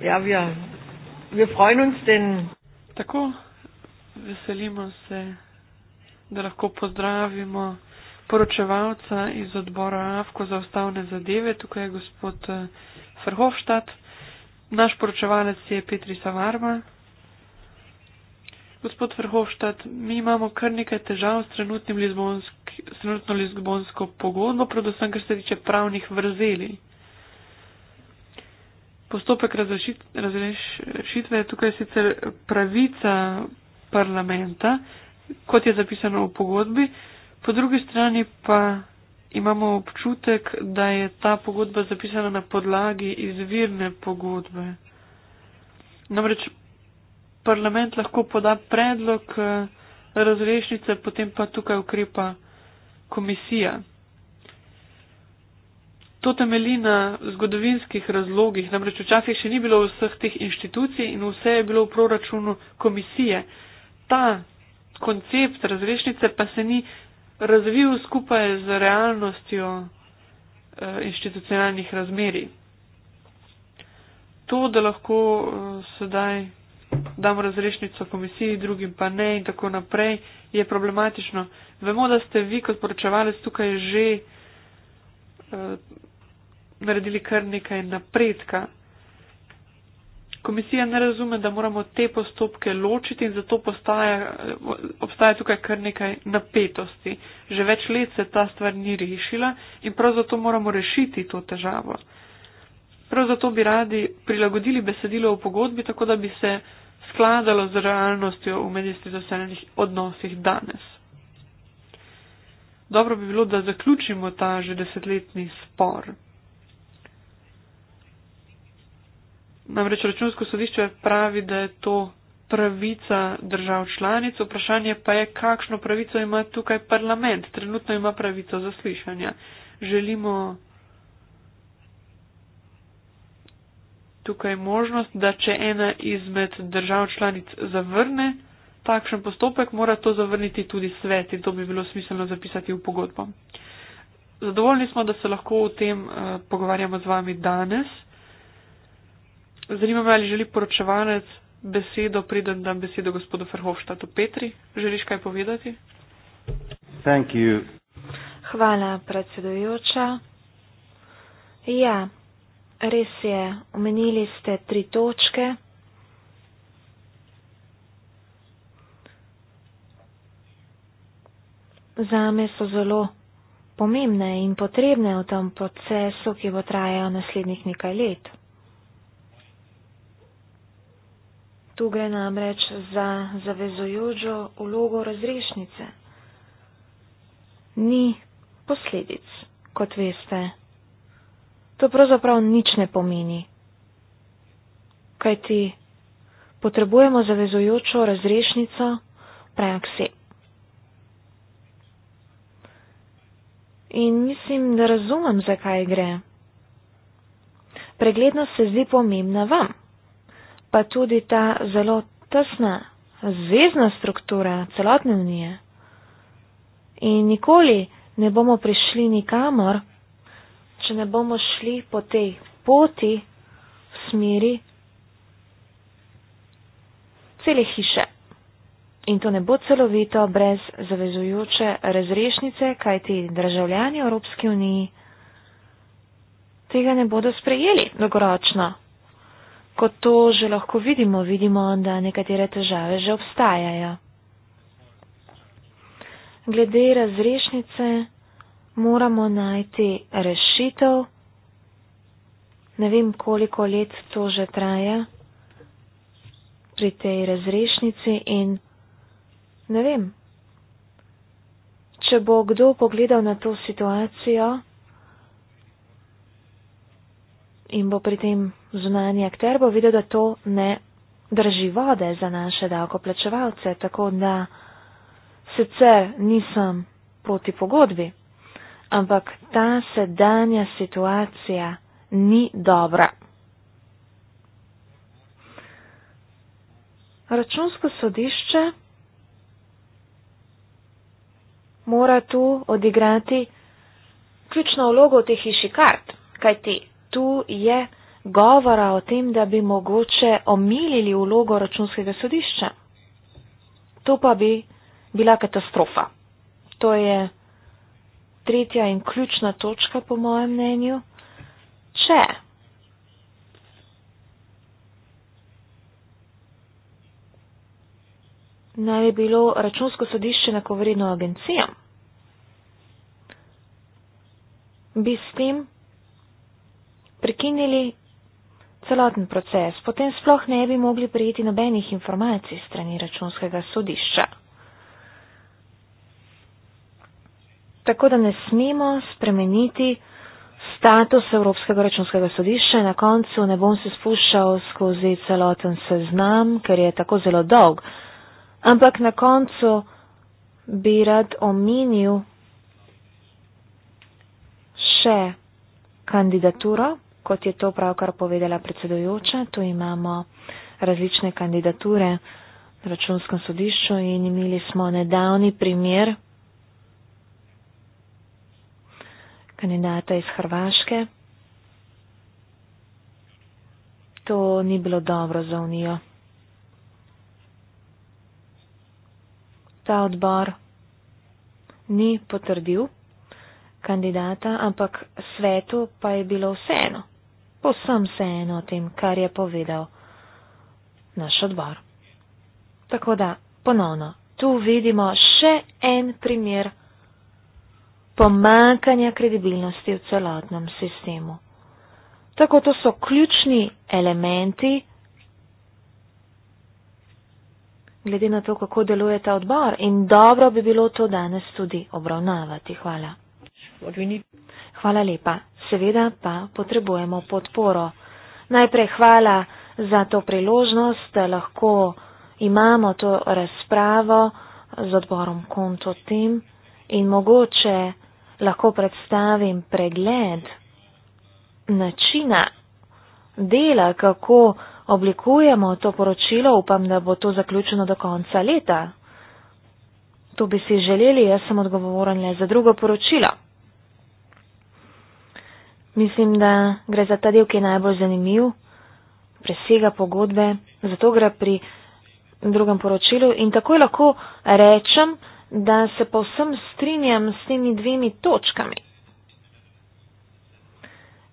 Ja, wir, wir freuen uns, denn. Tako, veselimo se, da lahko pozdravimo poročevalca iz odbora AFKO za ustavne zadeve, tukaj je gospod eh, Frhofštat, naš poročevalec je Petri Savarma. Gospod Frhofštat, mi imamo kar nekaj težav s, lizbonsk, s trenutno lizbonsko pogodbo, predvsem kar se tiče pravnih vrzeli. Postopek razrešit, razrešitve je tukaj sicer pravica parlamenta, kot je zapisano v pogodbi, po drugi strani pa imamo občutek, da je ta pogodba zapisana na podlagi izvirne pogodbe. Namreč parlament lahko poda predlog eh, razrešnice, potem pa tukaj ukrepa komisija. To temeli na zgodovinskih razlogih, namreč včasih še ni bilo vseh teh inštitucij in vse je bilo v proračunu komisije. Ta koncept razrešnice pa se ni razvil skupaj z realnostjo eh, inštitucionalnih razmeri. To, da lahko eh, sedaj dam razrešnico komisiji, drugim pa ne in tako naprej, je problematično. Vemo, da ste vi kot poročevalec tukaj že. Eh, naredili kar nekaj napredka. Komisija ne razume, da moramo te postopke ločiti in zato postaja, obstaja tukaj kar nekaj napetosti. Že več let se ta stvar ni rešila in prav zato moramo rešiti to težavo. Prav zato bi radi prilagodili besedilo v pogodbi, tako da bi se skladalo z realnostjo v medijskih zaseljenih odnosih danes. Dobro bi bilo, da zaključimo ta že desetletni spor. Namreč računsko sodišče pravi, da je to pravica držav članic, vprašanje pa je, kakšno pravico ima tukaj parlament. Trenutno ima pravico zaslišanja. Želimo tukaj možnost, da če ena izmed držav članic zavrne takšen postopek, mora to zavrniti tudi svet in to bi bilo smiselno zapisati v pogodbo. Zadovoljni smo, da se lahko o tem uh, pogovarjamo z vami danes zanima me, ali želi poročevanec besedo, preden dam besedo gospodu Ferhofštatu. Petri, želiš kaj povedati? Thank you. Hvala, predsedujoča. Ja, res je, omenili ste tri točke. Zame so zelo pomembne in potrebne v tem procesu, ki bo trajal naslednjih nekaj let. Tu gre namreč za zavezujočo vlogo razrešnice. Ni posledic, kot veste. To pravzaprav nič ne pomeni. Kajti potrebujemo zavezujočo razrešnico v praksi. In mislim, da razumem, zakaj gre. Preglednost se zdi pomembna vam pa tudi ta zelo tesna zvezdna struktura celotne unije. In nikoli ne bomo prišli nikamor, če ne bomo šli po tej poti v smeri cele hiše. In to ne bo celovito brez zavezujoče razrešnice, kaj ti državljani Evropske unije tega ne bodo sprejeli dolgoročno kot to že lahko vidimo, vidimo, da nekatere težave že obstajajo. Glede razrešnice moramo najti rešitev. Ne vem, koliko let to že traja pri tej razrešnici in ne vem, če bo kdo pogledal na to situacijo in bo pri tem zunanji akter, bo videl, da to ne drži vode za naše davkoplačevalce, tako da sicer nisem proti pogodbi, ampak ta sedanja situacija ni dobra. Računsko sodišče mora tu odigrati ključno vlogo v tej hiši kart, kaj ti tu je govora o tem, da bi mogoče omilili vlogo računskega sodišča. To pa bi bila katastrofa. To je tretja in ključna točka, po mojem mnenju. Če naj bi bilo računsko sodišče nekovredno agencijam, bi s tem prekinili celoten proces, potem sploh ne bi mogli prijeti nobenih informacij strani računskega sodišča. Tako da ne smemo spremeniti status Evropskega računskega sodišča. Na koncu ne bom se spuščal skozi celoten seznam, ker je tako zelo dolg. Ampak na koncu bi rad omenil še kandidaturo. Kot je to pravkar povedala predsedojoča, tu imamo različne kandidature na računskem sodišču in imeli smo nedavni primer kandidata iz Hrvaške. To ni bilo dobro za unijo. Ta odbor ni potrdil kandidata, ampak svetu pa je bilo vseeno posem vseeno o tem, kar je povedal naš odbor. Tako da, ponovno, tu vidimo še en primer pomankanja kredibilnosti v celotnem sistemu. Tako to so ključni elementi, glede na to, kako deluje ta odbor in dobro bi bilo to danes tudi obravnavati. Hvala. Hvala lepa. Seveda pa potrebujemo podporo. Najprej hvala za to priložnost, da lahko imamo to razpravo z odborom Konto Tim in mogoče lahko predstavim pregled načina dela, kako oblikujemo to poročilo. Upam, da bo to zaključeno do konca leta. To bi si želeli, jaz sem odgovoren le za drugo poročilo. Mislim, da gre za ta del, ki je najbolj zanimiv, presega pogodbe, zato gre pri drugem poročilu in takoj lahko rečem, da se povsem strinjam s temi dvemi točkami.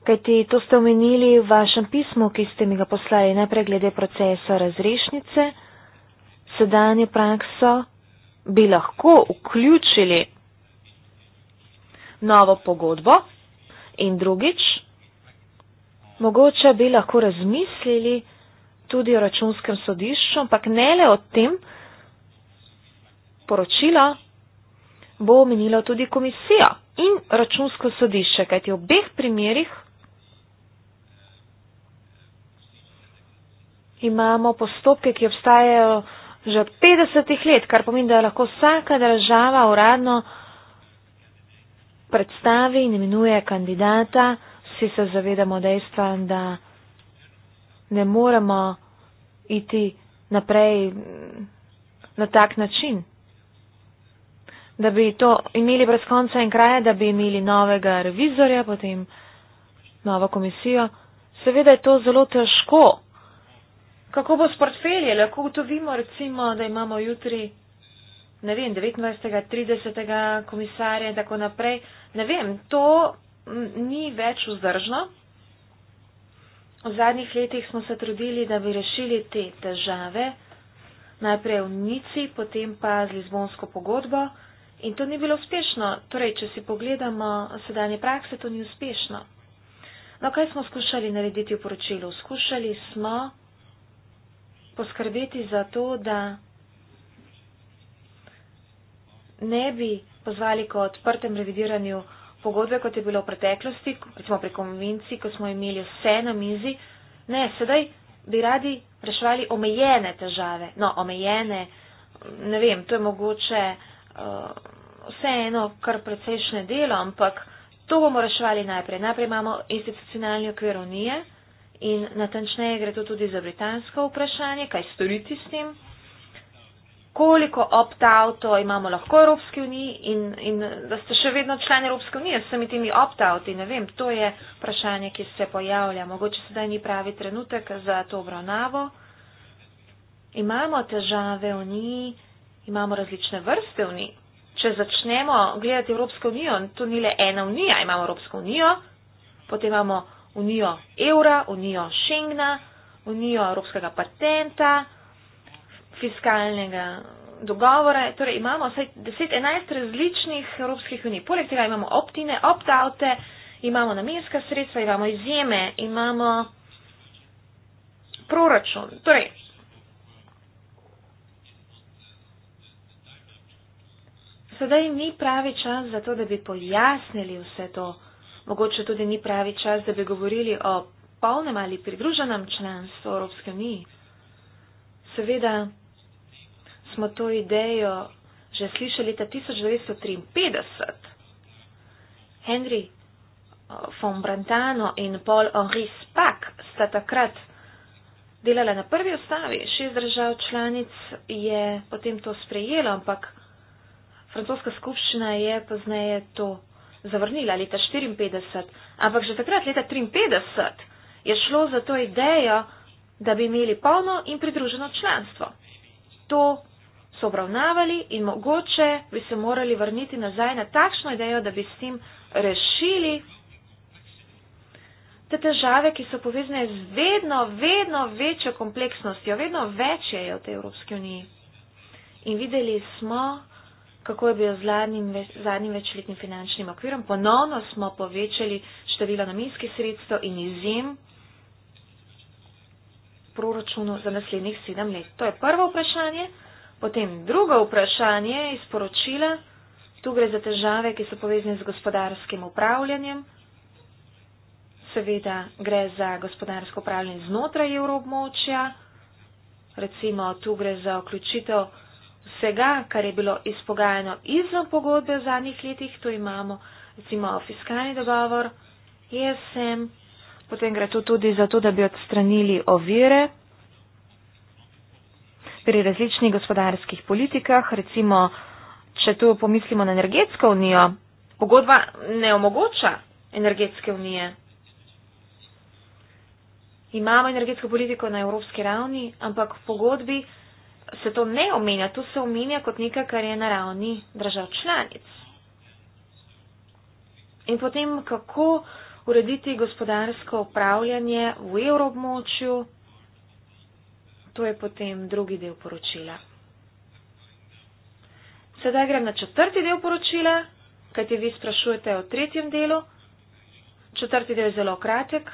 Kajti to ste omenili v vašem pismu, ki ste mi ga poslali najprej glede procesa razrešnice, sedanje prakso bi lahko vključili novo pogodbo, In drugič, mogoče bi lahko razmislili tudi o računskem sodišču, ampak ne le o tem poročila, bo omenila tudi komisija in računsko sodišče, kajti v obeh primerjih imamo postopke, ki obstajajo že od 50 let, kar pomeni, da je lahko vsaka država uradno predstavi in imenuje kandidata, vsi se zavedamo dejstva, da ne moremo iti naprej mm, na tak način, da bi to imeli brez konca in kraja, da bi imeli novega revizorja, potem novo komisijo. Seveda je to zelo težko. Kako bo s portfelje? Lahko ugotovimo, recimo, da imamo jutri ne vem, 29. 30. komisarja in tako naprej. Ne vem, to ni več vzdržno. V zadnjih letih smo se trudili, da bi rešili te težave, najprej v Nici, potem pa z Lizbonsko pogodbo in to ni bilo uspešno. Torej, če si pogledamo sedanje prakse, to ni uspešno. No, kaj smo skušali narediti v poročilu? Skušali smo poskrbeti za to, da ne bi pozvali k odprtem revidiranju pogodbe, kot je bilo v preteklosti, recimo pri konvenciji, ko smo imeli vse na mizi. Ne, sedaj bi radi reševali omejene težave. No, omejene, ne vem, to je mogoče uh, vseeno kar precejšnje delo, ampak to bomo reševali najprej. Najprej imamo institucionalni okvir unije in natančneje gre to tudi za britansko vprašanje, kaj storiti s tem koliko opt-outov imamo lahko v Evropski uniji in, in da ste še vedno člen Evropske unije s vsemi temi opt-outi, ne vem, to je vprašanje, ki se pojavlja. Mogoče sedaj ni pravi trenutek za to obravnavo. Imamo težave v njih, imamo različne vrste v njih. Če začnemo gledati Evropsko unijo, to ni le ena unija, imamo Evropsko unijo, potem imamo unijo evra, unijo Schengna, unijo Evropskega patenta fiskalnega dogovora. Torej imamo vsaj 10-11 različnih Evropskih unij. Poleg tega imamo optine, opt-oute, imamo namenska sredstva, imamo izjeme, imamo proračun. Torej, sedaj ni pravi čas za to, da bi pojasnili vse to. Mogoče tudi ni pravi čas, da bi govorili o polnem ali pridruženem članstvu Evropske unije. Seveda, smo to idejo že slišali leta 1953. Henry eh, von Brantano in Paul Henri Spak sta takrat delala na prvi ostavi, šest držav članic je potem to sprejelo, ampak francoska skupščina je pozneje to zavrnila leta 1954. Ampak že takrat, leta 1953, je šlo za to idejo, da bi imeli polno in pridruženo članstvo. To so obravnavali in mogoče bi se morali vrniti nazaj na takšno idejo, da bi s tem rešili te težave, ki so povezane z vedno, vedno večjo kompleksnostjo, vedno večje je v tej Evropski uniji. In videli smo, kako je bilo z zadnjim, zadnjim večletnim finančnim okvirom. Ponovno smo povečali število namenskih sredstev in izjem proračunu za naslednjih sedem let. To je prvo vprašanje. Potem drugo vprašanje iz poročila. Tu gre za težave, ki so povezane z gospodarskim upravljanjem. Seveda gre za gospodarsko upravljanje znotraj evroobmočja. Recimo tu gre za vključitev vsega, kar je bilo izpogajano izven pogodbe v zadnjih letih. Tu imamo recimo fiskalni dogovor, ESM. Potem gre tu tudi za to, da bi odstranili ovire pri različnih gospodarskih politikah, recimo, če tu pomislimo na energetsko unijo, pogodba ne omogoča energetske unije. Imamo energetsko politiko na evropski ravni, ampak v pogodbi se to ne omenja. Tu se omenja kot nekaj, kar je na ravni držav članic. In potem, kako urediti gospodarsko upravljanje v evrobmočju. To je potem drugi del poročila. Sedaj grem na četrti del poročila, kajti vi sprašujete o tretjem delu. Četrti del je zelo kratek,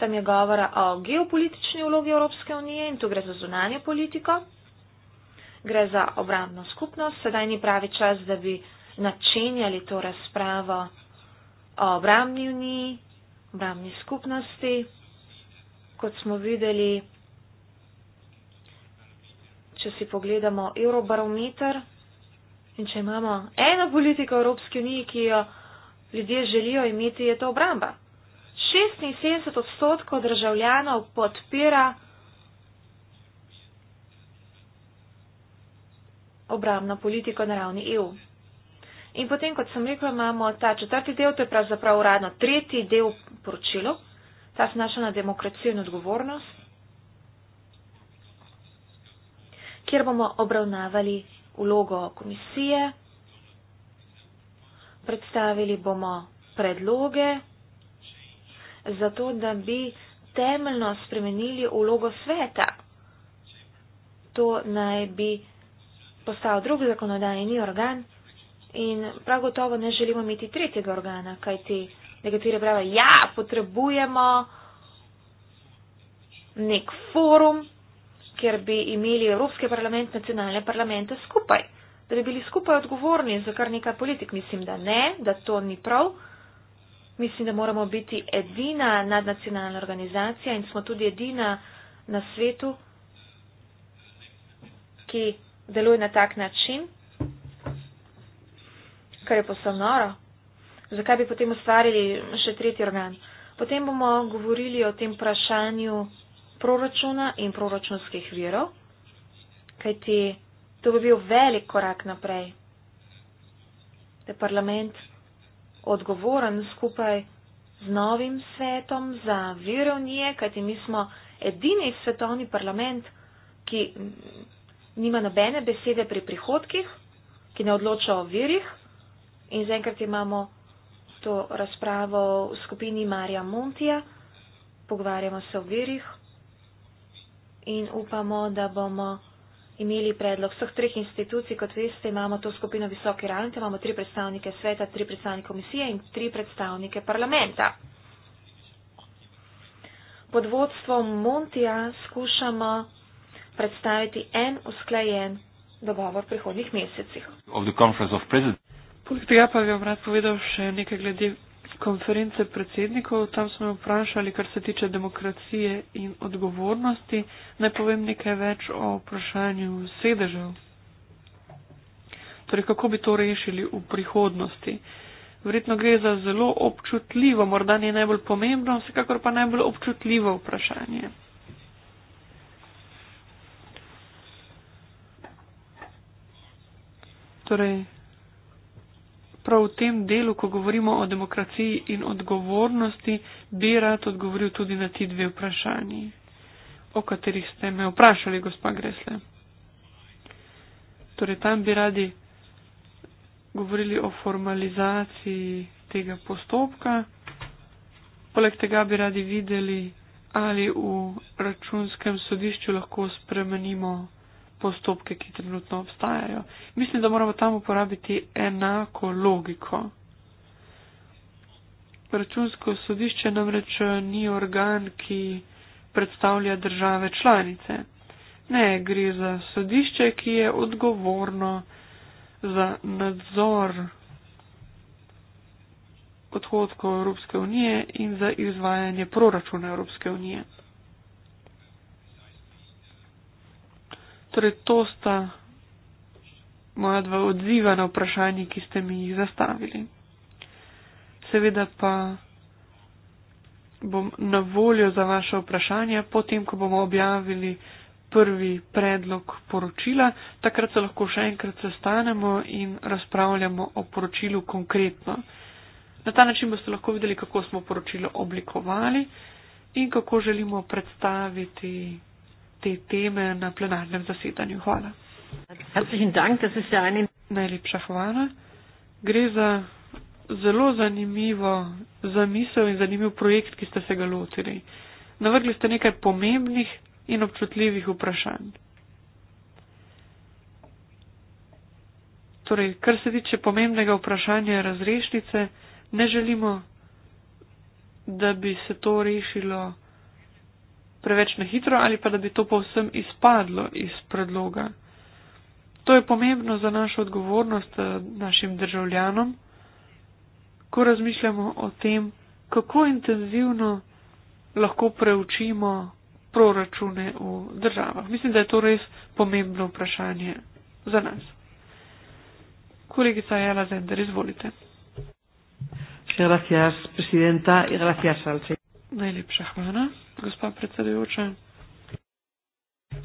tam je govora o geopolitični vlogi Evropske unije in tu gre za zunanje politiko. Gre za obrambno skupnost, sedaj ni pravi čas, da bi načenjali to razpravo o obrambni uniji, obrambni skupnosti. Kot smo videli, če si pogledamo eurobarometer in če imamo eno politiko v Evropski uniji, ki jo ljudje želijo imeti, je to obramba. 76 odstotkov državljanov podpira obramno politiko na ravni EU. In potem, kot sem rekla, imamo ta četrti del, to je pravzaprav uradno tretji del poročilo, ta se naša na demokracijo in odgovornost. kjer bomo obravnavali vlogo komisije, predstavili bomo predloge za to, da bi temeljno spremenili vlogo sveta. To naj bi postal drugi zakonodajni organ in prav gotovo ne želimo imeti tretjega organa, kajti nekatere pravijo, ja, potrebujemo nek forum kjer bi imeli Evropski parlament, nacionalne parlamente skupaj, da bi bili skupaj odgovorni za kar nekaj politik. Mislim, da ne, da to ni prav. Mislim, da moramo biti edina nadnacionalna organizacija in smo tudi edina na svetu, ki deluje na tak način, kar je posebno noro. Zakaj bi potem ustvarili še tretji organ? Potem bomo govorili o tem vprašanju proračuna in proračunskih virov, kajti to bi bil velik korak naprej, da je parlament odgovoren skupaj z novim svetom za virovnije, kajti mi smo edini svetovni parlament, ki nima nobene besede pri prihodkih, ki ne odloča o virih in zaenkrat imamo to razpravo v skupini Marija Montija, pogovarjamo se o virih, in upamo, da bomo imeli predlog vseh treh institucij. Kot veste, imamo to skupino visoke rante, imamo tri predstavnike sveta, tri predstavnike komisije in tri predstavnike parlamenta. Pod vodstvom Montija skušamo predstaviti en usklajen dogovor v prihodnjih mesecih. Poleg tega pa bi vam rad povedal še nekaj glede konference predsednikov, tam smo vprašali, kar se tiče demokracije in odgovornosti. Naj povem nekaj več o vprašanju sedežev. Torej, kako bi to rešili v prihodnosti? Verjetno gre za zelo občutljivo, morda ni najbolj pomembno, vsekakor pa najbolj občutljivo vprašanje. Torej, prav v tem delu, ko govorimo o demokraciji in odgovornosti, bi rad odgovoril tudi na ti dve vprašanji, o katerih ste me vprašali, gospa Gresle. Torej, tam bi radi govorili o formalizaciji tega postopka. Poleg tega bi radi videli, ali v računskem sodišču lahko spremenimo postopke, ki trenutno obstajajo. Mislim, da moramo tam uporabiti enako logiko. Računsko sodišče namreč eh, ni organ, ki predstavlja države članice. Ne, gre za sodišče, ki je odgovorno za nadzor odhodkov Evropske unije in za izvajanje proračuna Evropske unije. Torej, to sta moja dva odziva na vprašanje, ki ste mi jih zastavili. Seveda pa bom na voljo za vaše vprašanje, potem, ko bomo objavili prvi predlog poročila, takrat se lahko še enkrat sestanemo in razpravljamo o poročilu konkretno. Na ta način boste lahko videli, kako smo poročilo oblikovali in kako želimo predstaviti te teme na plenarnem zasedanju. Hvala. Ja Najlepša hvala. Gre za zelo zanimivo zamisel in zanimiv projekt, ki ste se ga lotili. Navrgli ste nekaj pomembnih in občutljivih vprašanj. Torej, kar se tiče pomembnega vprašanja razrešnice, ne želimo, da bi se to rešilo preveč na hitro ali pa da bi to povsem izpadlo iz predloga. To je pomembno za našo odgovornost eh, našim državljanom, ko razmišljamo o tem, kako intenzivno lahko preučimo proračune v državah. Mislim, da je to res pomembno vprašanje za nas. Kolegica Jela Zender, izvolite. Gracias, presidenta, y gracias al señor. Najlepša hvala, gospod predsedujoča.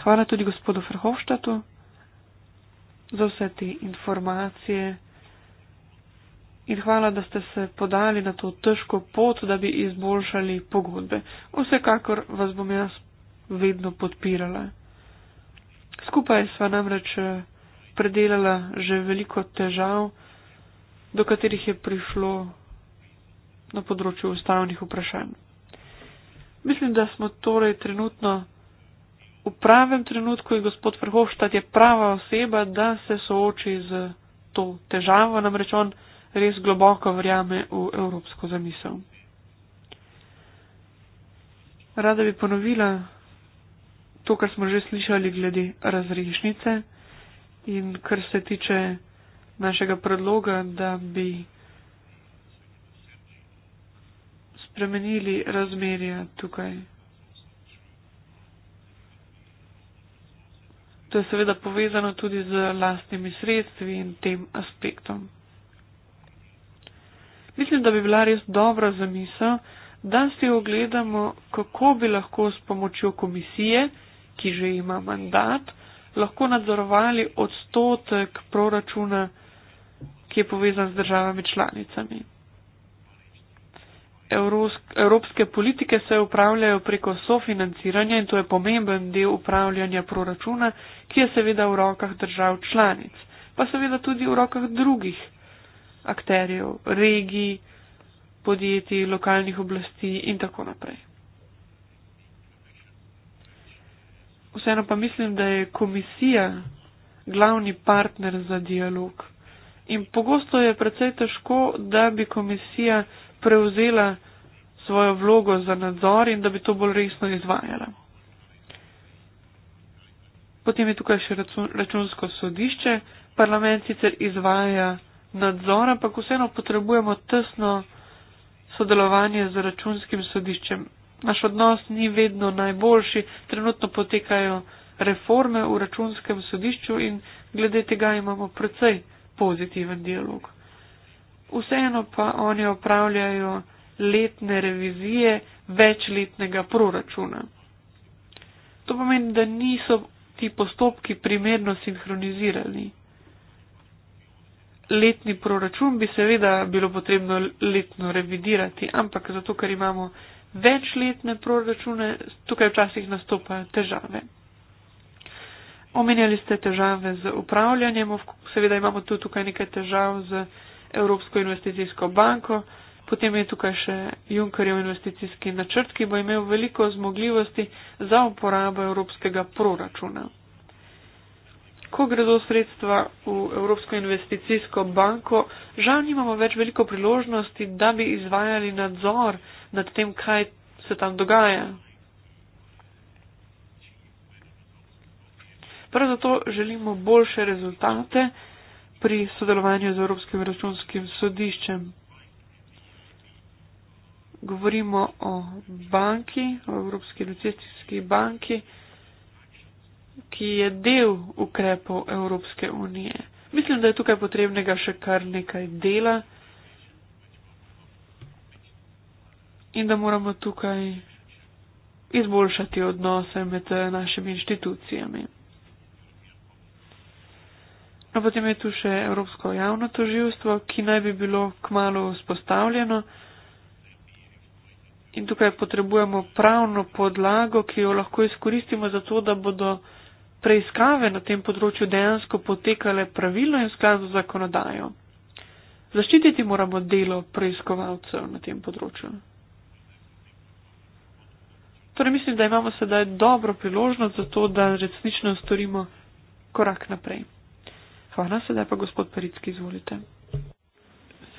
Hvala tudi gospodu Frhovštatu za vse te informacije in hvala, da ste se podali na to težko pot, da bi izboljšali pogodbe. Vsekakor vas bom jaz vedno podpirala. Skupaj sva namreč eh, predelala že veliko težav, do katerih je prišlo na področju ustavnih vprašanj. Mislim, da smo torej trenutno v pravem trenutku in gospod Verhofstadt je prava oseba, da se sooči z to težavo, namreč on res globoko verjame v evropsko zamisel. Rada bi ponovila to, kar smo že slišali glede razrešnice in kar se tiče našega predloga, da bi. spremenili razmerja tukaj. To je seveda povezano tudi z lastnimi sredstvi in tem aspektom. Mislim, da bi bila res dobra zamisel, da si ogledamo, kako bi lahko s pomočjo komisije, ki že ima mandat, lahko nadzorovali odstotek proračuna, ki je povezan z državami članicami evropske politike se upravljajo preko sofinanciranja in to je pomemben del upravljanja proračuna, ki je seveda v rokah držav članic, pa seveda tudi v rokah drugih akterjev, regij, podjetij, lokalnih oblasti in tako naprej. Vseeno pa mislim, da je komisija glavni partner za dialog. In pogosto je precej težko, da bi komisija prevzela svojo vlogo za nadzor in da bi to bolj resno izvajala. Potem je tukaj še račun, računsko sodišče. Parlament sicer izvaja nadzor, ampak vseeno potrebujemo tesno sodelovanje z računskim sodiščem. Naš odnos ni vedno najboljši, trenutno potekajo reforme v računskem sodišču in glede tega imamo precej pozitiven dialog vseeno pa oni opravljajo letne revizije večletnega proračuna. To pomeni, da niso ti postopki primerno sinhronizirani. Letni proračun bi seveda bilo potrebno letno revidirati, ampak zato, ker imamo večletne proračune, tukaj včasih nastopajo težave. Omenjali ste težave z upravljanjem, seveda imamo tudi tukaj nekaj težav z Evropsko investicijsko banko, potem je tukaj še Junkerjev investicijski načrt, ki bo imel veliko zmogljivosti za uporabo evropskega proračuna. Ko gredo sredstva v Evropsko investicijsko banko, žal nimamo več veliko priložnosti, da bi izvajali nadzor nad tem, kaj se tam dogaja. Prav zato želimo boljše rezultate pri sodelovanju z Evropskim računskim sodiščem. Govorimo o banki, o Evropski recesijski banki, ki je del ukrepov Evropske unije. Mislim, da je tukaj potrebnega še kar nekaj dela in da moramo tukaj izboljšati odnose med našimi inštitucijami. No, potem je tu še Evropsko javno toživstvo, ki naj bi bilo kmalo vzpostavljeno. In tukaj potrebujemo pravno podlago, ki jo lahko izkoristimo za to, da bodo preiskave na tem področju dejansko potekale pravilno in v skladu z zakonodajo. Zaščititi moramo delo preiskovalcev na tem področju. Torej mislim, da imamo sedaj dobro priložnost za to, da resnično storimo korak naprej. Hvala. Sedaj pa gospod Peritski, izvolite.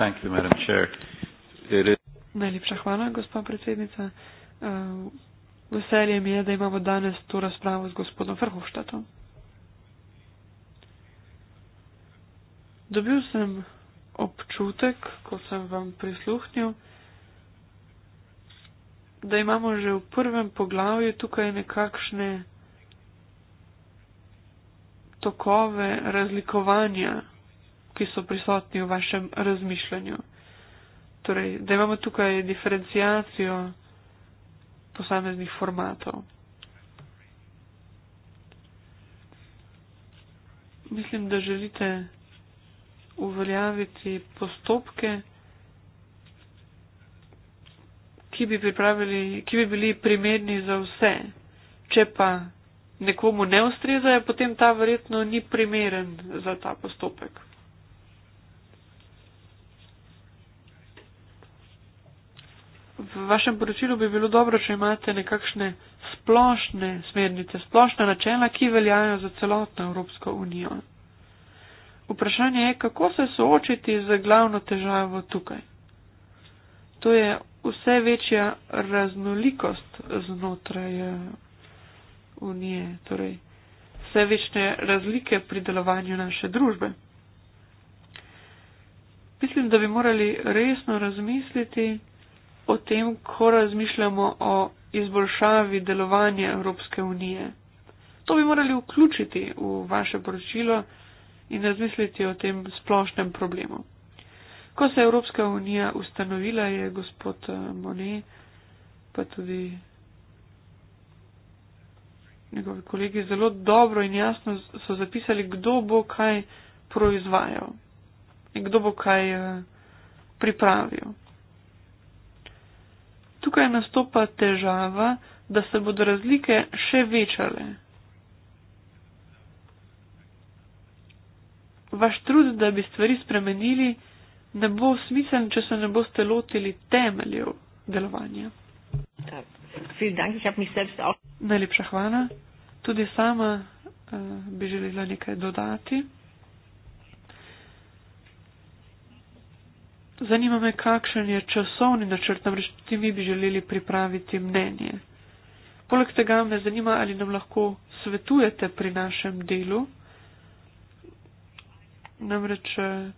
You, Najlepša hvala, gospa predsednica. Uh, veselje mi je, da imamo danes to razpravo z gospodom Vrhovštatom. Dobil sem občutek, ko sem vam prisluhnil, da imamo že v prvem poglavju tukaj nekakšne tokove razlikovanja, ki so prisotni v vašem razmišljanju. Torej, da imamo tukaj diferencijacijo posameznih formatov. Mislim, da želite uveljaviti postopke, ki bi, ki bi bili primerni za vse. Če pa nekomu ne ustreza, potem ta verjetno ni primeren za ta postopek. V vašem poročilu bi bilo dobro, če imate nekakšne splošne smernice, splošna načela, ki veljajo za celotno Evropsko unijo. Vprašanje je, kako se soočiti z glavno težavo tukaj. To je vse večja raznolikost znotraj eh, unije, torej vse večne razlike pri delovanju naše družbe. Mislim, da bi morali resno razmisliti o tem, ko razmišljamo o izboljšavi delovanja Evropske unije. To bi morali vključiti v vaše poročilo in razmisliti o tem splošnem problemu. Ko se je Evropska unija ustanovila, je gospod eh, Monet, pa tudi njegovi kolegi zelo dobro in jasno so zapisali, kdo bo kaj proizvajal in kdo bo kaj eh, pripravil. Tukaj nastopa težava, da se bodo razlike še večale. Vaš trud, da bi stvari spremenili, ne bo smiseln, če se ne boste lotili temeljev delovanja. Tako. Vielen Dank, ich habe mich selbst auch. Najlepša hvala. Tudi sama uh, bi želela nekaj dodati. Zanima me, kakšen je časovni načrt, namreč ti mi bi želeli pripraviti mnenje. Poleg tega me zanima, ali nam lahko svetujete pri našem delu. Namreč eh,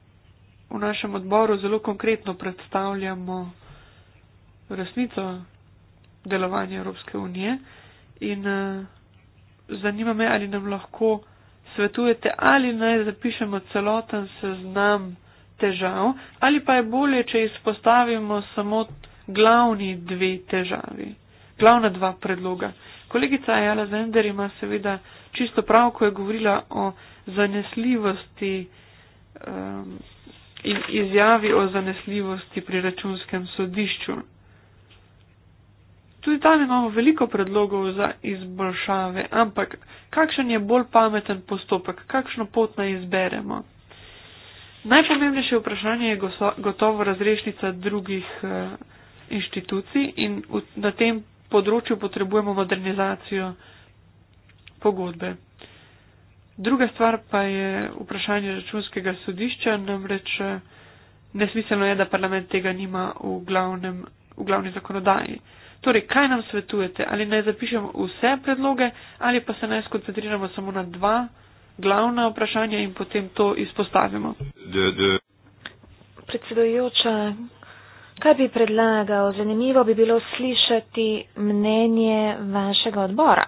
v našem odboru zelo konkretno predstavljamo resnico delovanje Evropske unije in uh, zanima me, ali nam lahko svetujete, ali naj zapišemo celoten seznam težav, ali pa je bolje, če izpostavimo samo glavni dve težavi, glavna dva predloga. Kolegica Jala Zender ima seveda čisto prav, ko je govorila o zanesljivosti um, in izjavi o zanesljivosti pri računskem sodišču. Tudi tam imamo veliko predlogov za izboljšave, ampak kakšen je bolj pameten postopek, kakšno pot naj izberemo? Najpomembnejše vprašanje je gotovo razrešnica drugih uh, inštitucij in v, na tem področju potrebujemo modernizacijo pogodbe. Druga stvar pa je vprašanje računskega sodišča, namreč eh, nesmiselno je, da parlament tega nima v, glavnem, v glavni zakonodaji. Uh, Torej, kaj nam svetujete? Ali naj zapišemo vse predloge ali pa se naj skoncentriramo samo na dva glavna vprašanja in potem to izpostavimo? De, de. Predsedujoča, kaj bi predlagal? Zanimivo bi bilo slišati mnenje vašega odbora.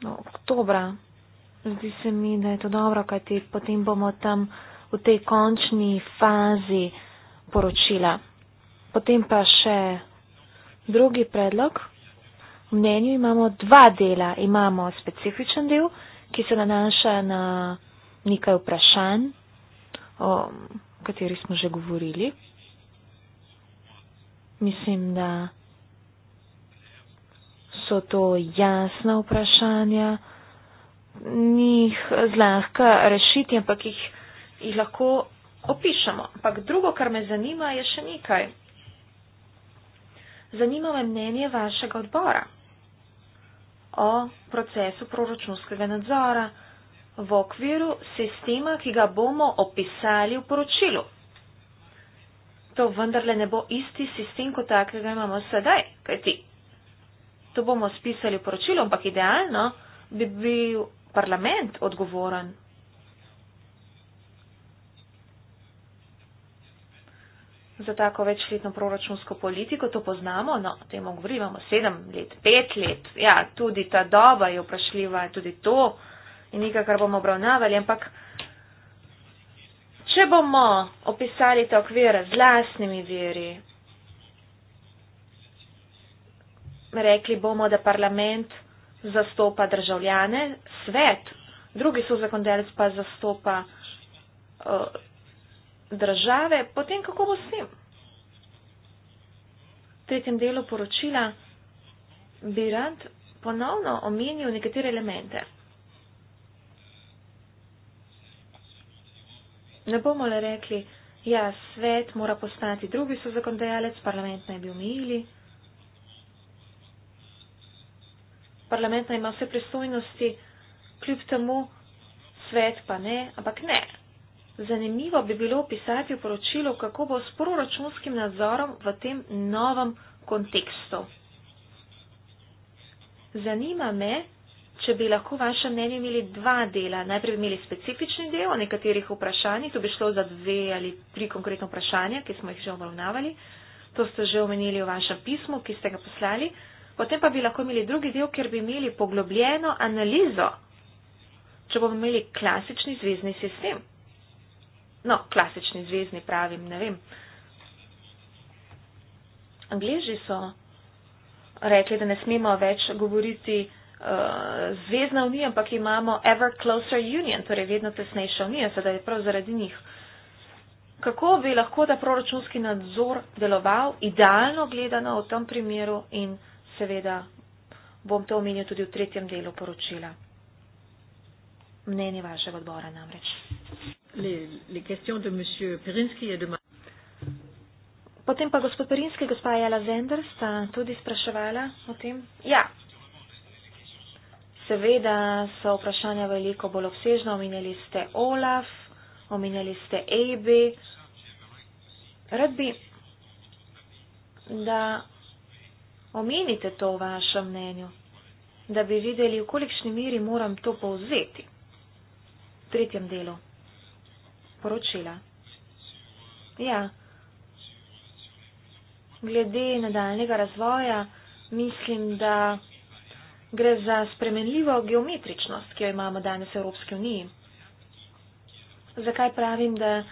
No, oktobra. Zdi se mi, da je to dobro, kajti potem bomo tam v tej končni fazi poročila. Potem pa še drugi predlog. V mnenju imamo dva dela. Imamo specifičen del, ki se nanaša na nekaj vprašanj, o kateri smo že govorili. Mislim, da so to jasna vprašanja, njih zlahka rešiti, ampak jih, jih lahko opišemo. Ampak drugo, kar me zanima, je še nekaj zanima me mnenje vašega odbora o procesu proračunskega nadzora v okviru sistema, ki ga bomo opisali v poročilu. To vendarle ne bo isti sistem, kot takega imamo sedaj, kajti to bomo spisali v poročilu, ampak idealno bi bil parlament odgovoren za tako večletno proračunsko politiko, to poznamo, no, temu govorimo, imamo sedem let, pet let, ja, tudi ta doba je vprašljiva, tudi to je nekaj, kar bomo obravnavali, ampak če bomo opisali ta okvir z lastnimi veri, rekli bomo, da parlament zastopa državljane, svet, drugi so zakondelec pa zastopa. Uh, države, potem kako bo s tem? V tretjem delu poročila bi rad ponovno omenil nekatere elemente. Ne bomo le rekli, ja, svet mora postati drugi so zakondajalec, parlament naj bi omejili. Parlament naj ima vse pristojnosti, kljub temu svet pa ne, ampak ne. Zanimivo bi bilo opisati v poročilu, kako bo s proračunskim nadzorom v tem novem kontekstu. Zanima me, če bi lahko vaše mnenje imeli dva dela. Najprej bi imeli specifični del o nekaterih vprašanjih, to bi šlo za dve ali tri konkretno vprašanje, ki smo jih že obravnavali. To ste že omenili v vašem pismu, ki ste ga poslali. Potem pa bi lahko imeli drugi del, kjer bi imeli poglobljeno analizo, če bomo imeli klasični zvezdni sistem. No, klasični zvezdni pravim, ne vem. Angleži so rekli, da ne smemo več govoriti uh, eh, zvezdna unija, ampak imamo ever closer union, torej vedno tesnejša unija, sedaj je prav zaradi njih. Kako bi lahko ta proračunski nadzor deloval idealno gledano v tem primeru in seveda bom to omenil tudi v tretjem delu poročila. Mnenje vašega odbora namreč les, les questions de Monsieur Perinsky et de ma... Potem pa gospod Perinski, gospa Jala Zender sta tudi spraševala o tem. Ja, seveda so vprašanja veliko bolj obsežna. Omenjali ste OLAF, omenjali ste AB. E Rad bi, da omenite to v vašem mnenju, da bi videli, v kolikšni miri moram to povzeti v tretjem delu poročila. Ja, glede nadaljnega razvoja mislim, da gre za spremenljivo geometričnost, ki jo imamo danes v Evropski uniji. Zakaj pravim, da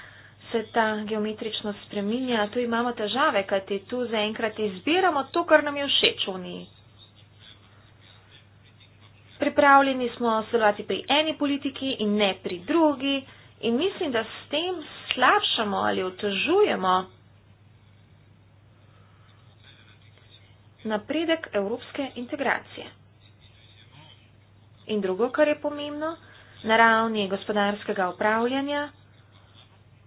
se ta geometričnost spreminja? Tu imamo težave, kajti tu zaenkrat izbiramo to, kar nam je všeč v uniji. Pripravljeni smo sodelovati pri eni politiki in ne pri drugi. In mislim, da s tem slabšamo ali otežujemo napredek evropske integracije. In drugo, kar je pomembno, na ravni gospodarskega upravljanja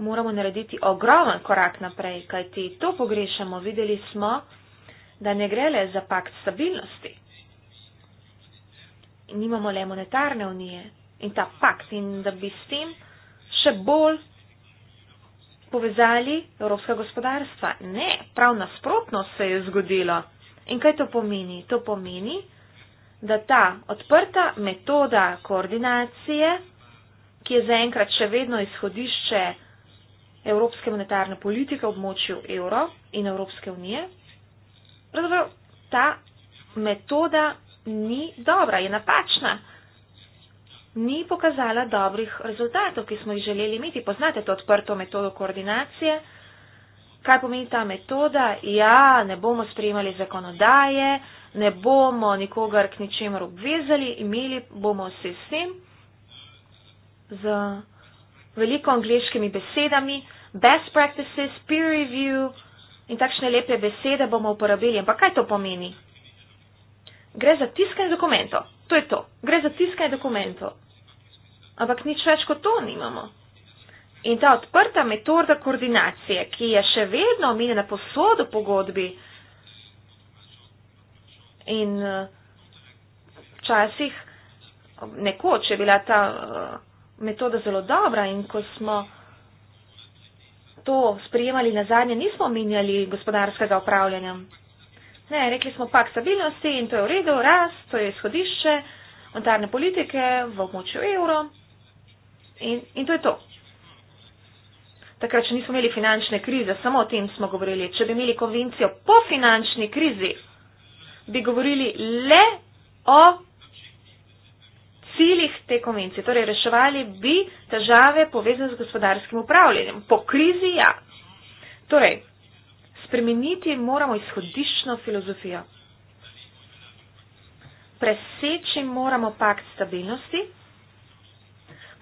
moramo narediti ogromen korak naprej, kajti to pogrešamo. Videli smo, da ne gre le za pakt stabilnosti. Nimamo le monetarne unije in ta pakt in da bi s tem še bolj povezali evropska gospodarstva. Ne, prav nasprotno se je zgodilo. In kaj to pomeni? To pomeni, da ta odprta metoda koordinacije, ki je zaenkrat še vedno izhodišče evropske monetarne politike v območju evro in Evropske unije, pravzaprav ta metoda ni dobra, je napačna ni pokazala dobrih rezultatov, ki smo jih želeli imeti. Poznate to odprto metodo koordinacije? Kaj pomeni ta metoda? Ja, ne bomo sprejemali zakonodaje, ne bomo nikogar k ničemer obvezali, imeli bomo sistem z veliko angliškimi besedami, best practices, peer review in takšne lepe besede bomo uporabili. Ampak kaj to pomeni? Gre za tiskanje dokumentov. To je to. Gre za tiskanje dokumentov ampak nič več kot to nimamo. In ta odprta metoda koordinacije, ki je še vedno omenjena posod v pogodbi in eh, včasih nekoč je bila ta eh, metoda zelo dobra in ko smo to sprijemali nazadnje, nismo omenjali gospodarskega upravljanja. Ne, rekli smo pak stabilnosti in to je v redu, rast, to je izhodišče monetarne politike v območju evro. In, in to je to. Takrat, če nismo imeli finančne krize, samo o tem smo govorili. Če bi imeli konvencijo po finančni krizi, bi govorili le o ciljih te konvencije. Torej, reševali bi težave povezane z gospodarskim upravljanjem. Po krizi, ja. Torej, spremeniti moramo izhodiščno filozofijo. Preseči moramo pakt stabilnosti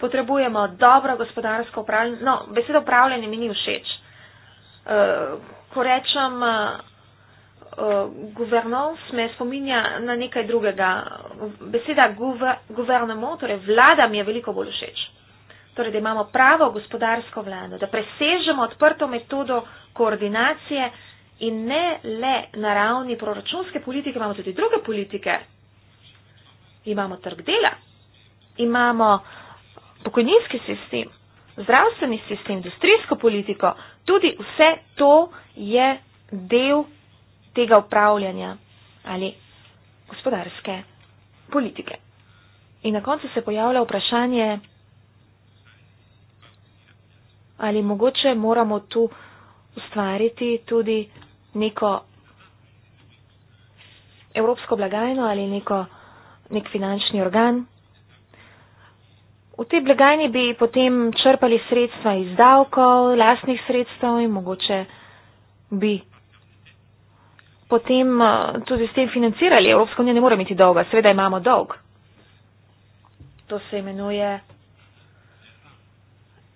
potrebujemo dobro gospodarsko upravljanje. No, besedo upravljanje mi ni všeč. Uh, ko rečem uh, e, e, governance, me spominja na nekaj drugega. Beseda governement, torej vlada, mi je veliko bolj všeč. Torej, da imamo pravo gospodarsko vlado, da presežemo odprto metodo koordinacije in ne le na ravni proračunske politike, imamo tudi druge politike. Imamo trg dela, imamo uh, pokojninski sistem, zdravstveni sistem, industrijsko politiko, tudi vse to je del tega upravljanja ali gospodarske politike. In na koncu se pojavlja vprašanje, ali mogoče moramo tu ustvariti tudi neko evropsko blagajno ali neko, nek finančni organ, V tej blagajni bi potem črpali sredstva iz davkov, lastnih sredstev in mogoče bi potem eh, tudi s tem financirali. Evropska unija ne more imeti dolga, seveda imamo dolg. To se imenuje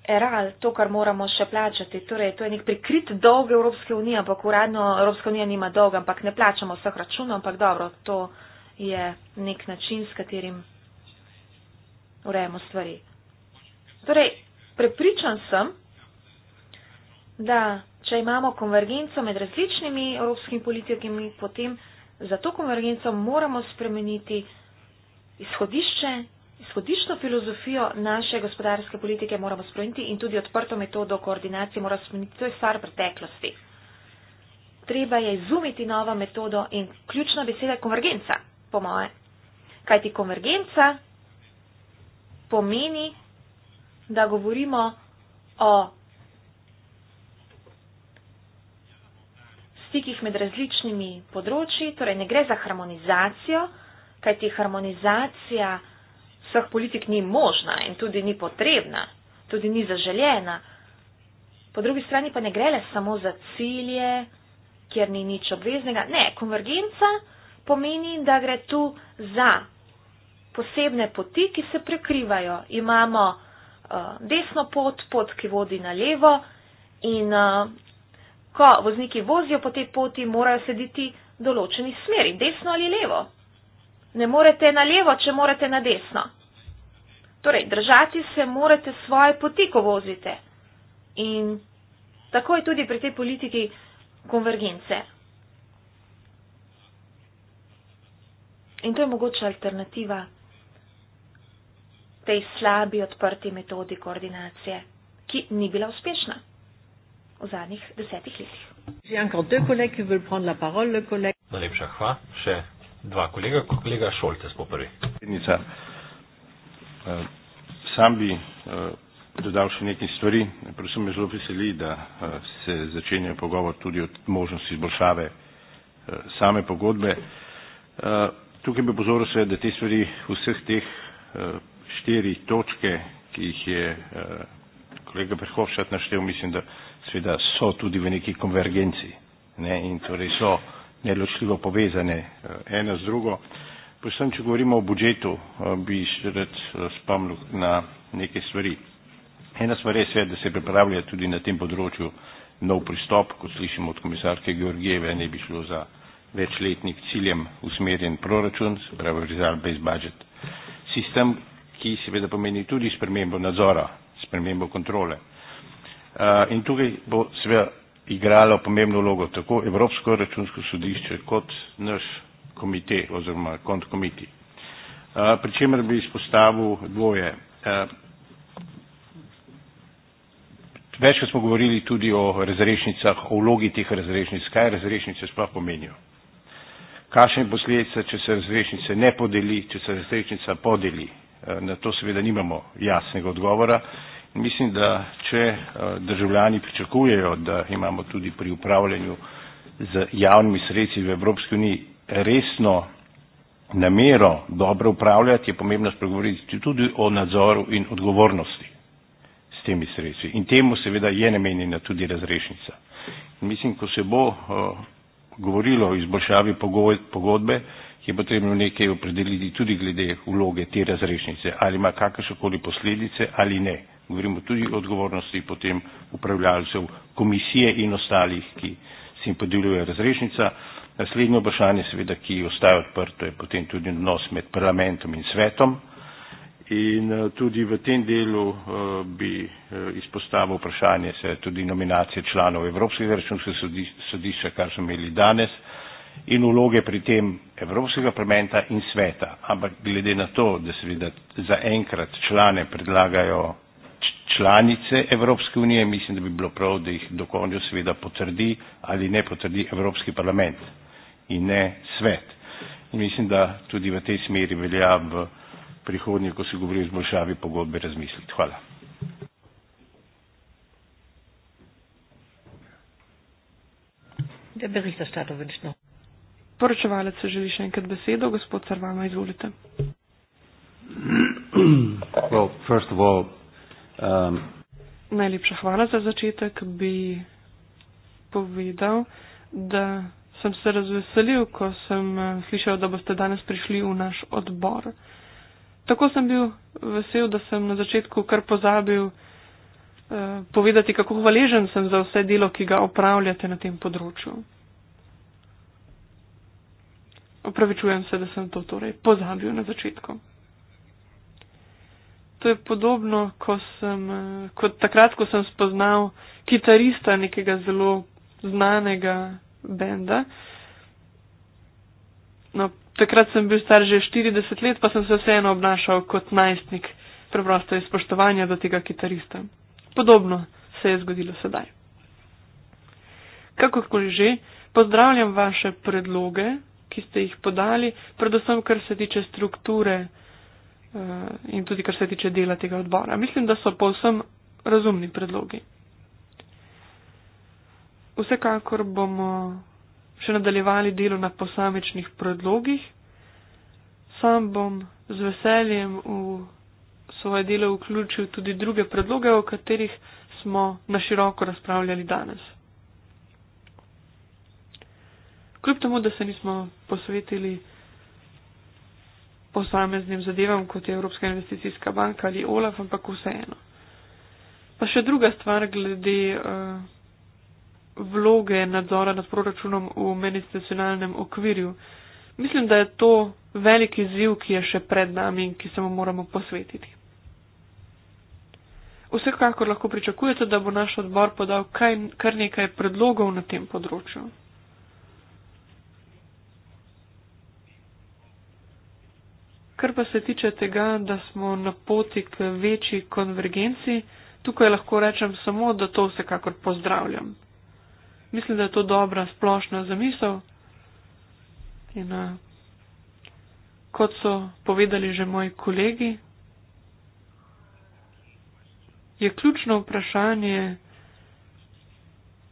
eral, to, kar moramo še plačati. Torej, to je nek prikrit dolg Evropske unije, ampak uradno Evropska unija nima dolga, ampak ne plačamo vseh računov, ampak dobro, to je nek način, s katerim urejamo stvari. Torej, prepričan sem, da če imamo konvergenco med različnimi evropskimi politikami, potem za to konvergenco moramo spremeniti izhodišče, izhodiščno filozofijo naše gospodarske politike moramo spremeniti in tudi odprto metodo koordinacije moramo spremeniti. To je stvar preteklosti. Treba je izumiti novo metodo in ključna beseda je konvergenca, po moje. Kajti konvergenca pomeni, da govorimo o stikih med različnimi področji, torej ne gre za harmonizacijo, kajti harmonizacija vseh politik ni možna in tudi ni potrebna, tudi ni zaželjena. Po drugi strani pa ne gre le samo za cilje, kjer ni nič obveznega. Ne, konvergenca pomeni, da gre tu za posebne poti, ki se prekrivajo. Imamo uh, desno pot, pot, ki vodi na levo in uh, ko vozniki vozijo po tej poti, morajo sediti v določeni smeri, desno ali levo. Ne morete na levo, če morate na desno. Torej, držati se morate svoje poti, ko vozite. In tako je tudi pri tej politiki konvergence. In to je mogoče alternativa tej slabi odprti metodi koordinacije, ki ni bila uspešna v zadnjih desetih letih. Najlepša hvala. Še dva kolega, kolega Šolce smo prvi. Prednica, eh, sam bi eh, dodal še nekaj stvari. Prosim me zelo veseli, da eh, se začenja pogovor tudi od možnosti izboljšave same pogodbe. Tukaj bi pozoril sve, da te stvari vseh teh štiri točke, ki jih je eh, kolega Prehovšat naštel, mislim, da seveda so tudi v neki konvergenci ne, in torej so neločljivo povezane eh, ena z drugo. Posebno, če govorimo o budžetu, eh, bi še rad spomnil na neke stvari. Ena stvar res je, da se pripravlja tudi na tem področju nov pristop, kot slišimo od komisarke Georgijeve, ne bi šlo za večletnik ciljem usmerjen proračun, se pravi, resolve based budget sistem, ki seveda pomeni tudi spremembo nadzora, spremembo kontrole. Eh, in tukaj bo seveda igralo pomembno vlogo tako Evropsko računsko sodišče kot naš komite oziroma kontkomiti. Eh, Pričemer bi izpostavil dvoje. Eh, večkrat smo govorili tudi o razrešnicah, o vlogi teh razrešnic, kaj razrešnice sploh pomenijo. Kakšne posledice, če se razrešnice ne podeli, če se razrešnica podeli, Eh, na to seveda nimamo jasnega odgovora. Mislim, da če eh, državljani pričakujejo, da imamo tudi pri upravljanju z javnimi sredstvi v Evropski uniji resno namero dobro upravljati, je pomembno spregovoriti tudi o nadzoru in odgovornosti s temi sredstvi. In temu seveda je namenjena tudi razrešnica. Mislim, ko se bo eh, govorilo o izboljšavi pogodbe, je potrebno nekaj opredeliti tudi glede vloge te razrešnice, ali ima kakršnekoli posledice ali ne. Govorimo tudi o odgovornosti potem upravljalcev komisije in ostalih, ki se jim podeljuje razrešnica. Naslednje vprašanje, seveda, ki ostaje odprto, je potem tudi odnos med parlamentom in svetom. In eh, tudi v tem delu eh, bi eh, izpostavil vprašanje se tudi nominacije članov Evropskega računskega sodišča, kar smo imeli danes in vloge pri tem Evropskega parlamenta in sveta. Ampak glede na to, da seveda zaenkrat člane predlagajo članice Evropske unije, mislim, da bi bilo prav, da jih do konca seveda potrdi ali ne potrdi Evropski parlament in ne svet. In mislim, da tudi v tej smeri velja v prihodnje, ko se govori o izboljšavi pogodbe, razmisliti. Hvala. Der Berichterstatter wünscht noch. Poročevalec se želi še enkrat besedo, gospod Cervama, izvolite. Well, first of all, um, Najlepša hvala za začetek. Bi povedal, da sem se razveselil, ko sem eh, slišal, da boste danes prišli v naš odbor. Tako sem bil vesel, da sem na začetku kar pozabil uh, povedati, kako hvaležen sem za vse delo, ki ga opravljate na tem področju. Opravičujem se, da sem to torej pozabil na začetku. To je podobno, ko sem, kot takrat, ko sem spoznal kitarista nekega zelo znanega benda. No, takrat sem bil star že 40 let, pa sem se vseeno obnašal kot najstnik, preprosto iz spoštovanja do tega kitarista. Podobno se je zgodilo sedaj. Kakorkoli že, pozdravljam vaše predloge ki ste jih podali, predvsem kar se tiče strukture eh, in tudi kar se tiče dela tega odbora. Mislim, da so povsem razumni predlogi. Vsekakor bomo še nadaljevali delo na posamečnih predlogih. Sam bom z veseljem v svoje delo vključil tudi druge predloge, o katerih smo na široko razpravljali danes. kljub temu, da se nismo posvetili posameznim zadevam, kot je Evropska investicijska banka ali OLAF, ampak vseeno. Pa še druga stvar glede uh, vloge nadzora nad proračunom v medinstitucionalnem okvirju. Mislim, da je to veliki ziv, ki je še pred nami in ki se mu moramo posvetiti. Vsekakor lahko pričakujete, da bo naš odbor podal kaj, kar nekaj predlogov na tem področju. Kar pa se tiče tega, da smo na poti k večji konvergenci, tukaj lahko rečem samo, da to vsekakor pozdravljam. Mislim, da je to dobra splošna zamisel. In a, eh, kot so povedali že moji kolegi, je ključno vprašanje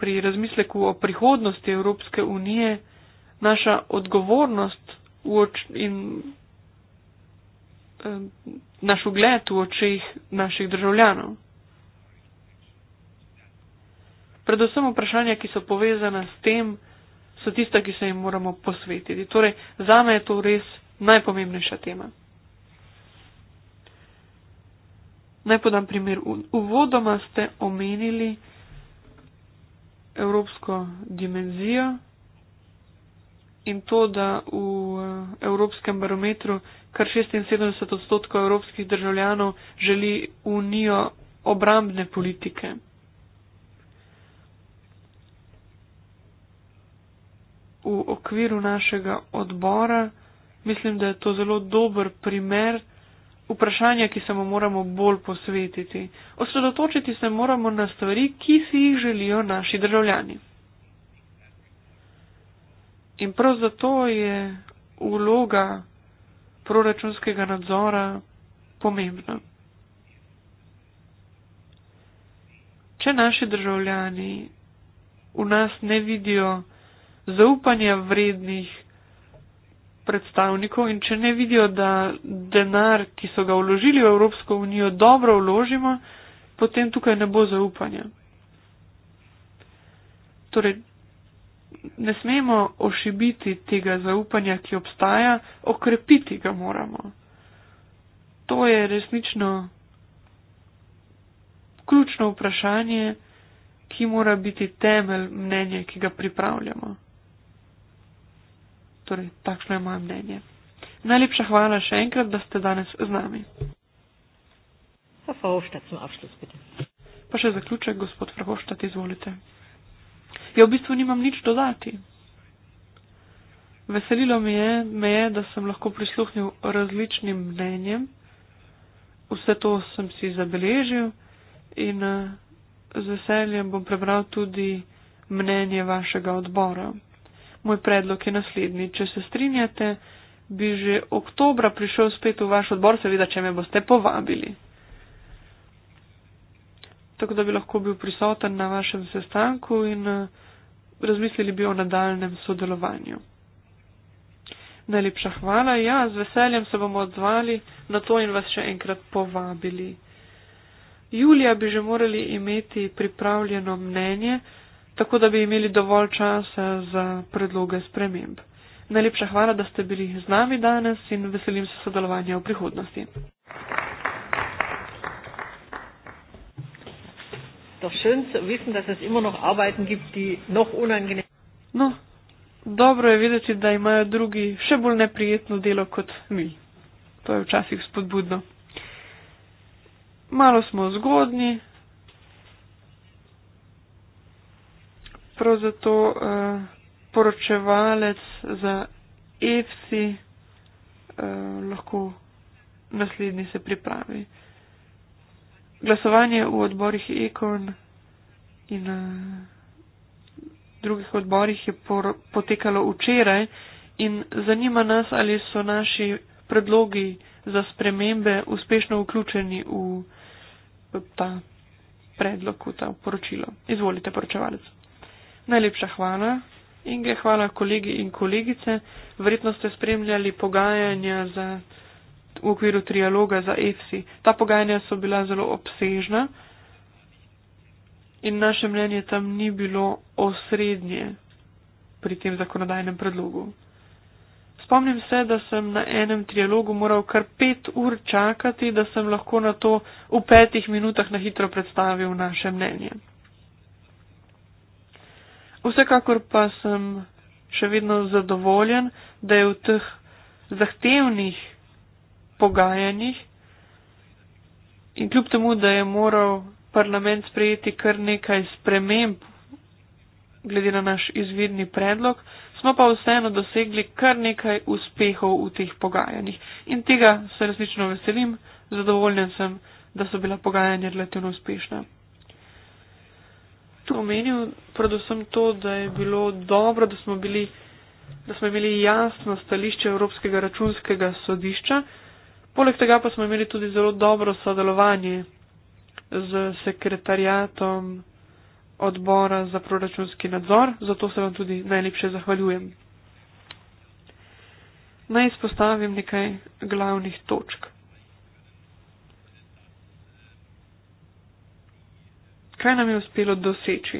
pri razmisleku o prihodnosti Evropske unije naša odgovornost in Eh, naš ugled v očeh naših državljanov. Predvsem vprašanja, ki so povezana s tem, so tista, ki se jim moramo posvetiti. Torej, za me je to res najpomembnejša tema. Naj podam primer. Uvodoma ste omenili evropsko dimenzijo in to, da v eh, evropskem barometru kar 76 odstotkov evropskih državljanov želi unijo obrambne politike. V okviru našega odbora mislim, da je to zelo dober primer vprašanja, ki se mu moramo bolj posvetiti. Osredotočiti se moramo na stvari, ki si jih želijo naši državljani. In prav zato je vloga proračunskega nadzora pomembna. Če naši državljani v nas ne vidijo zaupanja vrednih predstavnikov in če ne vidijo, da denar, ki so ga vložili v Evropsko unijo, dobro vložimo, potem tukaj ne bo zaupanja. Torej, ne smemo ošibiti tega zaupanja, ki obstaja, okrepiti ga moramo. To je resnično ključno vprašanje, ki mora biti temelj mnenja, ki ga pripravljamo. Torej, takšno je moje mnenje. Najlepša hvala še enkrat, da ste danes z nami. Pa še zaključek, gospod Frahoštat, izvolite. Ja, v bistvu nimam nič dodati. Veselilo mi je, me je, da sem lahko prisluhnil različnim mnenjem. Vse to sem si zabeležil in eh, z veseljem bom prebral tudi mnenje vašega odbora. Moj predlog je naslednji. Če se strinjate, bi že oktobra prišel spet v vaš odbor, seveda, če me boste povabili tako da bi lahko bil prisoten na vašem sestanku in eh, razmislili bi o nadaljem sodelovanju. Najlepša hvala, ja, z veseljem se bomo odzvali na to in vas še enkrat povabili. Julija bi že morali imeti pripravljeno mnenje, tako da bi imeli dovolj časa za predloge sprememb. Najlepša hvala, da ste bili z nami danes in veselim se sodelovanja v prihodnosti. doch schön zu wissen, dass es immer noch Arbeiten gibt, die noch unangenehm sind. No, dobro je videti, da imajo drugi še bolj neprijetno delo kot mi. To je včasih spodbudno. Malo smo zgodni. Prav zato eh, poročevalec za EFSI eh, lahko naslednji se pripravi glasovanje v odborih Ekon in uh, drugih odborih je por, potekalo včeraj in zanima nas, ali so naši predlogi za spremembe uspešno vključeni v ta predlog, v ta poročilo. Izvolite, poročevalec. Najlepša hvala. Inge, hvala kolegi in kolegice. Verjetno ste spremljali pogajanja za v okviru trialoga za EFSI. Ta pogajanja so bila zelo obsežna in naše mnenje tam ni bilo osrednje pri tem zakonodajnem predlogu. Spomnim se, da sem na enem trialogu moral kar pet ur čakati, da sem lahko na to v petih minutah na hitro predstavil naše mnenje. Vsekakor pa sem še vedno zadovoljen, da je v teh zahtevnih pogajanjih. In kljub temu, da je moral parlament sprejeti kar nekaj sprememb glede na naš izvidni predlog, smo pa vseeno dosegli kar nekaj uspehov v teh pogajanjih. In tega se resnično veselim, zadovoljen sem, da so bila pogajanja relativno uspešna. To omenil predvsem to, da je bilo dobro, da smo, bili, da smo imeli jasno stališče Evropskega računskega sodišča, Poleg tega pa smo imeli tudi zelo dobro sodelovanje z sekretarjatom odbora za proračunski nadzor, zato se vam tudi najlepše zahvaljujem. Naj izpostavim nekaj glavnih točk. Kaj nam je uspelo doseči?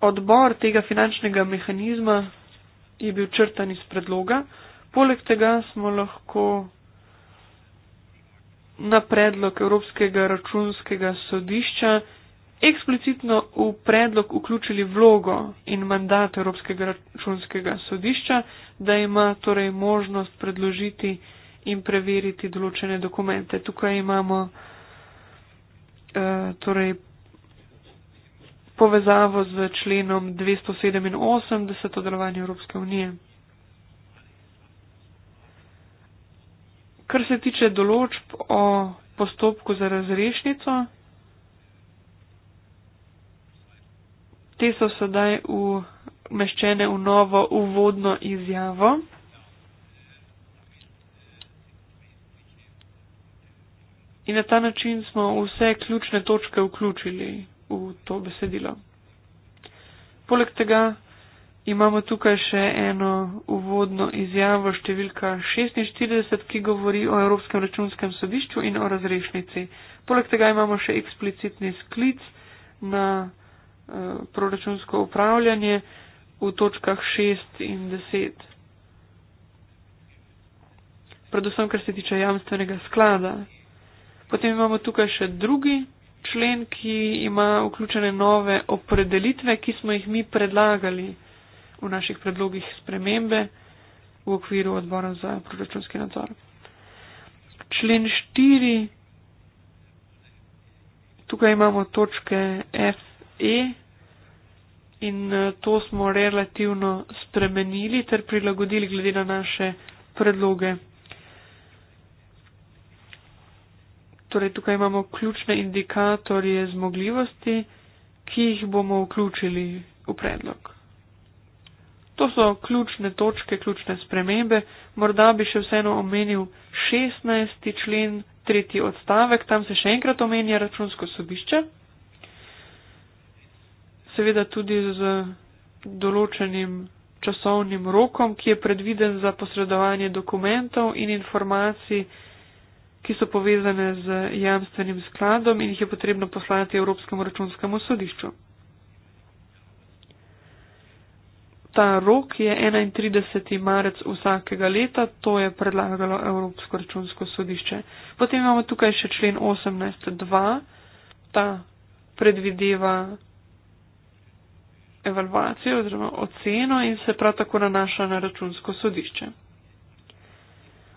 Odbor tega finančnega mehanizma je bil črtan iz predloga. Poleg tega smo lahko na predlog Evropskega računskega sodišča eksplicitno v predlog vključili vlogo in mandat Evropskega računskega sodišča, da ima torej možnost predložiti in preveriti določene dokumente. Tukaj imamo eh, torej povezavo z členom 287 o delovanju Evropske unije. Kar se tiče določb o postopku za razrešnico, te so sedaj umeščene v novo uvodno izjavo. In na ta način smo vse ključne točke vključili v to besedilo. Poleg tega imamo tukaj še eno uvodno izjavo številka 46, ki govori o Evropskem računskem sodišču in o razrešnici. Poleg tega imamo še eksplicitni sklic na eh, proračunsko upravljanje v točkah 6 in 10. Predvsem, kar se tiče jamstvenega sklada. Potem imamo tukaj še drugi člen, ki ima vključene nove opredelitve, ki smo jih mi predlagali v naših predlogih spremembe v okviru odbora za proračunski nadzor. Člen 4. Tukaj imamo točke FE in e, to smo relativno spremenili ter prilagodili glede na naše predloge torej tukaj imamo ključne indikatorje zmogljivosti, ki jih bomo vključili v predlog. To so ključne točke, ključne spremembe. Morda bi še vseeno omenil 16. člen, tretji odstavek, tam se še enkrat omenja računsko sodišče. Seveda tudi z določenim časovnim rokom, ki je predviden za posredovanje dokumentov in informacij, ki so povezane z jamstvenim skladom in jih je potrebno poslati Evropskemu računskemu sodišču. Ta rok je 31. marec vsakega leta, to je predlagalo Evropsko računsko sodišče. Potem imamo tukaj še člen 18.2, ta predvideva evalvacijo oziroma oceno in se prav tako nanaša na računsko sodišče.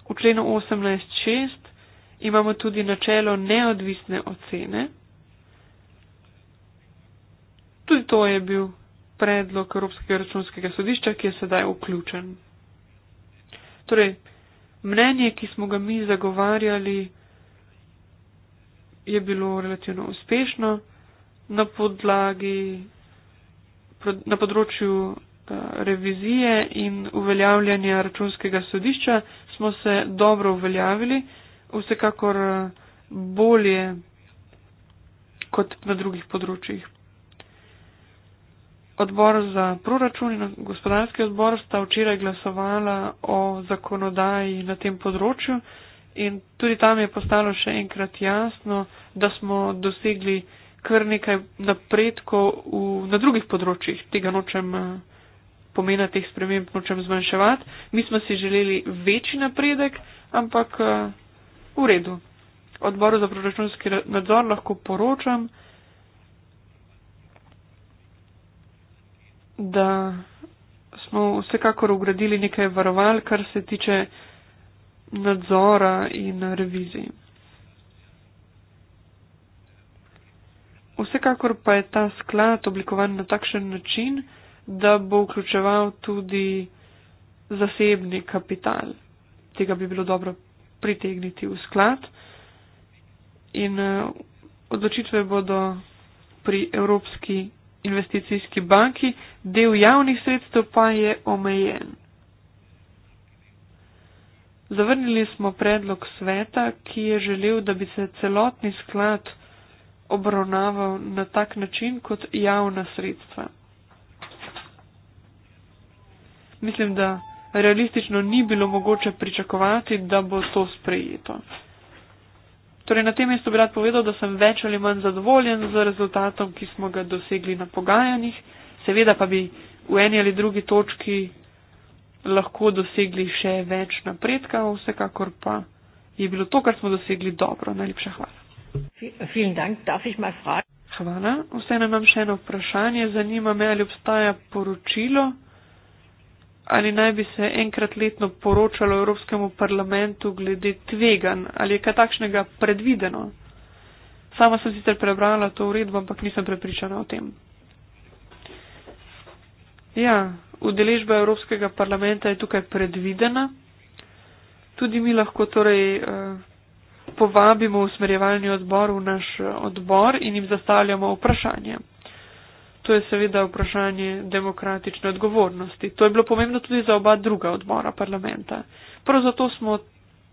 V členu 18.6 imamo tudi načelo neodvisne ocene. Tudi to je bil predlog Evropskega računskega sodišča, ki je sedaj vključen. Torej, mnenje, ki smo ga mi zagovarjali, je bilo relativno uspešno na podlagi, na področju eh, revizije in uveljavljanja računskega sodišča smo se dobro uveljavili vsekakor eh, bolje kot na drugih področjih. Odbor za proračun in gospodarski odbor sta včeraj glasovala o zakonodaji na tem področju in tudi tam je postalo še enkrat jasno, da smo dosegli kar nekaj napredkov v, na drugih področjih. Tega nočem eh, pomena teh sprememb, nočem zmanjševati. Mi smo si želeli večji napredek, ampak eh, V redu. Odboru za proračunski nadzor lahko poročam, da smo vsekakor ugradili nekaj varoval, kar se tiče nadzora in revizij. Vsekakor pa je ta sklad oblikovan na takšen način, da bo vključeval tudi zasebni kapital. Tega bi bilo dobro pritegniti v sklad in eh, odločitve bodo pri Evropski investicijski banki, del javnih sredstev pa je omejen. Zavrnili smo predlog sveta, ki je želel, da bi se celotni sklad obravnaval na tak način kot javna sredstva. Mislim, da realistično ni bilo mogoče pričakovati, da bo to sprejeto. Torej, na tem mestu bi rad povedal, da sem več ali manj zadovoljen z rezultatom, ki smo ga dosegli na pogajanjih. Seveda pa bi v eni ali drugi točki lahko dosegli še več napredka, vsekakor pa je bilo to, kar smo dosegli, dobro. Najlepša hvala. Hvala. Vseeno imam še eno vprašanje. Zanima me, ali obstaja poročilo ali naj bi se enkrat letno poročalo Evropskemu parlamentu glede tvegan, ali je kaj takšnega predvideno. Sama sem sicer prebrala to uredbo, ampak nisem prepričana o tem. Ja, udeležba Evropskega parlamenta je tukaj predvidena. Tudi mi lahko torej eh, povabimo v smerjevalni odbor v naš eh, odbor in jim zastavljamo vprašanje. To je seveda vprašanje demokratične odgovornosti. To je bilo pomembno tudi za oba druga odbora parlamenta. Prav zato smo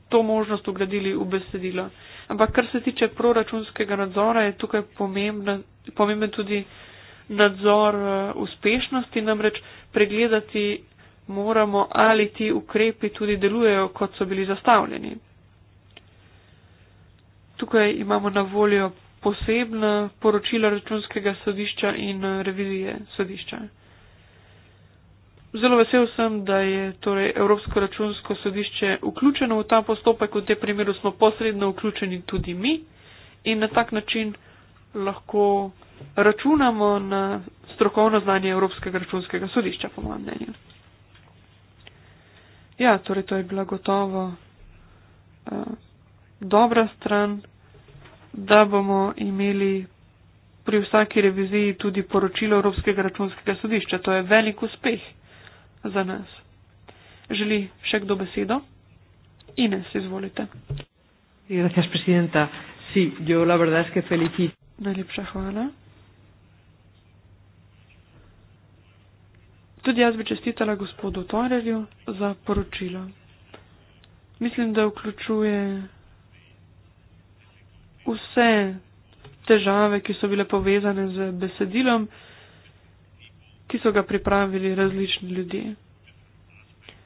to možnost ugradili v besedilo. Ampak kar se tiče proračunskega nadzora, je tukaj pomembna, pomemben tudi nadzor eh, uspešnosti, namreč pregledati moramo, ali ti ukrepi tudi delujejo, kot so bili zastavljeni. Tukaj imamo na voljo posebna poročila računskega sodišča in eh, revizije sodišča. Zelo vesel sem, da je torej Evropsko računsko sodišče vključeno v ta postopek, v tem primeru smo posredno vključeni tudi mi in na tak način lahko računamo na strokovno znanje Evropskega računskega sodišča, po mojem mnenju. Ja, torej to je bila gotovo uh, dobra stran da bomo imeli pri vsaki reviziji tudi poročilo Evropskega računskega sodišča. To je velik uspeh za nas. Želi še kdo besedo? Ines, izvolite. Gracias, presidenta. Sí, yo la verdad es que felicito. Najlepša hvala. Tudi jaz bi čestitala gospodu Torerju za poročilo. Mislim, da vključuje vse težave, ki so bile povezane z besedilom, ki so ga pripravili različni ljudje.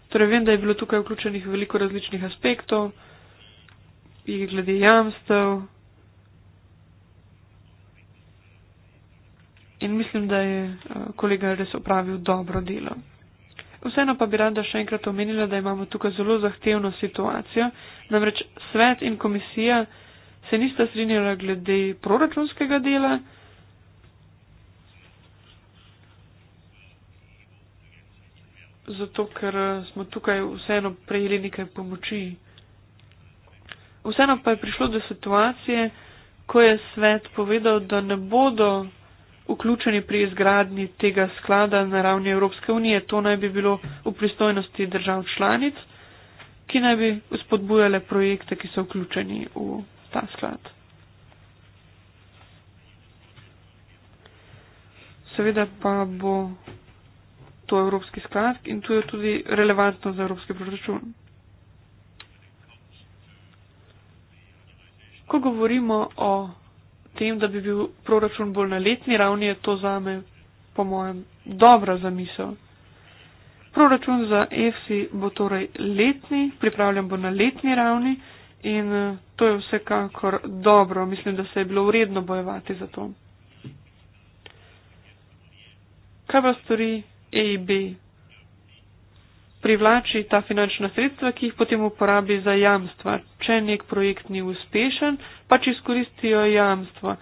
Torej, vem, da je bilo tukaj vključenih veliko različnih aspektov, glede jamstev. In mislim, da je eh, kolega res opravil dobro delo. Vseeno pa bi rada še enkrat omenila, da imamo tukaj zelo zahtevno situacijo. Namreč svet in komisija se nista strinjala glede proračunskega dela. Zato, ker eh, smo tukaj vseeno prejeli nekaj pomoči. Vseeno pa je prišlo do situacije, ko je svet povedal, da ne bodo vključeni pri izgradnji tega sklada na ravni Evropske unije. To naj bi bilo v pristojnosti držav članic, ki naj bi uspodbujale projekte, ki so vključeni v ta sklad. Seveda pa bo to evropski sklad in to je tudi relevantno za evropski proračun. Ko govorimo o tem, da bi bil proračun bolj na letni ravni, je to zame, po mojem, dobra zamisel. Proračun za EFSI bo torej letni, pripravljen bo na letni ravni in eh, to je vsekakor dobro. Mislim, da se je bilo vredno bojevati za to. Kaj pa stori AIB? Privlači ta finančna sredstva, ki jih potem uporabi za jamstva. Če nek projekt ni uspešen, pač izkoristijo jamstva.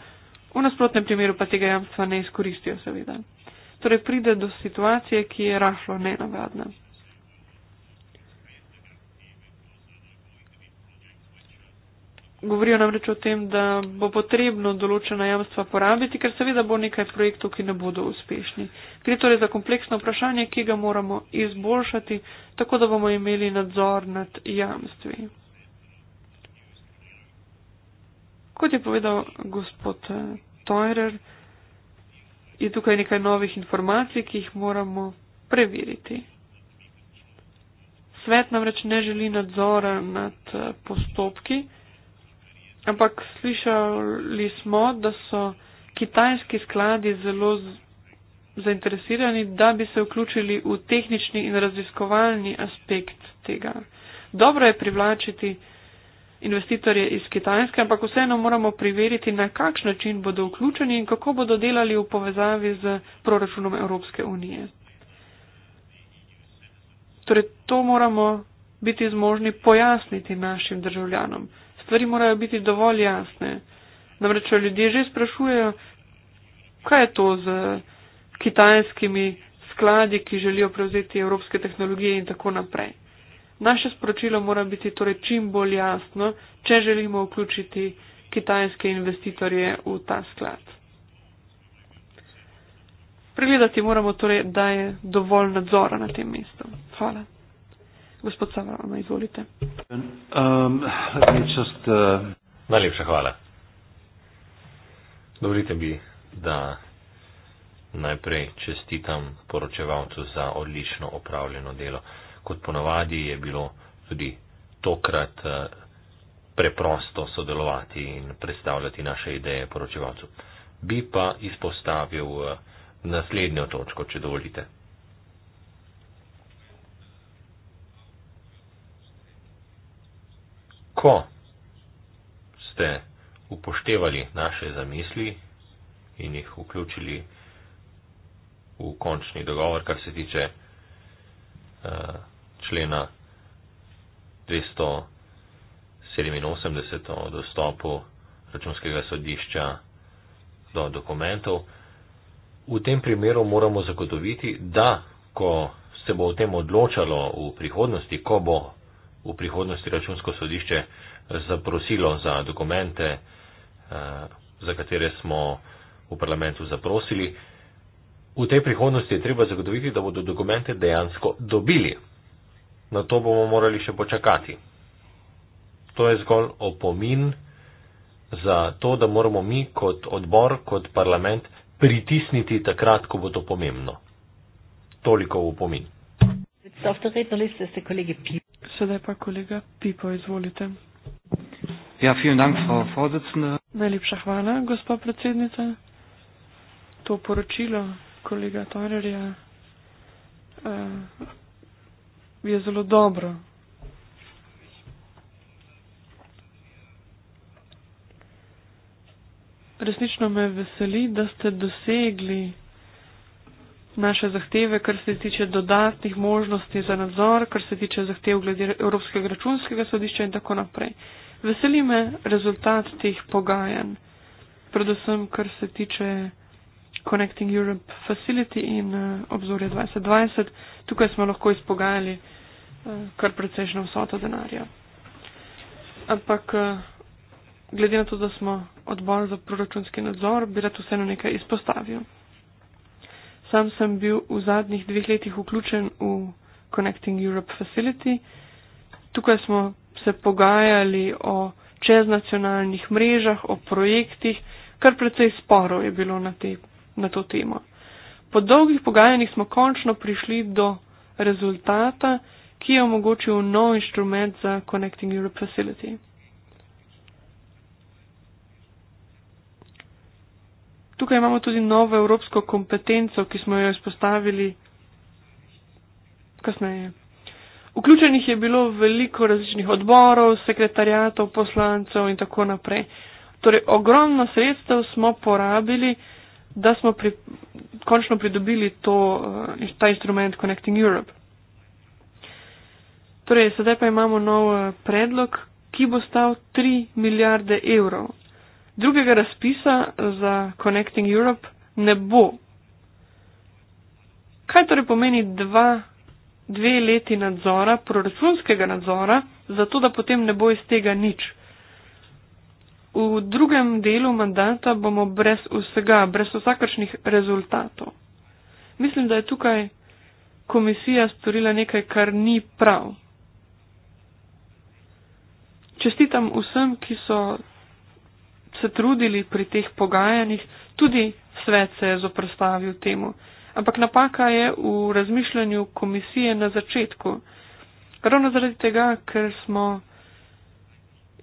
V nasprotnem primeru pa tega jamstva ne izkoristijo, seveda. Torej pride do situacije, ki je rahlo nenavadna. govorijo namreč o tem, da bo potrebno določena jamstva porabiti, ker seveda bo nekaj projektov, ki ne bodo uspešni. Gre torej za kompleksno vprašanje, ki ga moramo izboljšati, tako da bomo imeli nadzor nad jamstvi. Kot je povedal gospod eh, Teurer, je tukaj nekaj novih informacij, ki jih moramo preveriti. Svet namreč ne želi nadzora nad eh, postopki, Ampak slišali smo, da so kitajski skladi zelo zainteresirani, da bi se vključili v tehnični in raziskovalni aspekt tega. Dobro je privlačiti investitorje iz Kitajske, ampak vseeno moramo preveriti, na kakšen način bodo vključeni in kako bodo delali v povezavi z proračunom Evropske unije. Torej, to moramo biti zmožni pojasniti našim državljanom stvari morajo biti dovolj jasne. Namreč ljudje že sprašujejo, kaj je to z kitajskimi skladi, ki želijo prevzeti evropske tehnologije in tako naprej. Naše sporočilo mora biti torej čim bolj jasno, če želimo vključiti kitajske investitorje v ta sklad. Pregledati moramo torej, da je dovolj nadzora na tem mestu. Hvala. Gospod Savarano, izvolite. Um, čast, uh... Najlepša hvala. Dovolite bi, da najprej čestitam poročevalcu za odlično opravljeno delo. Kot ponavadi je bilo tudi tokrat uh, preprosto sodelovati in predstavljati naše ideje poročevalcu. Bi pa izpostavil uh, naslednjo točko, če dovolite. ko ste upoštevali naše zamisli in jih vključili v končni dogovor, kar se tiče eh, člena 287 o dostopu računskega sodišča do dokumentov, v tem primeru moramo zagotoviti, da ko se bo o tem odločalo v prihodnosti, ko bo v prihodnosti računsko sodišče zaprosilo za dokumente, eh, za katere smo v parlamentu zaprosili. V tej prihodnosti je treba zagotoviti, da bodo dokumente dejansko dobili. Na to bomo morali še počakati. To je zgolj opomin za to, da moramo mi kot odbor, kot parlament pritisniti takrat, ko bo to pomembno. Toliko v opomin. Sedaj pa kolega Pipo, izvolite. Ja, vielen Dank, Frau Vorsitzende. Najlepša hvala, gospod predsednica. To poročilo kolega Torerja uh, eh, je zelo dobro. Resnično me veseli, da ste dosegli naše zahteve, kar se tiče dodatnih možnosti za nadzor, kar se tiče zahtev glede Evropskega računskega sodišča in tako naprej. Veseli me rezultat teh pogajanj, predvsem kar se tiče Connecting Europe Facility in uh, obzorje 2020. Tukaj smo lahko izpogajali uh, kar precejšno vsoto denarja. Ampak uh, glede na to, da smo odbor za proračunski nadzor, bi rad vseeno nekaj izpostavil. Sam sem bil v zadnjih dveh letih vključen v Connecting Europe Facility. Tukaj smo se pogajali o čeznacionalnih mrežah, o projektih, kar precej sporov je bilo na, te, na to temo. Po dolgih pogajanjih smo končno prišli do rezultata, ki je omogočil nov inštrument za Connecting Europe Facility. Tukaj imamo tudi novo evropsko kompetenco, ki smo jo izpostavili kasneje. Vključenih je bilo veliko različnih odborov, sekretarjatov, poslancev in tako naprej. Torej, ogromno sredstev smo porabili, da smo pri, končno pridobili to, eh, ta instrument Connecting Europe. Torej, sedaj pa imamo nov eh, predlog, ki bo stal 3 milijarde evrov drugega razpisa za Connecting Europe ne bo. Kaj torej pomeni dva, dve leti nadzora, proračunskega nadzora, zato da potem ne bo iz tega nič? V drugem delu mandata bomo brez vsega, brez vsakršnih rezultatov. Mislim, da je tukaj komisija storila nekaj, kar ni prav. Čestitam vsem, ki so se trudili pri teh pogajanjih, tudi svet se je zoprstavil temu. Ampak napaka je v razmišljanju komisije na začetku. Ravno zaradi tega, ker smo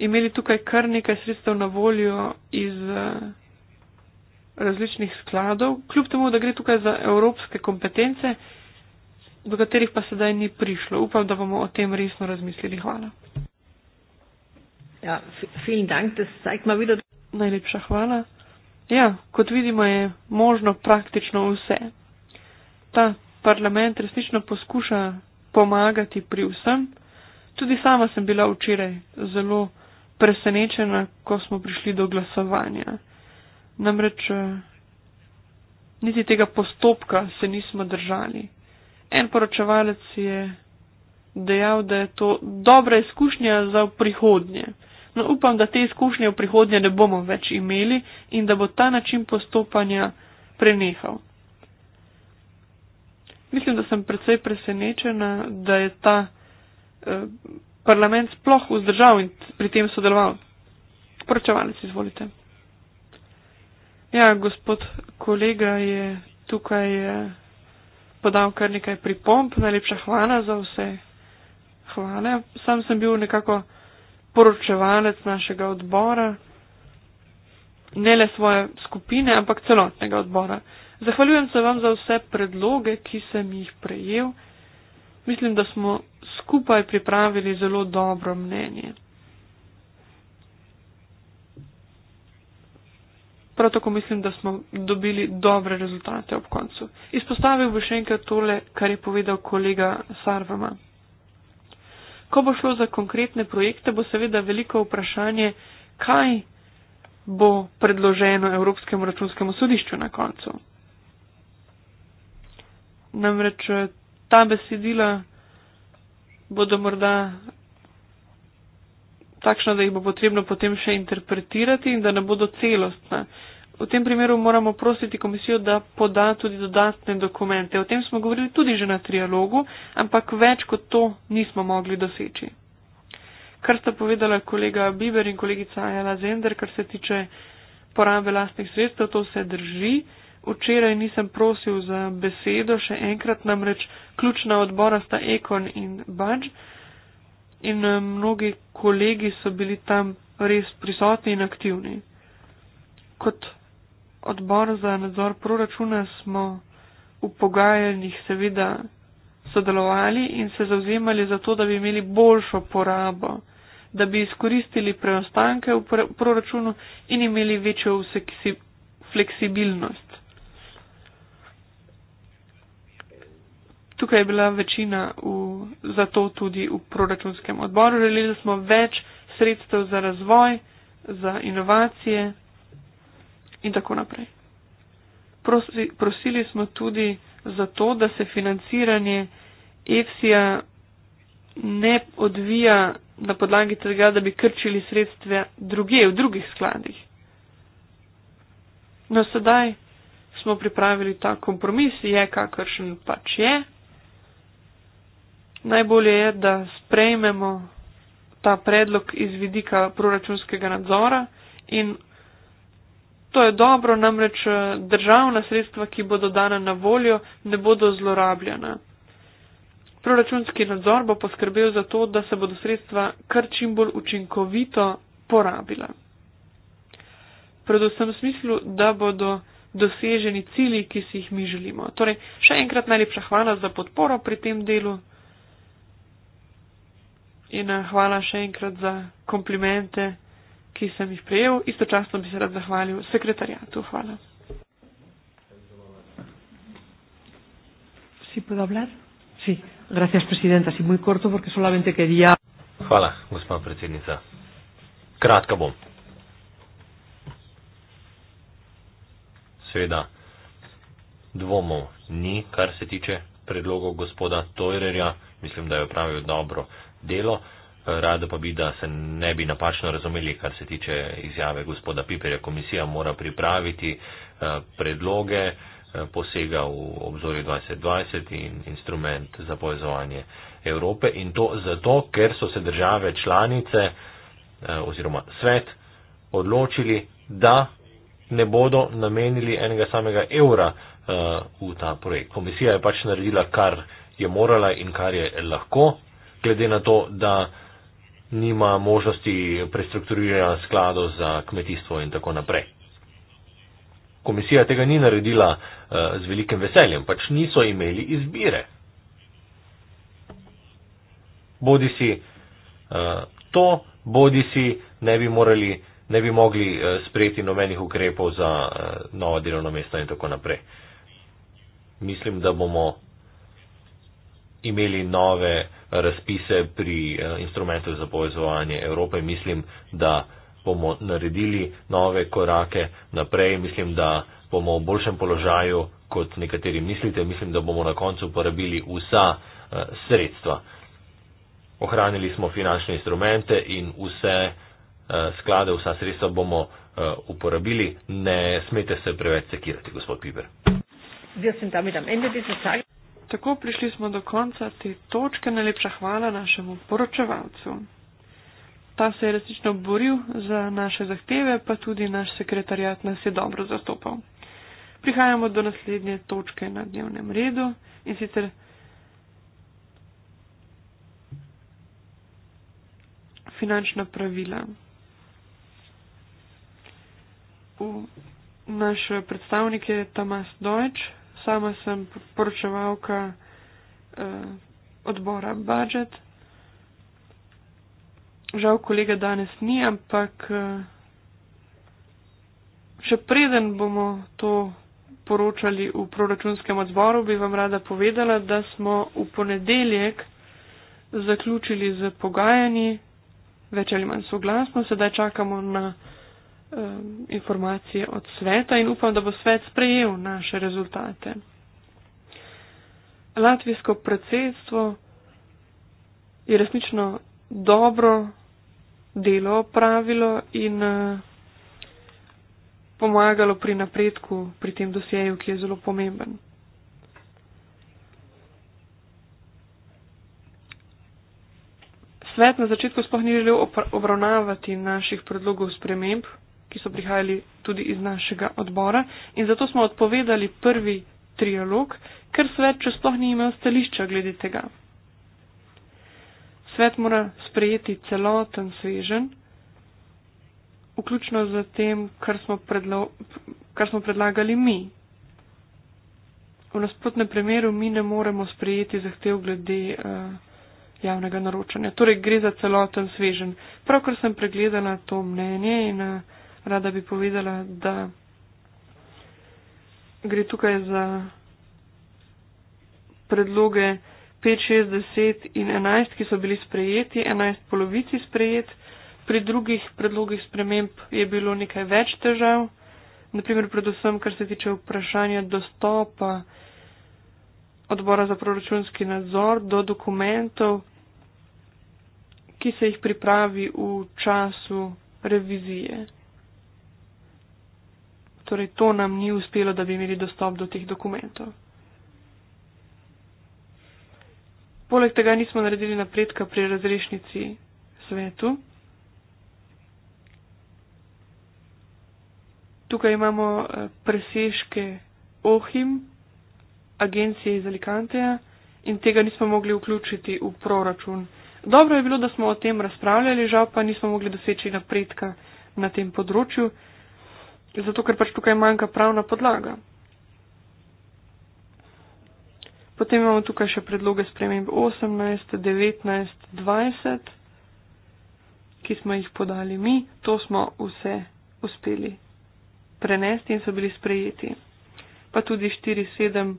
imeli tukaj kar nekaj sredstev na voljo iz eh, različnih skladov, kljub temu, da gre tukaj za evropske kompetence, do katerih pa sedaj ni prišlo. Upam, da bomo o tem resno razmislili. Hvala. Ja, vielen Dank. Das zeigt mal wieder, najlepša hvala. Ja, kot vidimo, je možno praktično vse. Ta parlament resnično poskuša pomagati pri vsem. Tudi sama sem bila včeraj zelo presenečena, ko smo prišli do glasovanja. Namreč eh, niti tega postopka se nismo držali. En poročevalec je dejal, da je to dobra izkušnja za prihodnje. No upam, da te izkušnje v prihodnje ne bomo več imeli in da bo ta način postopanja prenehal. Mislim, da sem predvsej presenečena, da je ta eh, parlament sploh vzdržal in pri tem sodeloval. Poročevalec, izvolite. Ja, gospod kolega je tukaj eh, podal kar nekaj pripomp. Najlepša hvala za vse. Hvala. Sam sem bil nekako poročevalec našega odbora, ne le svoje skupine, ampak celotnega odbora. Zahvaljujem se vam za vse predloge, ki sem jih prejel. Mislim, da smo skupaj pripravili zelo dobro mnenje. Prav tako mislim, da smo dobili dobre rezultate ob koncu. Izpostavil bi še enkrat tole, kar je povedal kolega Sarvama. Ko bo šlo za konkretne projekte, bo seveda veliko vprašanje, kaj bo predloženo Evropskemu računskemu sodišču na koncu. Namreč eh, ta besedila bodo morda takšna, da jih bo potrebno potem še interpretirati in da ne bodo celostna v tem primeru moramo prositi komisijo, da poda tudi dodatne dokumente. O tem smo govorili tudi že na trialogu, ampak več kot to nismo mogli doseči. Kar sta povedala kolega Biber in kolegica Ajala Zender, kar se tiče porabe lastnih sredstev, to se drži. Včeraj nisem prosil za besedo, še enkrat namreč ključna odbora sta Ekon in Bač in eh, mnogi kolegi so bili tam res prisotni in aktivni. Kot odbor za nadzor proračuna smo v pogajanjih seveda sodelovali in se zauzemali za to, da bi imeli boljšo porabo, da bi izkoristili preostanke v proračunu in imeli večjo fleksibilnost. Tukaj je bila večina v, zato tudi v proračunskem odboru. Želeli smo več sredstev za razvoj, za inovacije in tako naprej. Prosi, prosili smo tudi za to, da se financiranje EFSI-ja ne odvija na podlagi tega, da bi krčili sredstve druge v drugih skladih. No, sedaj smo pripravili ta kompromis, je kakršen pač je. Najbolje je, da sprejmemo ta predlog iz vidika proračunskega nadzora in To je dobro, namreč eh, državna sredstva, ki bodo dana na voljo, ne bodo zlorabljena. Proračunski nadzor bo poskrbel za to, da se bodo sredstva kar čim bolj učinkovito porabila. Predvsem v smislu, da bodo doseženi cilji, ki si jih mi želimo. Torej, še enkrat najlepša hvala za podporo pri tem delu in eh, hvala še enkrat za komplimente ki sem jih prejel. Istočasno bi se rad zahvalil sekretarjatu. Hvala. Si puedo hablar? Si. Gracias, presidenta. Si muy corto, porque solamente quería... Hvala, gospod predsednica. Kratka bom. Seveda, dvomov ni, kar se tiče predlogov gospoda Tojrerja. Mislim, da je opravil dobro delo. Rado pa bi, da se ne bi napačno razumeli, kar se tiče izjave gospoda Piperja. Komisija mora pripraviti eh, predloge eh, posega v obzorje 2020 in instrument za povezovanje Evrope in to zato, ker so se države članice eh, oziroma svet odločili, da ne bodo namenili enega samega evra v ta projekt. Komisija je pač naredila, kar je morala in kar je lahko, glede na to, da nima možnosti prestrukturiranja skladov za kmetijstvo in tako naprej. Komisija tega ni naredila eh, z velikim veseljem, pač niso imeli izbire. Bodi si eh, to, bodi si ne bi, morali, ne bi mogli eh, sprejeti nobenih ukrepov za nova delovna mesta in tako naprej. Mislim, da bomo imeli nove razpise pri eh, instrumentu za povezovanje Evrope. Mislim, da bomo naredili nove korake naprej. Mislim, da bomo v boljšem položaju, kot nekateri mislite. Mislim, da bomo na koncu uporabili vsa eh, sredstva. Ohranili smo finančne instrumente in vse eh, sklade, vsa sredstva bomo uporabili. Ne smete se preveč sekirati, gospod Piber. Jaz sem tam, da menim, da je to tako tako prišli smo do konca te točke. Najlepša hvala našemu poročevalcu. Ta se je resnično boril za naše zahteve, pa tudi naš sekretarjat nas je dobro zastopal. Prihajamo do naslednje točke na dnevnem redu in sicer finančna pravila. V naš predstavnik je Tomas Deutsch. Sama sem poročevalka eh, odbora budžet. Žal kolega danes ni, ampak eh, še preden bomo to poročali v proračunskem odboru, bi vam rada povedala, da smo v ponedeljek zaključili z pogajanji, več ali manj soglasno, sedaj čakamo na. Eh, informacije od sveta in upam, da bo svet sprejel naše rezultate. Latvijsko predsedstvo je resnično dobro delo opravilo in eh, pomagalo pri napredku pri tem dosjeju, ki je zelo pomemben. Svet na začetku sploh ni želel obravnavati naših predlogov sprememb, ki so prihajali tudi iz našega odbora in zato smo odpovedali prvi trialog, ker svet če sploh ni imel stališča glede tega. Svet mora sprejeti celoten svežen, vključno z tem, kar smo, predlo, kar smo predlagali mi. V nasprotnem primeru mi ne moremo sprejeti zahtev glede uh, javnega naročanja. Torej gre za celoten svežen. Pravkar sem pregledala to mnenje in uh, rada bi povedala, da gre tukaj za predloge 5, 6, 10 in 11, ki so bili sprejeti, 11 polovici sprejet. Pri drugih predlogih sprememb je bilo nekaj več težav, naprimer predvsem, kar se tiče vprašanja dostopa odbora za proračunski nadzor do dokumentov, ki se jih pripravi v času revizije torej to nam ni uspelo, da bi imeli dostop do teh dokumentov. Poleg tega nismo naredili napredka pri razrešnici svetu. Tukaj imamo eh, presežke OHIM, agencije iz Alicanteja in tega nismo mogli vključiti v proračun. Dobro je bilo, da smo o tem razpravljali, žal pa nismo mogli doseči napredka na tem področju. Zato, ker pač tukaj manjka pravna podlaga. Potem imamo tukaj še predloge sprememb 18, 19, 20, ki smo jih podali mi. To smo vse uspeli prenesti in so bili sprejeti. Pa tudi 4, 7,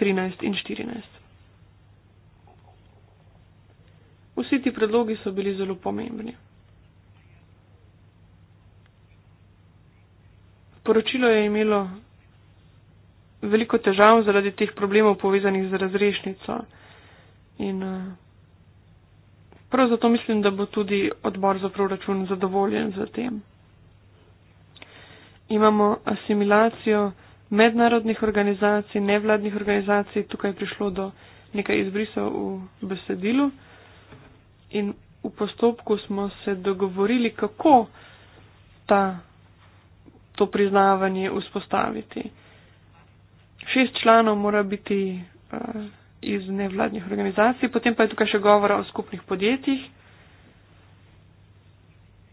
13 in 14. Vsi ti predlogi so bili zelo pomembni. Poročilo je imelo veliko težav zaradi teh problemov povezanih z razrešnico. In eh, prav zato mislim, da bo tudi odbor za proračun zadovoljen z tem. Imamo asimilacijo mednarodnih organizacij, nevladnih organizacij, tukaj je prišlo do nekaj izbrisov v besedilu in v postopku smo se dogovorili, kako ta to priznavanje vzpostaviti. Šest članov mora biti uh, iz nevladnih organizacij, potem pa je tukaj še govora o skupnih podjetjih.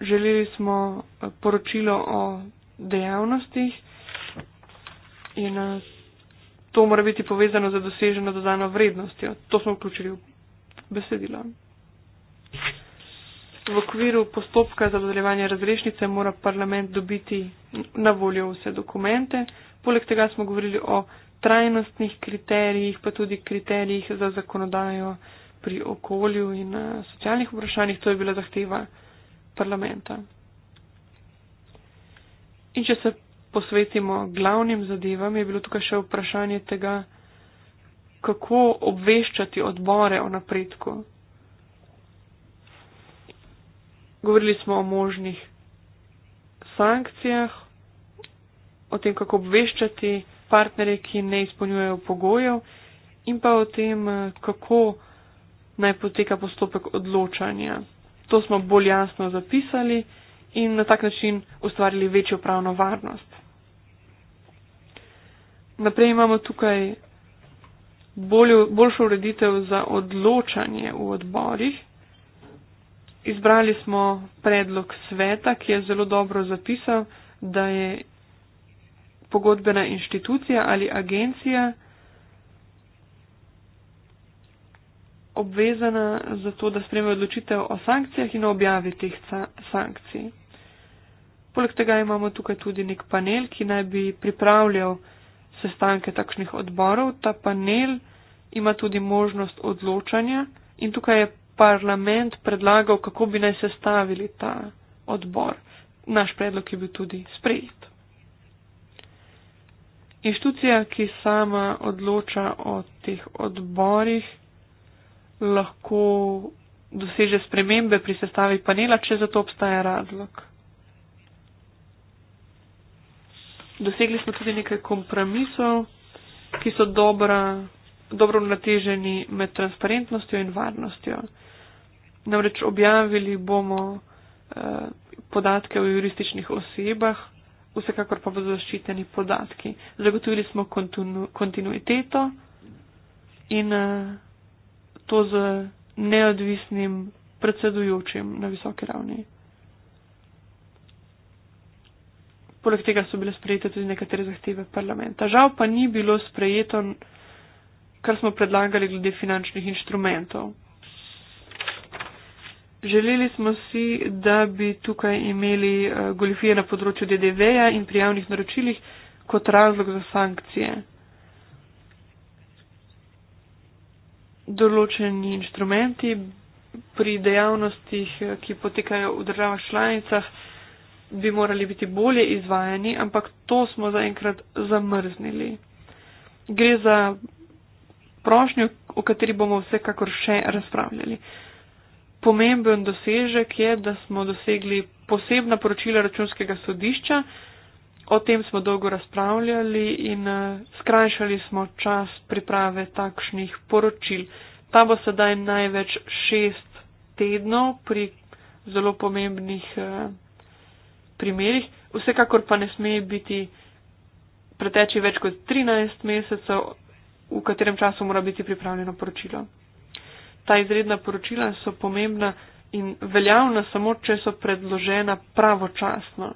Želeli smo eh, poročilo o dejavnostih in eh, to mora biti povezano za doseženo dodano vrednostjo. To smo vključili v besedilo v okviru postopka za dodeljevanje razrešnice mora parlament dobiti na voljo vse dokumente. Poleg tega smo govorili o trajnostnih kriterijih, pa tudi kriterijih za zakonodajo pri okolju in eh, socialnih vprašanjih. To je bila zahteva parlamenta. In če se posvetimo glavnim zadevam, je bilo tukaj še vprašanje tega, kako obveščati odbore o napredku. Govorili smo o možnih sankcijah, o tem, kako obveščati partnere, ki ne izpolnjujejo pogojev in pa o tem, kako naj poteka postopek odločanja. To smo bolj jasno zapisali in na tak način ustvarili večjo pravno varnost. Naprej imamo tukaj boljšo ureditev za odločanje v odborih. Izbrali smo predlog sveta, ki je zelo dobro zapisal, da je pogodbena inštitucija ali agencija obvezana za to, da spreme odločitev o sankcijah in objavi teh sankcij. Poleg tega imamo tukaj tudi nek panel, ki naj bi pripravljal sestanke takšnih odborov. Ta panel ima tudi možnost odločanja in tukaj je parlament predlagal, kako bi naj sestavili ta odbor. Naš predlog je bil tudi sprejet. Inštitucija, ki sama odloča o teh odborih, lahko doseže spremembe pri sestavi panela, če za to obstaja razlog. Dosegli smo tudi nekaj kompromisov, ki so dobra dobro nateženi med transparentnostjo in varnostjo. Namreč objavili bomo eh, podatke o jurističnih osebah, vsekakor pa bodo zaščiteni podatki. Zagotovili smo kontinuiteto in eh, to z neodvisnim predsedujočim na visoki ravni. Poleg tega so bile sprejete tudi nekatere zahteve parlamenta. Žal pa ni bilo sprejeto kar smo predlagali glede finančnih inštrumentov. Želeli smo si, da bi tukaj imeli eh, goljofije na področju DDV-ja in pri javnih naročilih kot razlog za sankcije. Določeni inštrumenti pri dejavnostih, eh, ki potekajo v državah članicah, bi morali biti bolje izvajani, ampak to smo zaenkrat zamrznili. Gre za prošnjo, o kateri bomo vsekakor še razpravljali. Pomemben dosežek je, da smo dosegli posebna poročila računskega sodišča, o tem smo dolgo razpravljali in eh, skrajšali smo čas priprave takšnih poročil. Ta bo sedaj največ šest tednov pri zelo pomembnih eh, primerih, vsekakor pa ne sme biti preteči več kot 13 mesecev, v katerem času mora biti pripravljeno poročilo. Ta izredna poročila so pomembna in veljavna samo, če so predložena pravočasno.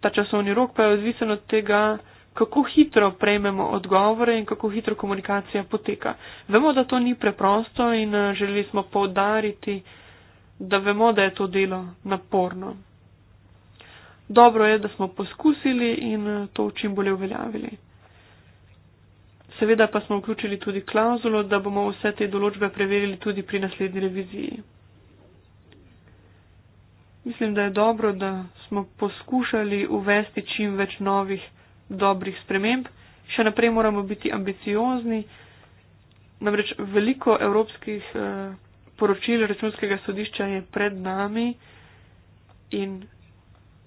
Ta časovni rok pa je odvisen od tega, kako hitro prejmemo odgovore in kako hitro komunikacija poteka. Vemo, da to ni preprosto in eh, želeli smo povdariti, da vemo, da je to delo naporno. Dobro je, da smo poskusili in eh, to čim bolje uveljavili. Seveda pa smo vključili tudi klauzulo, da bomo vse te določbe preverili tudi pri naslednji reviziji. Mislim, da je dobro, da smo poskušali uvesti čim več novih dobrih sprememb. Še naprej moramo biti ambiciozni. Namreč veliko evropskih eh, poročil računskega sodišča je pred nami in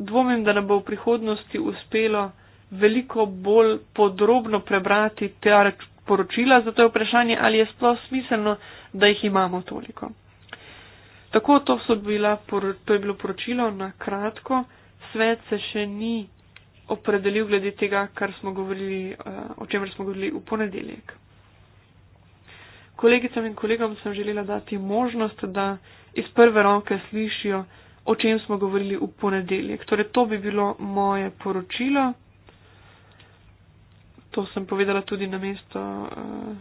dvomim, da nam bo v prihodnosti uspelo veliko bolj podrobno prebrati te poročila, zato je vprašanje, ali je sploh smiselno, da jih imamo toliko. Tako to, bila, to je bilo poročilo na kratko. Svet se še ni opredelil glede tega, smo govorili, eh, o čemer smo govorili v ponedeljek. Kolegicam in kolegom sem želela dati možnost, da iz prve roke slišijo, o čem smo govorili v ponedeljek. Torej, to bi bilo moje poročilo to sem povedala tudi na mesto eh,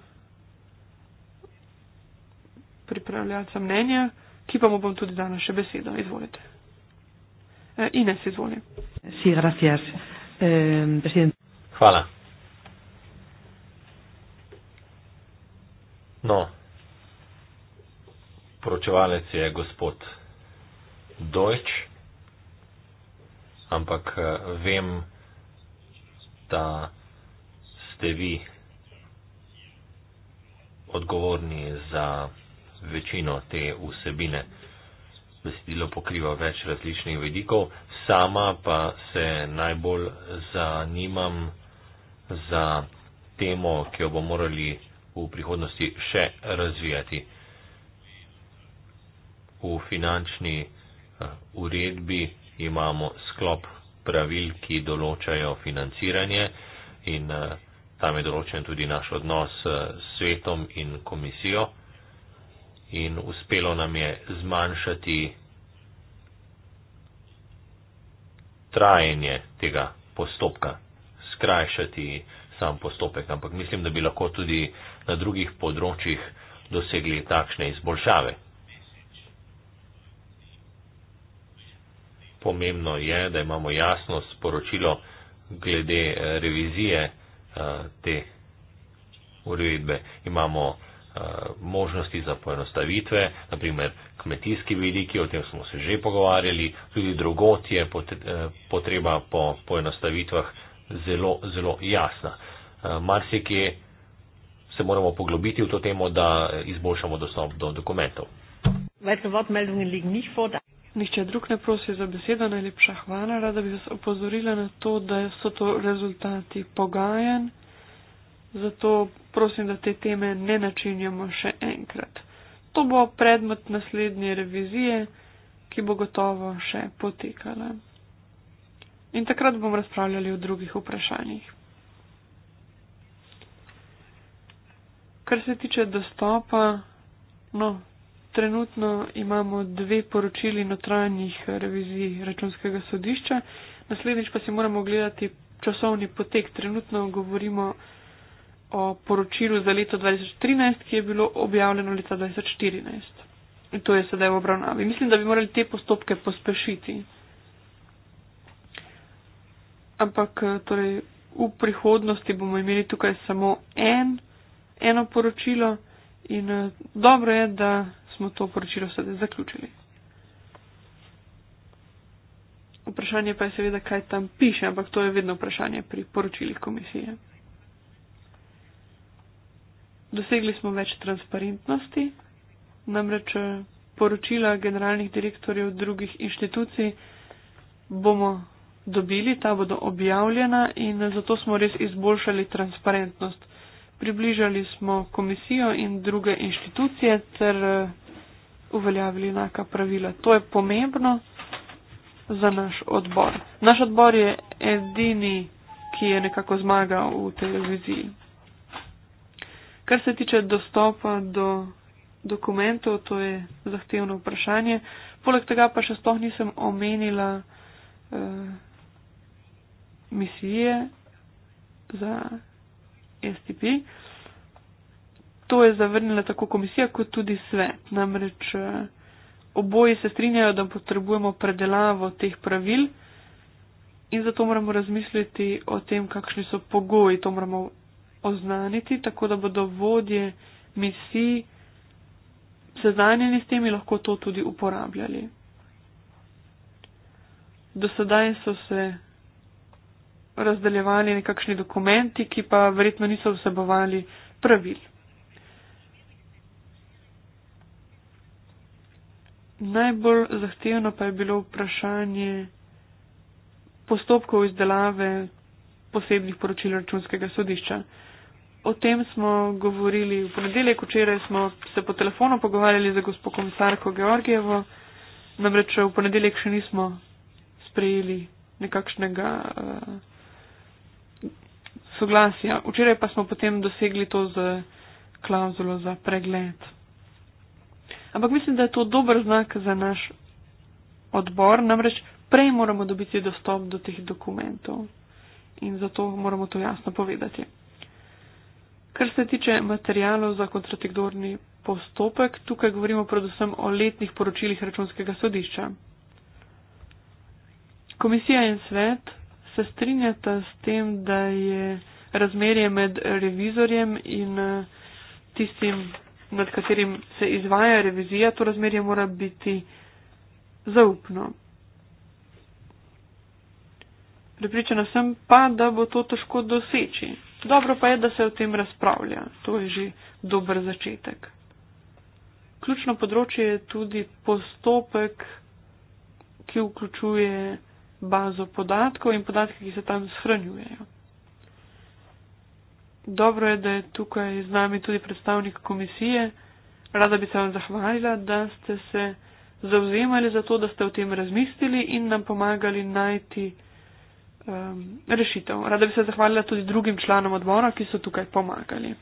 pripravljalca mnenja, ki pa mu bom tudi dala še besedo. Izvolite. Eh, Ines, izvolite. Eh, Hvala. No, poročevalec je gospod Dojč, ampak vem, da ste vi odgovorni za večino te vsebine. Besedilo pokriva več različnih vidikov, sama pa se najbolj zanimam za temo, ki jo bomo morali v prihodnosti še razvijati. V finančni eh, uredbi imamo sklop pravil, ki določajo financiranje in eh, tam je določen tudi naš odnos eh, s svetom in komisijo in uspelo nam je zmanjšati trajanje tega postopka, skrajšati sam postopek, ampak mislim, da bi lahko tudi na drugih področjih dosegli takšne izboljšave. Pomembno je, da imamo jasno sporočilo glede eh, revizije Eh, te uredbe. Imamo eh, možnosti za poenostavitve, naprimer kmetijski vidiki, o tem smo se že pogovarjali, tudi drugot je eh, potreba po poenostavitvah zelo, zelo jasna. Marsikje se moramo poglobiti v to temo, da izboljšamo dostop do dokumentov. Vete, vod, Nihče drug ne prosi za besedo, najlepša hvala, rada bi vas opozorila na to, da so to rezultati pogajanj, zato prosim, da te teme ne načinjamo še enkrat. To bo predmet naslednje revizije, ki bo gotovo še potekala. In takrat bom razpravljali o drugih vprašanjih. Kar se tiče dostopa, no, trenutno imamo dve poročili notranjih revizij računskega sodišča. Naslednjič pa si moramo gledati časovni potek. Trenutno govorimo o poročilu za leto 2013, ki je bilo objavljeno leta 2014. In to je sedaj v obravnavi. Mislim, da bi morali te postopke pospešiti. Ampak torej, v prihodnosti bomo imeli tukaj samo en, eno poročilo. In dobro je, da smo to poročilo sedaj zaključili. Vprašanje pa je seveda, kaj tam piše, ampak to je vedno vprašanje pri poročilih komisije. Dosegli smo več transparentnosti, namreč eh, poročila generalnih direktorjev drugih inštitucij bomo dobili, ta bodo objavljena in eh, zato smo res izboljšali transparentnost. Približali smo komisijo in druge inštitucije ter eh, uveljavili enaka pravila. To je pomembno za naš odbor. Naš odbor je edini, ki je nekako zmagal v televiziji. Kar se tiče dostopa do dokumentov, to je zahtevno vprašanje. Poleg tega pa še sploh nisem omenila uh, misije za STP. Uh, to je zavrnila tako komisija, kot tudi svet. Namreč eh, oboji se strinjajo, da potrebujemo predelavo teh pravil in zato moramo razmisliti o tem, kakšni so pogoji. To moramo oznaniti, tako da bodo vodje misij seznanjeni s tem in lahko to tudi uporabljali. Do sedaj so se razdeljevali nekakšni dokumenti, ki pa verjetno niso vsebovali pravil. Najbolj zahtevno pa je bilo vprašanje postopkov izdelave posebnih poročil računskega sodišča. O tem smo govorili v ponedeljek, včeraj smo se po telefonu pogovarjali za gospod komisarko Georgijevo, namreč v ponedeljek še nismo sprejeli nekakšnega uh, soglasja. Včeraj pa smo potem dosegli to z klauzulo za pregled. Ampak mislim, da je to dober znak za naš odbor, namreč prej moramo dobiti dostop do teh dokumentov in zato moramo to jasno povedati. Kar se tiče materijalov za kontratekdorni postopek, tukaj govorimo predvsem o letnih poročilih računskega sodišča. Komisija in svet se strinjata s tem, da je razmerje med revizorjem in tistim nad katerim se izvaja revizija, to razmerje mora biti zaupno. Pripričana sem pa, da bo to težko doseči. Dobro pa je, da se o tem razpravlja. To je že dober začetek. Ključno področje je tudi postopek, ki vključuje bazo podatkov in podatke, ki se tam shranjujejo. Dobro je, da je tukaj z nami tudi predstavnik komisije. Rada bi se vam zahvalila, da ste se zauzemali za to, da ste o tem razmislili in nam pomagali najti um, rešitev. Rada bi se zahvalila tudi drugim članom odbora, ki so tukaj pomagali.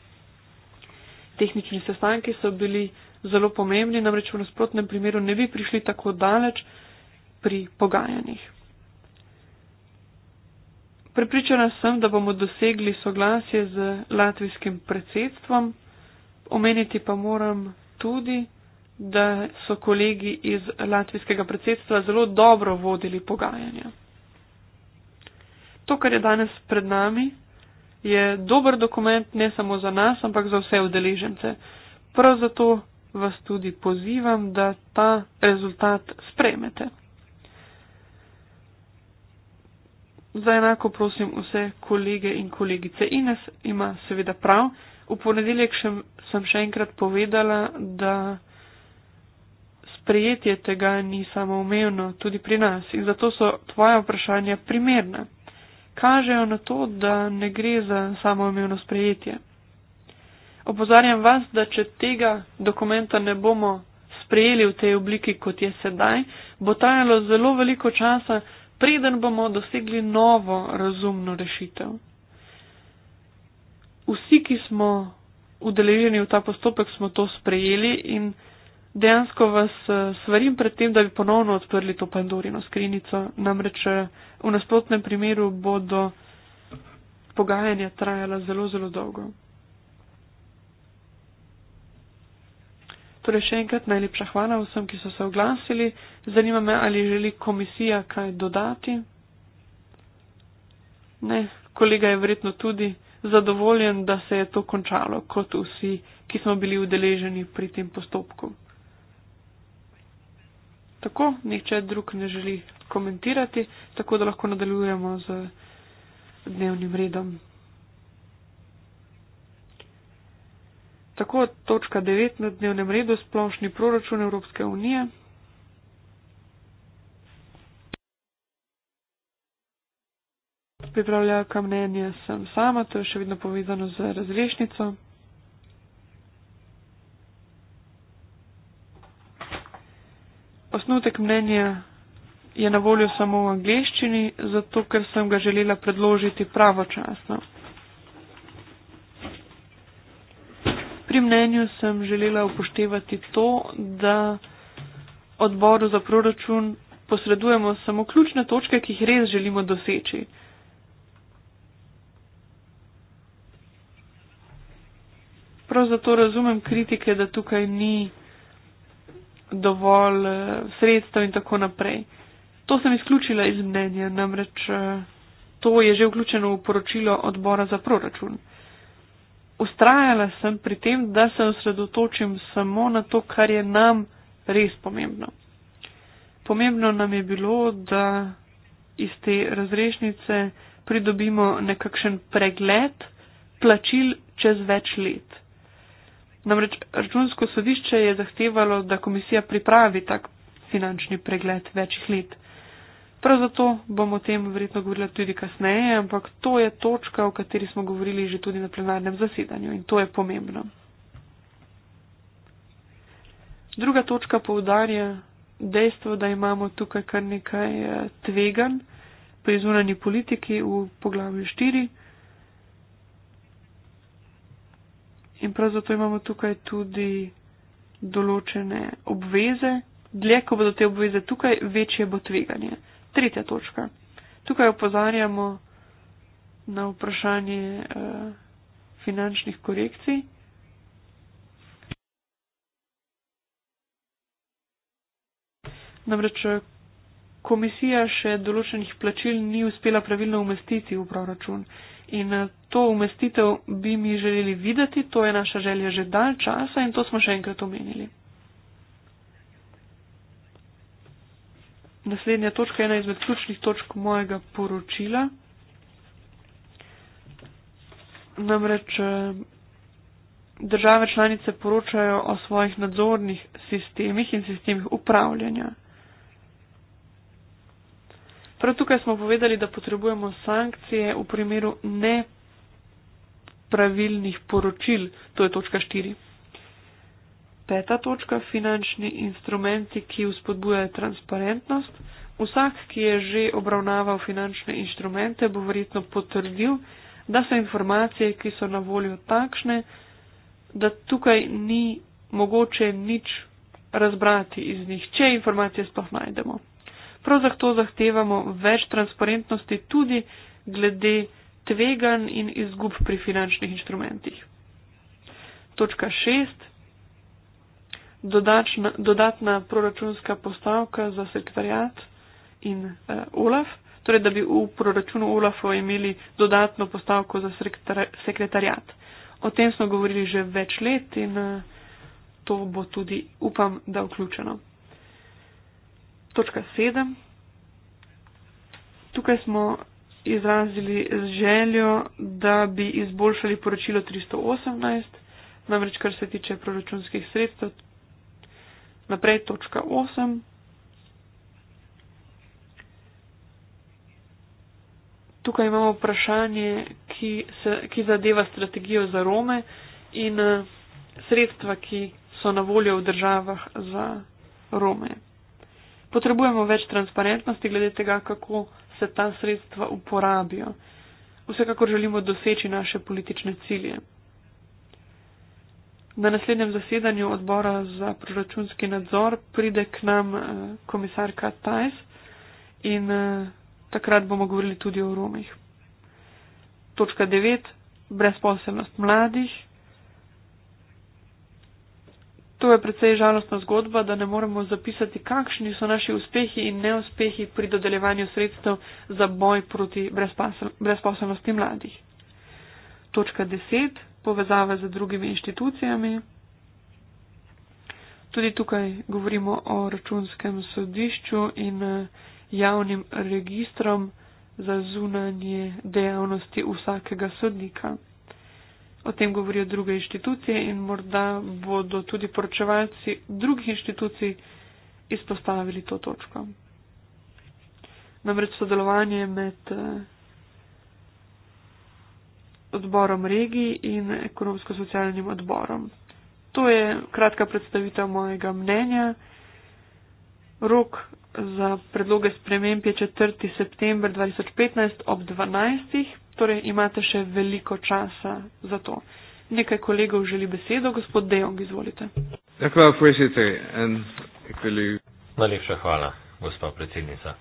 Tehnični sestanki so bili zelo pomembni, namreč v nasprotnem primeru ne bi prišli tako daleč pri pogajanjih. Pripričana sem, da bomo dosegli soglasje z latvijskim predsedstvom. Omeniti pa moram tudi, da so kolegi iz latvijskega predsedstva zelo dobro vodili pogajanja. To, kar je danes pred nami, je dober dokument ne samo za nas, ampak za vse udeležence. Prav zato vas tudi pozivam, da ta rezultat spremete. za enako prosim vse kolege in kolegice. Ines ima seveda prav. V ponedeljek še, sem še enkrat povedala, da sprejetje tega ni samoumevno tudi pri nas in zato so tvoja vprašanja primerna. Kažejo na to, da ne gre za samoumevno sprejetje. Opozarjam vas, da če tega dokumenta ne bomo sprejeli v tej obliki, kot je sedaj, bo trajalo zelo veliko časa, preden bomo dosegli novo razumno rešitev. Vsi, ki smo udeleženi v ta postopek, smo to sprejeli in dejansko vas eh, svarim pred tem, da bi ponovno odprli to Pandorino skrinico. Namreč eh, v nasprotnem primeru bodo pogajanja trajala zelo, zelo dolgo. Torej še enkrat najlepša hvala vsem, ki so se oglasili. Zanima me, ali želi komisija kaj dodati. Ne, kolega je verjetno tudi zadovoljen, da se je to končalo, kot vsi, ki smo bili udeleženi pri tem postopku. Tako, nihče drug ne želi komentirati, tako da lahko nadaljujemo z dnevnim redom. Tako točka 9 na dnevnem redu splošni proračun Evropske unije. Pripravljalka mnenja sem sama, to je še vedno povezano z razrešnico. Osnutek mnenja je na voljo samo v angleščini, zato ker sem ga želela predložiti pravočasno. Pri mnenju sem želela upoštevati to, da odboru za proračun posredujemo samo ključne točke, ki jih res želimo doseči. Prav zato razumem kritike, da tukaj ni dovolj eh, sredstev in tako naprej. To sem izključila iz mnenja, namreč eh, to je že vključeno v poročilo odbora za proračun ustrajala sem pri tem, da se osredotočim samo na to, kar je nam res pomembno. Pomembno nam je bilo, da iz te razrešnice pridobimo nekakšen pregled plačil čez več let. Namreč računsko sodišče je zahtevalo, da komisija pripravi tak finančni pregled večjih let. Prav zato bom o tem verjetno govorila tudi kasneje, ampak to je točka, o kateri smo govorili že tudi na plenarnem zasedanju in to je pomembno. Druga točka poudarja dejstvo, da imamo tukaj kar nekaj eh, tvegan pri zunanji politiki v poglavju 4. In prav zato imamo tukaj tudi določene obveze. Dlje, ko bodo te obveze tukaj, večje bo tveganje. Tretja točka. Tukaj opozarjamo na vprašanje uh, finančnih korekcij. Namreč eh, komisija še določenih plačil ni uspela pravilno umestiti v proračun. In eh, to umestitev bi mi želeli videti, to je naša želja že dalj časa in to smo še enkrat omenili. naslednja točka, ena izmed ključnih točk mojega poročila. Namreč eh, države članice poročajo o svojih nadzornih sistemih in sistemih upravljanja. Prav tukaj smo povedali, da potrebujemo sankcije v primeru nepravilnih poročil, to je točka 4. Peta točka, finančni instrumenti, ki vzpodbujajo transparentnost. Vsak, ki je že obravnaval finančne instrumente, bo verjetno potrdil, da so informacije, ki so na voljo takšne, da tukaj ni mogoče nič razbrati iz njih, če informacije sploh najdemo. Prav zato zahtevamo več transparentnosti tudi glede tvegan in izgub pri finančnih instrumentih. Točka šest dodačna, dodatna proračunska postavka za sekretarjat in uh, OLAF, torej da bi v proračunu OLAF-a imeli dodatno postavko za sekretarjat. O tem smo govorili že več let in uh, to bo tudi, upam, da vključeno. Točka sedem. Tukaj smo izrazili željo, da bi izboljšali poročilo 318, namreč kar se tiče proračunskih sredstev, Naprej točka 8. Tukaj imamo vprašanje, ki, se, ki zadeva strategijo za Rome in eh, sredstva, ki so na voljo v državah za Rome. Potrebujemo več transparentnosti glede tega, kako se ta sredstva uporabijo. Vsekakor želimo doseči naše politične cilje. Na naslednjem zasedanju odbora za proračunski nadzor pride k nam eh, komisarka Tajs in eh, takrat bomo govorili tudi o Romih. Točka 9. Brezposebnost mladih. To je precej žalostna zgodba, da ne moremo zapisati, kakšni so naši uspehi in neuspehi pri dodeljevanju sredstev za boj proti brezposobnosti mladih. Točka 10 povezave z drugimi inštitucijami. Tudi tukaj govorimo o računskem sodišču in eh, javnim registrom za zunanje dejavnosti vsakega sodnika. O tem govorijo druge inštitucije in morda bodo tudi poročevalci drugih inštitucij izpostavili to točko. Namreč sodelovanje med eh, odborom regij in ekonomsko-socialnim odborom. To je kratka predstavitev mojega mnenja. Rok za predloge sprememb je 4. september 2015 ob 12. Torej imate še veliko časa za to. Nekaj kolegov želi besedo, gospod Dejong, izvolite. Najlepša hvala, gospod predsednica.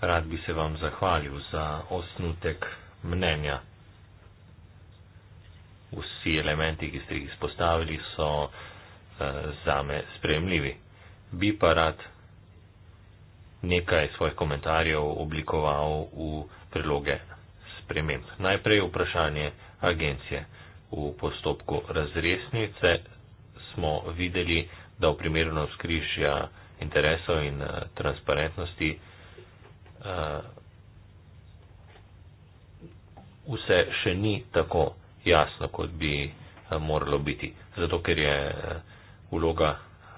Rad bi se vam zahvalil za osnutek mnenja. Vsi elementi, ki ste jih izpostavili, so uh, zame spremljivi. Bi pa rad nekaj svojih komentarjev oblikoval v priloge sprememb. Najprej vprašanje agencije. V postopku razresnice smo videli, da v primeru navskrižja interesov in uh, transparentnosti uh, vse še ni tako jasno, kot bi eh, moralo biti. Zato, ker je eh, vloga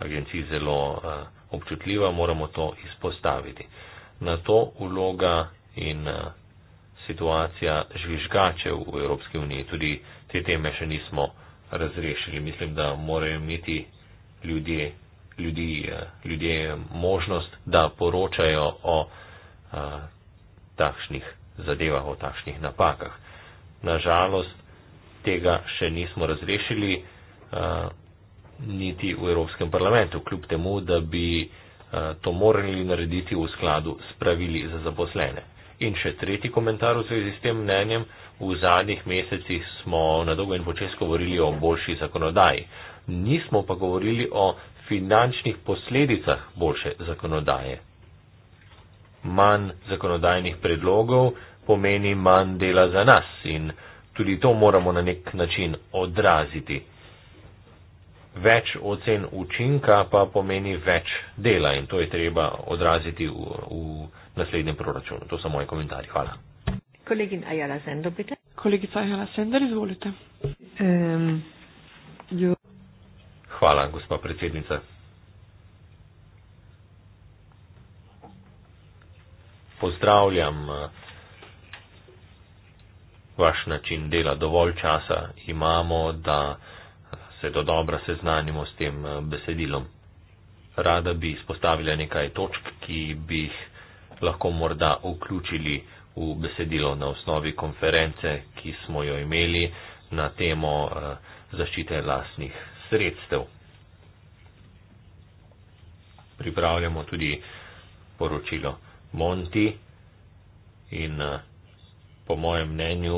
agencij zelo eh, občutljiva, moramo to izpostaviti. Na to vloga in situacija žvižgačev v Evropski uniji, tudi te teme še nismo razrešili. Mislim, da morajo imeti ljudje, ljudi, ljudje možnost, da poročajo o a, takšnih zadeva o takšnih napakah. Nažalost, tega še nismo razrešili eh, niti v Evropskem parlamentu, kljub temu, da bi eh, to morali narediti v skladu s pravili za zaposlene. In še tretji komentar v zvezi s tem mnenjem. V zadnjih mesecih smo na dolgo in počes govorili o boljši zakonodaji. Nismo pa govorili o finančnih posledicah boljše zakonodaje manj zakonodajnih predlogov pomeni manj dela za nas in tudi to moramo na nek način odraziti. Več ocen učinka pa pomeni več dela in to je treba odraziti v, v naslednjem proračunu. To so moji komentarji. Hvala. Kolegin Ajala Sender, pite. Kolegica Ajala Sender, izvolite. Um, Hvala, gospa predsednica. pozdravljam eh, vaš način dela. Dovolj časa imamo, da eh, se do dobra seznanimo s tem eh, besedilom. Rada bi izpostavila nekaj točk, ki bi jih lahko morda vključili v besedilo na osnovi konference, ki smo jo imeli na temo zaščite lasnih sredstev. Pripravljamo tudi poročilo. Monti in eh, po mojem mnenju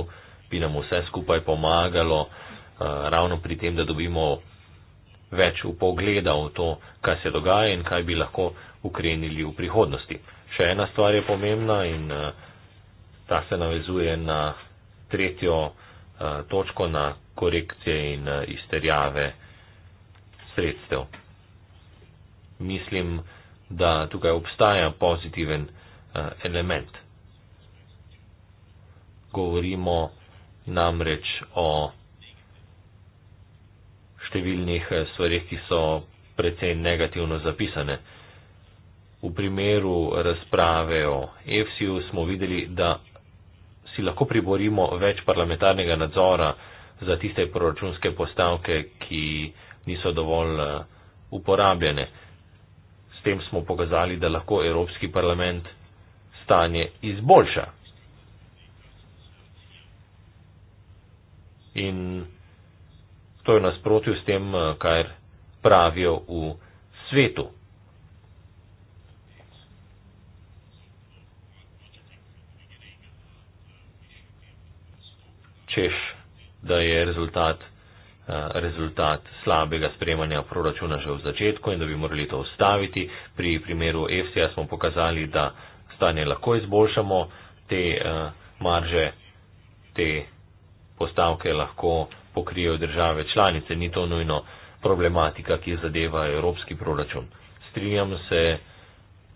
bi nam vse skupaj pomagalo eh, ravno pri tem, da dobimo več upogleda v to, kaj se dogaja in kaj bi lahko ukrenili v prihodnosti. Še ena stvar je pomembna in eh, ta se navezuje na tretjo točko na korekcije in izterjave sredstev. Mislim, da tukaj obstaja pozitiven Eh, element. Govorimo namreč o številnih eh, stvarih, ki so precej negativno zapisane. V primeru razprave o EFSI-ju smo videli, da si lahko priborimo več parlamentarnega nadzora za tiste proračunske postavke, ki niso dovolj eh, uporabljene. S tem smo pokazali, da lahko Evropski parlament stanje izboljša. In to je nasprotju s tem, eh, kar pravijo v svetu. Češ, da je rezultat, eh, rezultat slabega spremanja proračuna že v začetku in da bi morali to ustaviti. Pri primeru EFSI-ja smo pokazali, da stanje lahko izboljšamo, te uh, marže, te postavke lahko pokrijejo države članice, ni to nujno problematika, ki zadeva evropski proračun. Strinjam se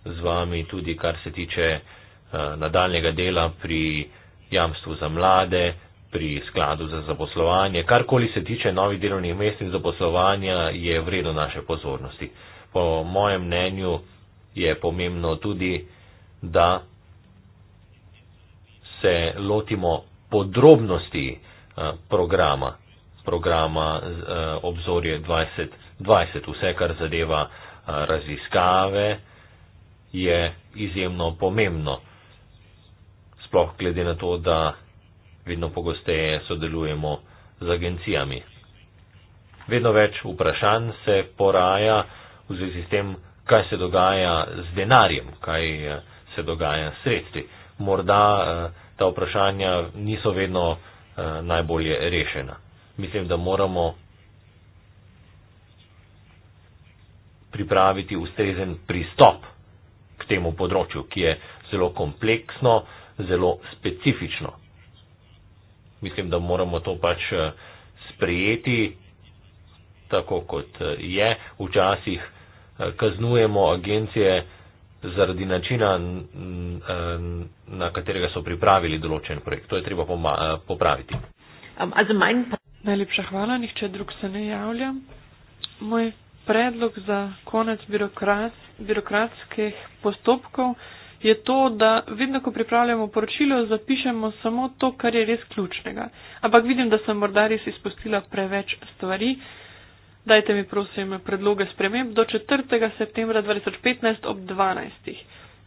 z vami tudi, kar se tiče uh, eh, nadaljnega dela pri jamstvu za mlade, pri skladu za zaposlovanje. Karkoli se tiče novih delovnih mest in zaposlovanja, je vredno naše pozornosti. Po mojem mnenju je pomembno tudi, da se lotimo podrobnosti eh, programa, programa eh, obzorje 2020. Vse, kar zadeva eh, raziskave, je izjemno pomembno. Sploh glede na to, da vedno pogosteje sodelujemo z agencijami. Vedno več vprašanj se poraja v zvezi s tem, kaj se dogaja z denarjem, kaj se dogaja s sredstvi. Morda eh, ta vprašanja niso vedno eh, najbolje rešena. Mislim, da moramo pripraviti ustrezen pristop k temu področju, ki je zelo kompleksno, zelo specifično. Mislim, da moramo to pač eh, sprejeti tako, kot je. Včasih kaznujemo agencije, zaradi načina, na katerega so pripravili določen projekt. To je treba eh, popraviti. Um, Najlepša hvala, nihče drug se ne javlja. Moj predlog za konec birokrat, birokratskih postopkov je to, da vedno, ko pripravljamo poročilo, zapišemo samo to, kar je res ključnega. Ampak vidim, da sem morda res izpustila preveč stvari. Dajte mi prosim predloge sprememb do 4. septembra 2015 ob 12.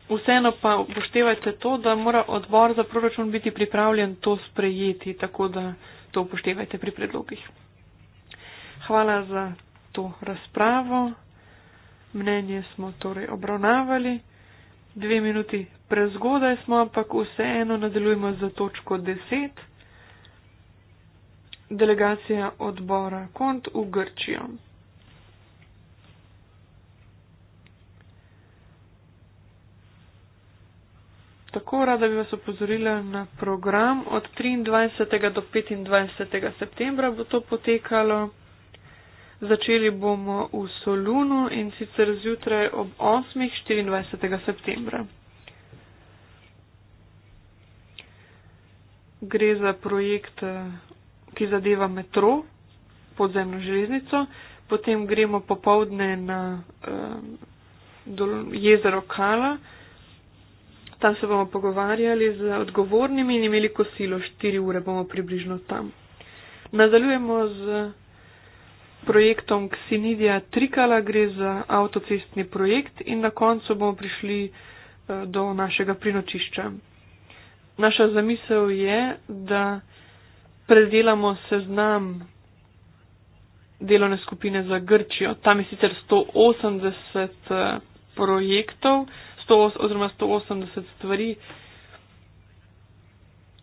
Vseeno pa upoštevajte to, da mora odbor za proračun biti pripravljen to sprejeti, tako da to upoštevajte pri predlogih. Hvala za to razpravo. Mnenje smo torej obravnavali. Dve minuti prezgodaj smo, ampak vseeno nadaljujemo za točko 10 delegacija odbora Kont v Grčijo. Tako rada bi vas opozorila na program. Od 23. do 25. septembra bo to potekalo. Začeli bomo v Solunu in sicer zjutraj ob 8. 24. septembra. Gre za projekt ki zadeva metro, podzemno železnico, potem gremo popovdne na um, jezero Kala, tam se bomo pogovarjali z odgovornimi in imeli kosilo, 4 ure bomo približno tam. Nadaljujemo z projektom Ksinidija Trikala, gre za avtocestni projekt in na koncu bomo prišli uh, do našega prinočišča. Naša zamisel je, da predelamo seznam delovne skupine za Grčijo. Tam je sicer 180 eh, projektov, 100, oziroma 180 stvari,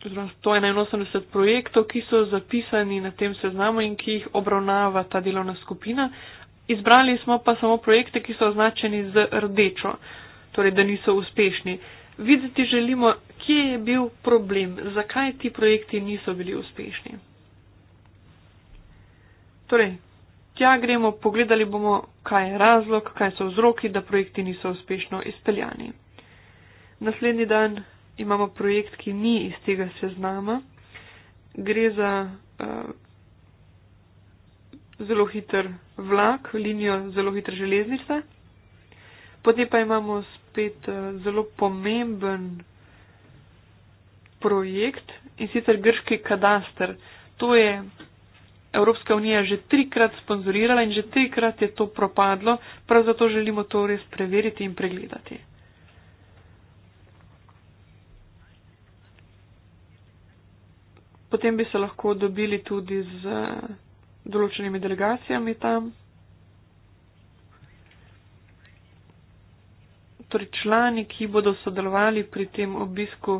oziroma 181 projektov, ki so zapisani na tem seznamu in ki jih obravnava ta delovna skupina. Izbrali smo pa samo projekte, ki so označeni z rdečo, torej da niso uspešni. Videti želimo kje je bil problem, zakaj ti projekti niso bili uspešni. Torej, tja gremo, pogledali bomo, kaj je razlog, kaj so vzroki, da projekti niso uspešno izpeljani. Naslednji dan imamo projekt, ki ni iz tega seznama. Gre za uh, zelo hiter vlak, linijo zelo hitre železnice. Potem pa imamo spet uh, zelo pomemben projekt in sicer grški kadastr. To je Evropska unija že trikrat sponzorirala in že trikrat je to propadlo, prav zato želimo to res preveriti in pregledati. Potem bi se lahko dobili tudi z določenimi delegacijami tam. Torej člani, ki bodo sodelovali pri tem obisku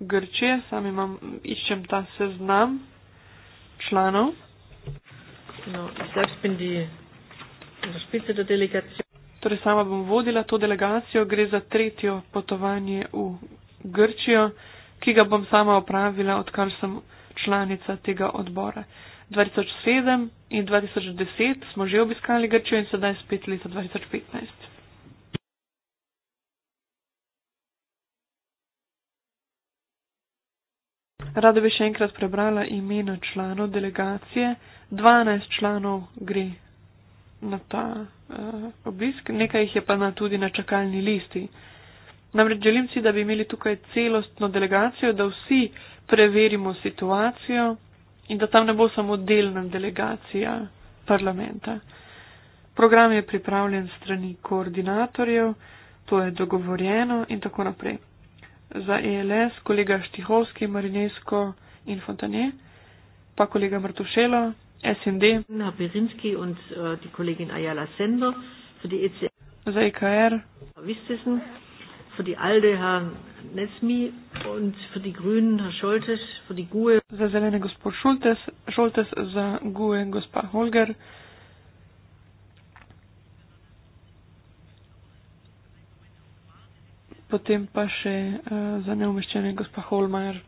Grčije, sam imam, iščem ta seznam članov. No, torej, sama bom vodila to delegacijo, gre za tretjo potovanje v Grčijo, ki ga bom sama opravila, odkar sem članica tega odbora. 2007 in 2010 smo že obiskali Grčijo in sedaj spet leta 2015. Rada bi še enkrat prebrala imena članov delegacije. 12 članov gre na ta uh, obisk, nekaj jih je pa na, tudi na čakalni listi. Namreč želim si, da bi imeli tukaj celostno delegacijo, da vsi preverimo situacijo in da tam ne bo samo delna delegacija parlamenta. Program je pripravljen strani koordinatorjev, to je dogovorjeno in tako naprej za ELS, kolega Štihovski, Marinesko in Fontanje, pa kolega Martušela, SND, Berinski in uh, eh, kolegin Ajala Sendo, e za EKR, Vistesen, Alde, Nesmi, Grün, Scholtes, GUE, e. za zelene gospod Šoltes, Šoltes za GUE, gospa Holger, potem pa še uh, za neumeščene gospa Holmer.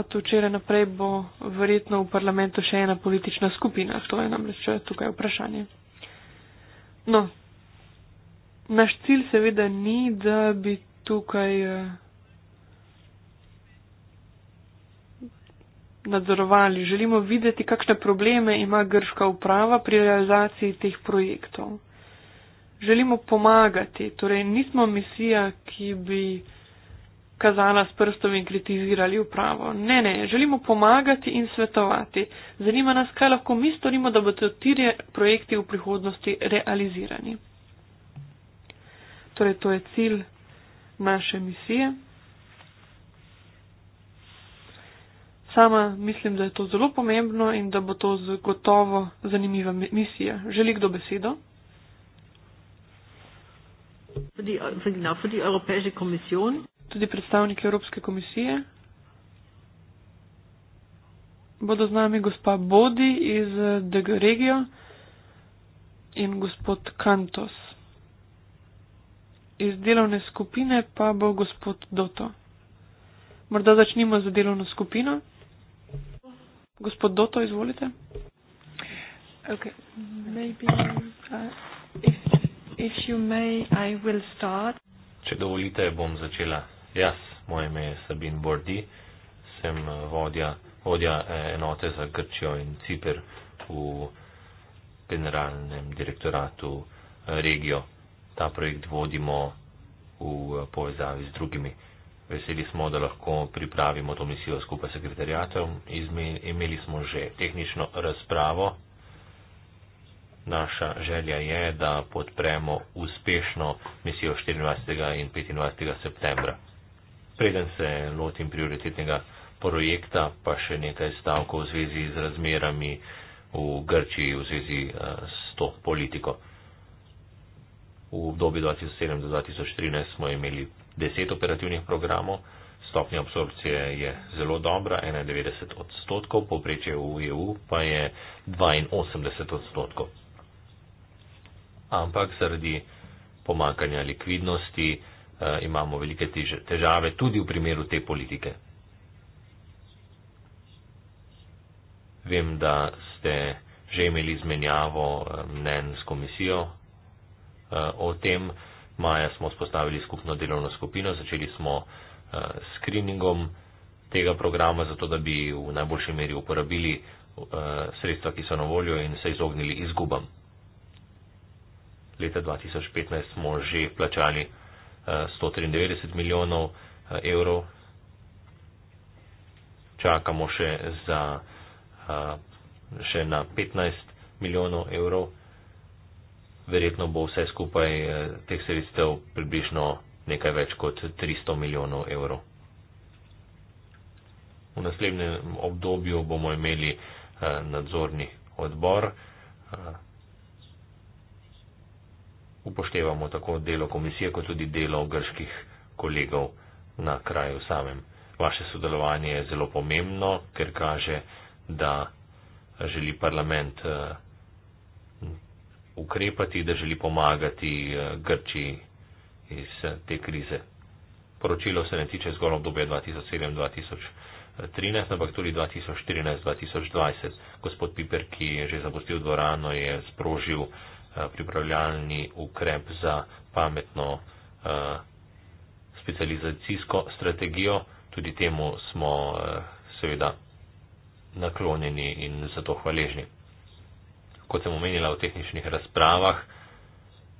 Od včeraj naprej bo verjetno v parlamentu še ena politična skupina, to je namreč eh, tukaj vprašanje. No, naš cilj seveda ni, da bi tukaj eh, nadzorovali. Želimo videti, kakšne probleme ima grška uprava pri realizaciji teh projektov želimo pomagati. Torej, nismo misija, ki bi kazala s prstom in kritizirali upravo. Ne, ne, želimo pomagati in svetovati. Zanima nas, kaj lahko mi storimo, da bodo ti projekti v prihodnosti realizirani. Torej, to je cilj naše misije. Sama mislim, da je to zelo pomembno in da bo to zagotovo zanimiva misija. Želi kdo besedo? Für die, für, genau, für die Europäische Kommission. Tudi predstavniki Evropske komisije bodo z nami gospa Bodi iz eh, DG regijo in gospod Kantos. Iz delovne skupine pa bo gospod Doto. Morda začnimo z delovno skupino. Gospod Doto, izvolite. Okay. Uh, If you may, I will start. Če dovolite, bom začela jaz. Moje ime je Sabin Bordi, sem eh, vodja, vodja eh, enote za Grčijo in Cipr v generalnem direktoratu eh, regijo. Ta projekt vodimo v povezavi z drugimi. Veseli smo, da lahko pripravimo to misijo skupaj s sekretarjatom. Imeli smo že tehnično razpravo naša želja je, da podpremo uspešno misijo 24. in 25. septembra. Preden se lotim prioritetnega projekta, pa še nekaj stavkov v zvezi z razmerami v Grčiji v zvezi eh, s to politiko. V obdobju 2007 do 2013 smo imeli 10 operativnih programov, stopnja absorpcije je zelo dobra, 91 odstotkov, povprečje v EU pa je 82 odstotkov ampak zaradi pomankanja likvidnosti eh, imamo velike težave tudi v primeru te politike. Vem, da ste že imeli izmenjavo eh, mnen s komisijo eh, o tem. Maja smo spostavili skupno delovno skupino, začeli smo eh, screeningom tega programa, zato da bi v najboljši meri uporabili eh, sredstva, ki so na voljo in se izognili izgubam leta 2015 smo že plačali 193 eh, milijonov eh, evrov. Čakamo še, za, eh, še na 15 milijonov evrov. Verjetno bo vse skupaj teh sredstev približno nekaj več kot 300 milijonov evrov. V naslednjem obdobju bomo imeli nadzorni odbor upoštevamo tako delo komisije, kot tudi delo grških kolegov na kraju samem. Vaše sodelovanje je zelo pomembno, ker kaže, da želi parlament eh, ukrepati, da želi pomagati eh, Grčiji iz eh, te krize. Poročilo se ne tiče zgolj obdobja 2007-2013, ampak tudi 2014-2020. Gospod Piper, ki je že zapustil dvorano, je sprožil Eh, pripravljalni ukrep za pametno eh, specializacijsko strategijo. Tudi temu smo eh, seveda naklonjeni in zato hvaležni. Kot sem omenila v tehničnih razpravah,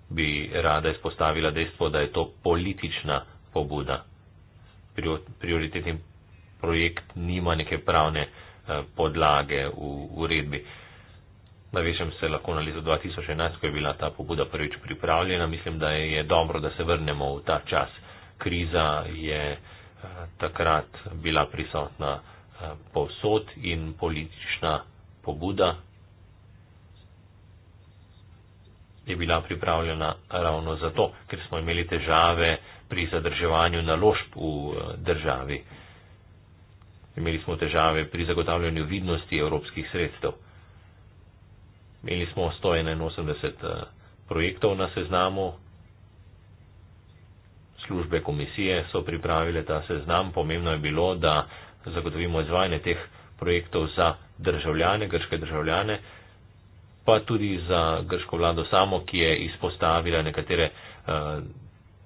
bi rada izpostavila dejstvo, da je to politična pobuda. Prioritetni projekt nima neke pravne podlage v uredbi. Navešam se lahko na leto 2011, ko je bila ta pobuda prvič pripravljena. Mislim, da je dobro, da se vrnemo v ta čas. Kriza je eh, takrat bila prisotna eh, povsod in politična pobuda je bila pripravljena ravno zato, ker smo imeli težave pri zadrževanju naložb v eh, državi. Imeli smo težave pri zagotavljanju vidnosti evropskih sredstev. Imeli smo 181 eh, projektov na seznamu. Službe komisije so pripravile ta seznam. Pomembno je bilo, da zagotovimo izvajanje teh projektov za državljane, grške državljane, pa tudi za grško vlado samo, ki je izpostavila nekatere eh,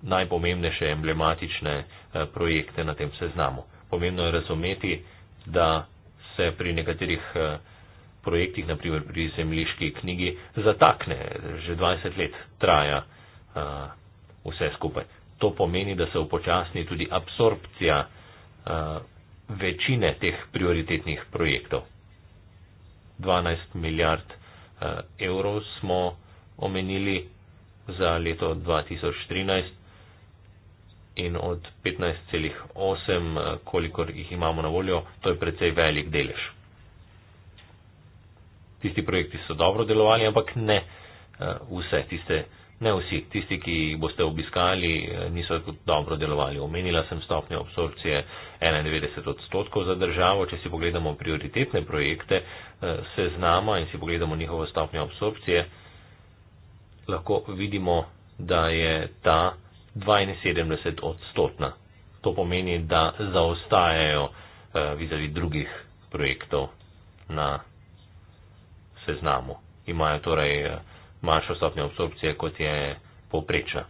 najpomembnejše emblematične eh, projekte na tem seznamu. Pomembno je razumeti, da se pri nekaterih eh, projektih, naprimer pri zemljiški knjigi, zatakne, že 20 let traja uh, vse skupaj. To pomeni, da se upočasni tudi absorpcija uh, večine teh prioritetnih projektov. 12 milijard uh, evrov smo omenili za leto 2013 in od 15,8, kolikor jih imamo na voljo, to je precej velik delež tisti projekti so dobro delovali, ampak ne eh, vse, tiste, ne vsi, tisti, ki jih boste obiskali, eh, niso dobro delovali. Omenila sem stopnjo absorpcije 91 odstotkov za državo. Če si pogledamo prioritetne projekte, eh, se znamo in si pogledamo njihovo stopnjo absorpcije, lahko vidimo, da je ta 72 odstotna. To pomeni, da zaostajajo vizavi drugih projektov na seznamu. Imajo torej eh, manjšo stopnjo absorpcije, kot je poprečja.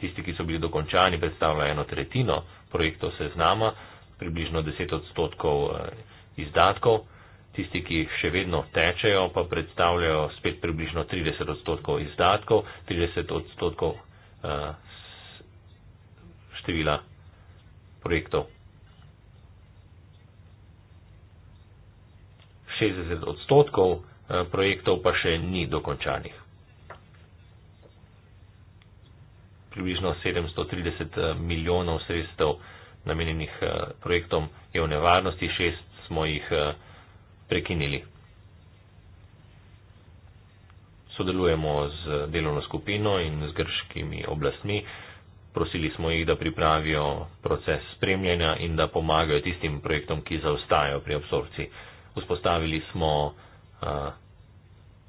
Tisti, ki so bili dokončani, predstavljajo eno tretjino projektov seznama, približno 10 odstotkov eh, izdatkov. Tisti, ki še vedno tečejo, pa predstavljajo spet približno 30 odstotkov izdatkov, 30 odstotkov eh, števila projektov 60 odstotkov eh, projektov pa še ni dokončanih. Približno 730 eh, milijonov sredstev namenjenih eh, projektom je v nevarnosti, šest smo jih prekinili. Sodelujemo z delovno skupino in z grškimi oblastmi. Prosili smo jih, da pripravijo proces spremljanja in da pomagajo tistim projektom, ki zaostajajo pri absorpciji Vzpostavili smo a,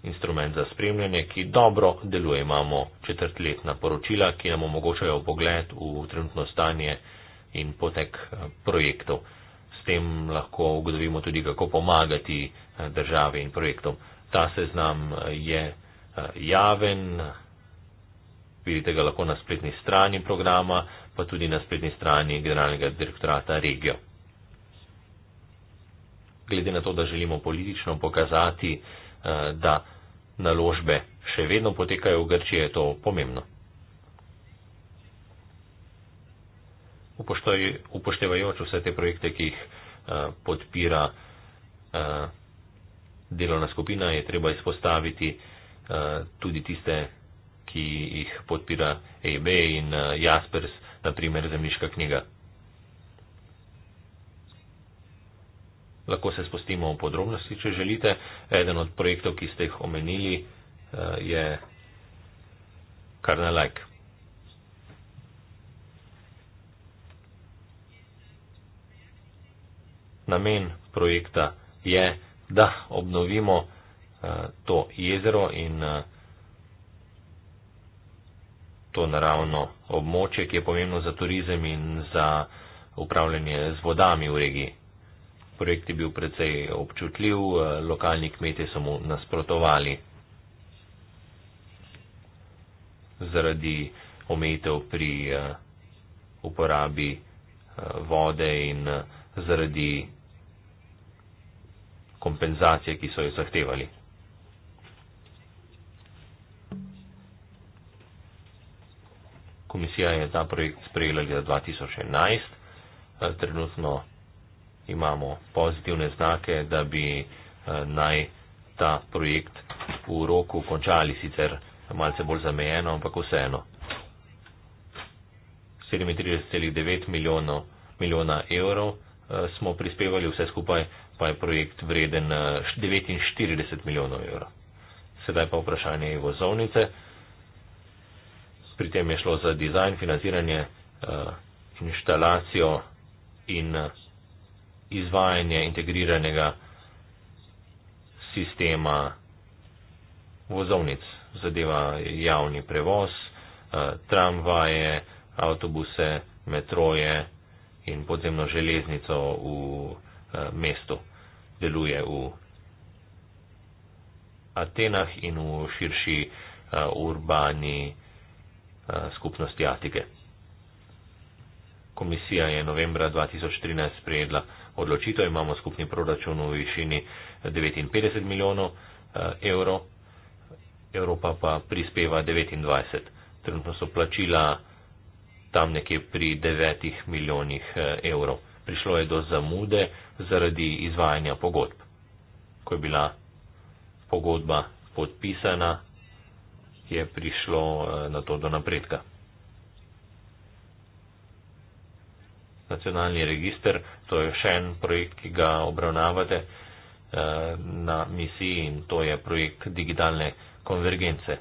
instrument za spremljanje, ki dobro deluje. Imamo četrtletna poročila, ki nam omogočajo pogled v trenutno stanje in potek projektov. S tem lahko ugotovimo tudi, kako pomagati države in projektom. Ta seznam je javen, vidite ga lahko na spletni strani programa, pa tudi na spletni strani generalnega direktorata regijo glede na to, da želimo politično pokazati, eh, da naložbe še vedno potekajo v Grčiji, je to pomembno. Upoštevajoč vse te projekte, ki jih eh, podpira eh, delovna skupina, je treba izpostaviti tudi tiste, ki jih podpira EIB in Jaspers, naprimer zemljiška knjiga. Lahko se spustimo v podrobnosti, če želite. Eden od projektov, ki ste jih omenili, eh, je Karne Like. Namen projekta je, da obnovimo eh, to jezero in eh, to naravno območje, ki je pomembno za turizem in za upravljanje z vodami v regiji. Projekt je bil precej občutljiv, eh, lokalni kmetje so mu nasprotovali. Zaradi omejitev pri eh, uporabi eh, vode in zaradi kompenzacije, ki so jo zahtevali. Komisija je ta projekt sprejela leta 2011, trenutno imamo pozitivne znake, da bi eh, naj ta projekt v roku končali, sicer malce bolj zamejeno, ampak vseeno. 37,9 milijonov, milijona evrov eh, smo prispevali, vse skupaj pa je projekt vreden 49 eh, milijonov evrov. Sedaj pa vprašanje je vozovnice. Pri tem je šlo za dizajn, financiranje, inštalacijo in izvajanje integriranega sistema vozovnic. Zadeva javni prevoz, eh, tramvaje, avtobuse, metroje in podzemno železnico v eh, mestu. Deluje v Atenah in v širši eh, urbani skupnosti Atike. Komisija je novembra 2013 sprejela odločitev, imamo skupni proračun v višini 59 milijonov eh, evrov, Evropa pa prispeva 29. Trenutno so plačila tam nekje pri 9 milijonih eh, evrov. Prišlo je do zamude zaradi izvajanja pogodb. Ko je bila pogodba podpisana, je prišlo eh, na to do napredka. nacionalni register, to je še en projekt, ki ga obravnavate eh, na misiji in to je projekt digitalne konvergence,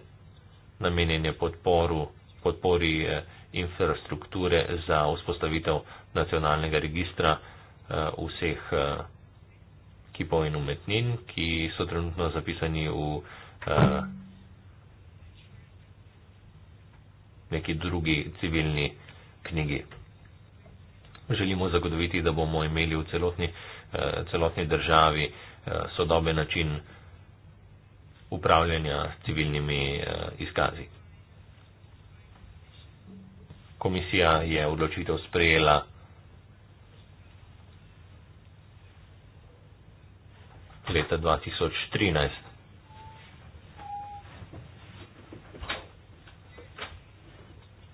namenjen je podporu, podpori eh, infrastrukture za vzpostavitev nacionalnega registra eh, vseh kipov in umetnin, ki so trenutno zapisani v neki drugi civilni knjigi želimo zagotoviti, da bomo imeli v celotni, eh, celotni državi eh, sodoben način upravljanja s civilnimi eh, izkazi. Komisija je odločitev sprejela leta 2013.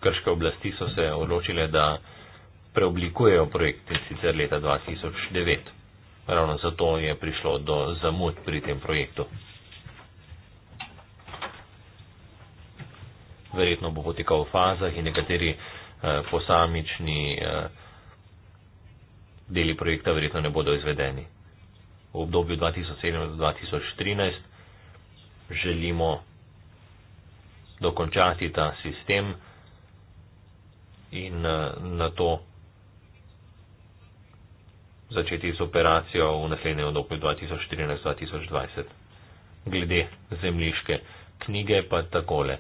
Krške oblasti so se odločile, da preoblikujejo projekte sicer leta 2009. Ravno zato je prišlo do zamud pri tem projektu. Verjetno bo potekal v fazah in nekateri eh, posamični eh, deli projekta verjetno ne bodo izvedeni. V obdobju 2007-2013 želimo dokončati ta sistem in eh, na to začeti z operacijo v naslednjem obdobju 2014-2020. Glede zemljiške knjige pa takole. Eh,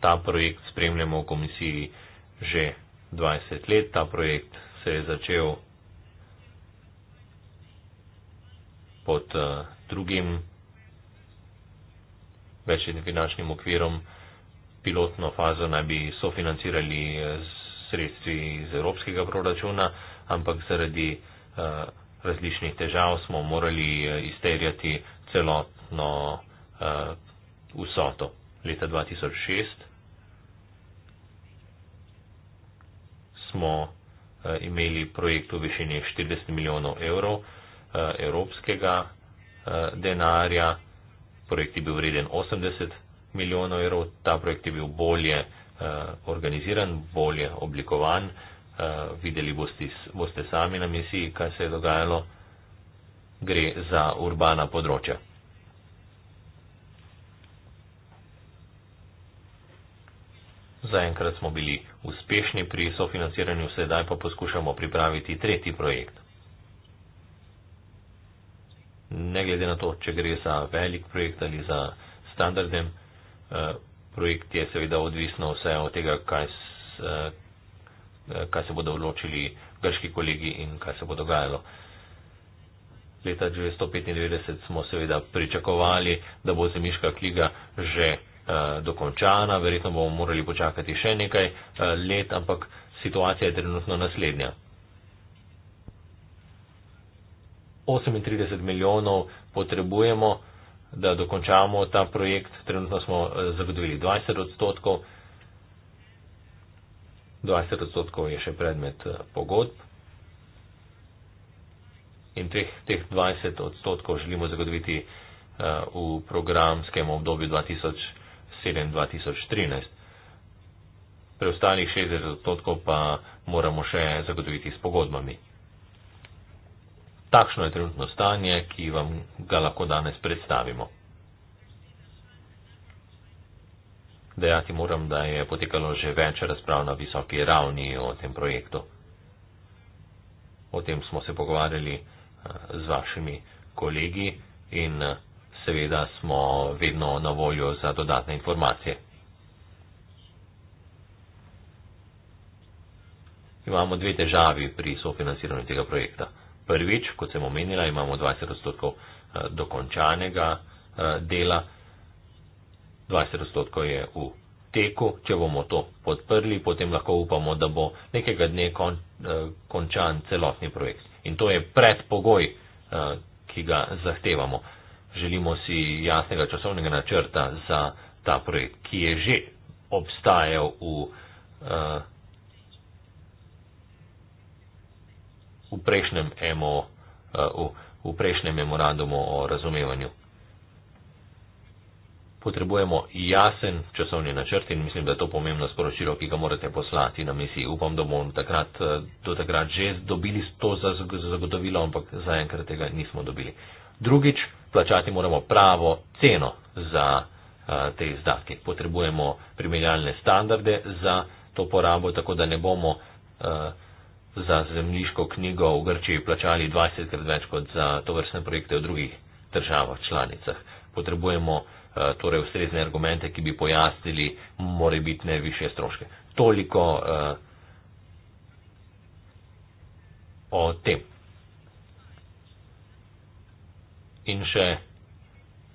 ta projekt spremljamo v komisiji že 20 let. Ta projekt se je začel pod eh, drugim večjim finančnim okvirom. Pilotno fazo naj bi sofinancirali z eh, sredstvi iz evropskega proračuna, ampak zaradi Eh, različnih težav smo morali eh, izterjati celotno eh, vsoto leta 2006. smo imeli projekt v višini 40 milijonov evrov evropskega denarja. Projekt je bil vreden 80 milijonov evrov. Ta projekt je bil bolje organiziran, bolje oblikovan, uh, videli boste, boste sami na misiji, kaj se je dogajalo, gre za urbana področja. Zaenkrat smo bili uspešni pri sofinanciranju, sedaj pa poskušamo pripraviti tretji projekt. Ne glede na to, če gre za velik projekt ali za standarden, eh, projekt je seveda odvisno vse od tega, kaj, eh, Eh, kaj se bodo odločili grški kolegi in kaj se bo dogajalo. Leta 1995 smo seveda pričakovali, da bo zemiška kliga že eh, dokončana, verjetno bomo morali počakati še nekaj eh, let, ampak situacija je trenutno naslednja. 38 milijonov potrebujemo, da dokončamo ta projekt, trenutno smo zagotovili 20 odstotkov. 20 odstotkov je še predmet eh, pogodb in teh, teh 20 odstotkov želimo zagotoviti eh, v programskem obdobju 2007-2013. Preostalih 60 odstotkov pa moramo še zagotoviti s pogodbami. Takšno je trenutno stanje, ki vam ga lahko danes predstavimo. Dejati moram, da je potekalo že več razprav na visoki ravni o tem projektu. O tem smo se pogovarjali eh, z vašimi kolegi in eh, seveda smo vedno na voljo za dodatne informacije. Imamo dve težavi pri sofinanciranju tega projekta. Prvič, kot sem omenila, imamo 20 odstotkov eh, dokončanega dela. 20 odstotkov je v teku. Če bomo to podprli, potem lahko upamo, da bo nekega dne kon, eh, končan celotni projekt. In to je predpogoj, eh, ki ga zahtevamo. Želimo si jasnega časovnega načrta za ta projekt, ki je že obstajal v, eh, v prejšnjem MO. V, v prejšnjem memorandumu o razumevanju potrebujemo jasen časovni načrt in mislim, da je to pomembno sporočilo, ki ga morate poslati na misiji. Upam, da bomo takrat, eh, do takrat že dobili to zagotovilo, ampak zaenkrat tega nismo dobili. Drugič, plačati moramo pravo ceno za eh, te izdatke. Potrebujemo primerjalne standarde za to porabo, tako da ne bomo eh, za zemljiško knjigo v Grčiji plačali 20 krat več kot za to vrstne projekte v drugih državah članicah. Potrebujemo Eh, torej ustrezne argumente, ki bi pojasnili morebitne više stroške. Toliko uh, o tem. In še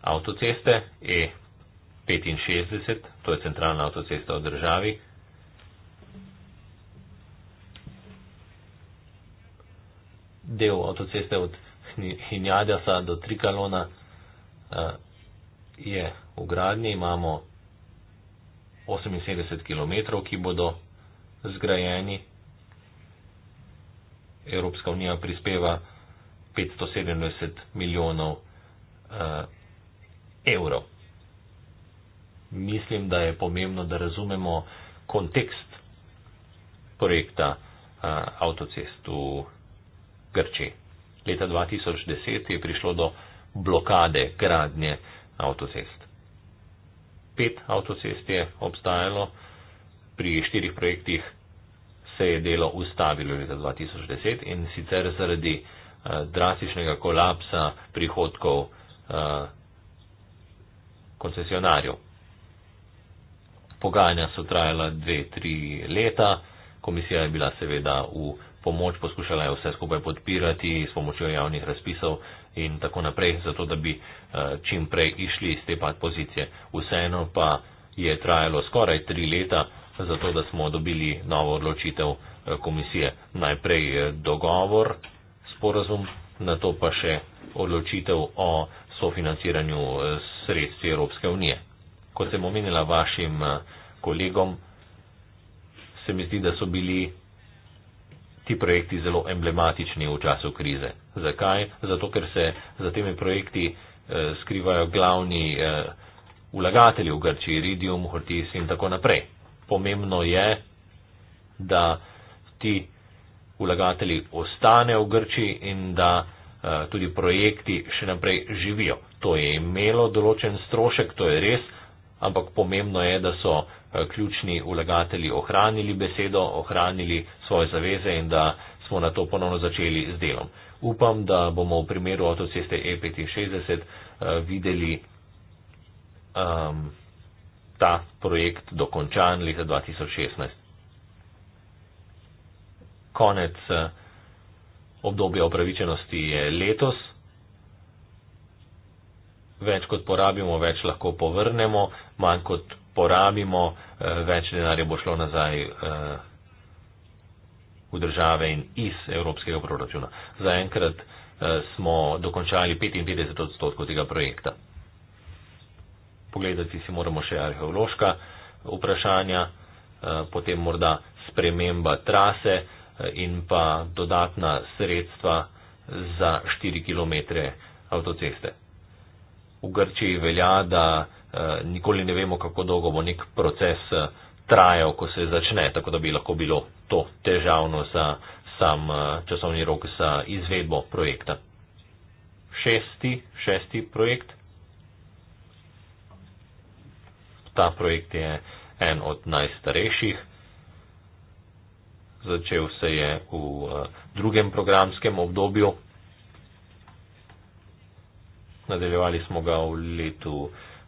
avtoceste E65, to je centralna avtocesta v državi. Del avtoceste od Hinjadasa do Trikalona. Uh, je v gradnji, imamo 78 km, ki bodo zgrajeni. Evropska unija prispeva 570 milijonov eh, evrov. Mislim, da je pomembno, da razumemo kontekst projekta eh, avtocest v Grčiji. Leta 2010 je prišlo do blokade gradnje eh, avtocest. Pet avtocest je obstajalo, pri štirih projektih se je delo ustavilo leta 2010 in sicer zaradi eh, drastičnega kolapsa prihodkov eh, koncesionarjev. Pogajanja so trajala dve, tri leta, komisija je bila seveda v pomoč, poskušala je vse skupaj podpirati s pomočjo javnih razpisov, in tako naprej, zato da bi eh, čim prej išli iz te pad pozicije. Vseeno pa je trajalo skoraj tri leta, zato da smo dobili novo odločitev eh, komisije. Najprej eh, dogovor, sporazum, na to pa še odločitev o sofinanciranju sredstvi Evropske unije. Kot sem omenila vašim kolegom, se mi zdi, da so bili ti projekti zelo emblematični v času krize. Zakaj? Zato, ker se za temi projekti eh, skrivajo glavni eh, vlagatelji v Grči, Iridium, Hortis in tako naprej. Pomembno je, da ti vlagatelji ostane v Grči in da eh, tudi projekti še naprej živijo. To je imelo določen strošek, to je res, ampak pomembno je, da so Eh, ključni vlagatelji ohranili besedo, ohranili svoje zaveze in da smo na to ponovno začeli z delom. Upam, da bomo v primeru avtoceste E65 eh, videli um, ta projekt dokončan leta 2016. Konec eh, obdobja upravičenosti je letos. Več kot porabimo, več lahko povrnemo, manj kot porabimo, eh, več denarja bo šlo nazaj eh, v države in iz evropskega proračuna. Zaenkrat eh, smo dokončali 55 odstotkov tega projekta. Pogledati si moramo še arheološka vprašanja, potem morda sprememba trase in pa dodatna sredstva za 4 km avtoceste. V Grčiji velja, da Eh, nikoli ne vemo, kako dolgo bo nek proces eh, trajal, ko se začne, tako da bi lahko bilo to težavno za sam eh, časovni rok za izvedbo projekta. Šesti, šesti projekt. Ta projekt je en od najstarejših. Začel se je v drugem programskem obdobju. Nadaljevali smo ga v letu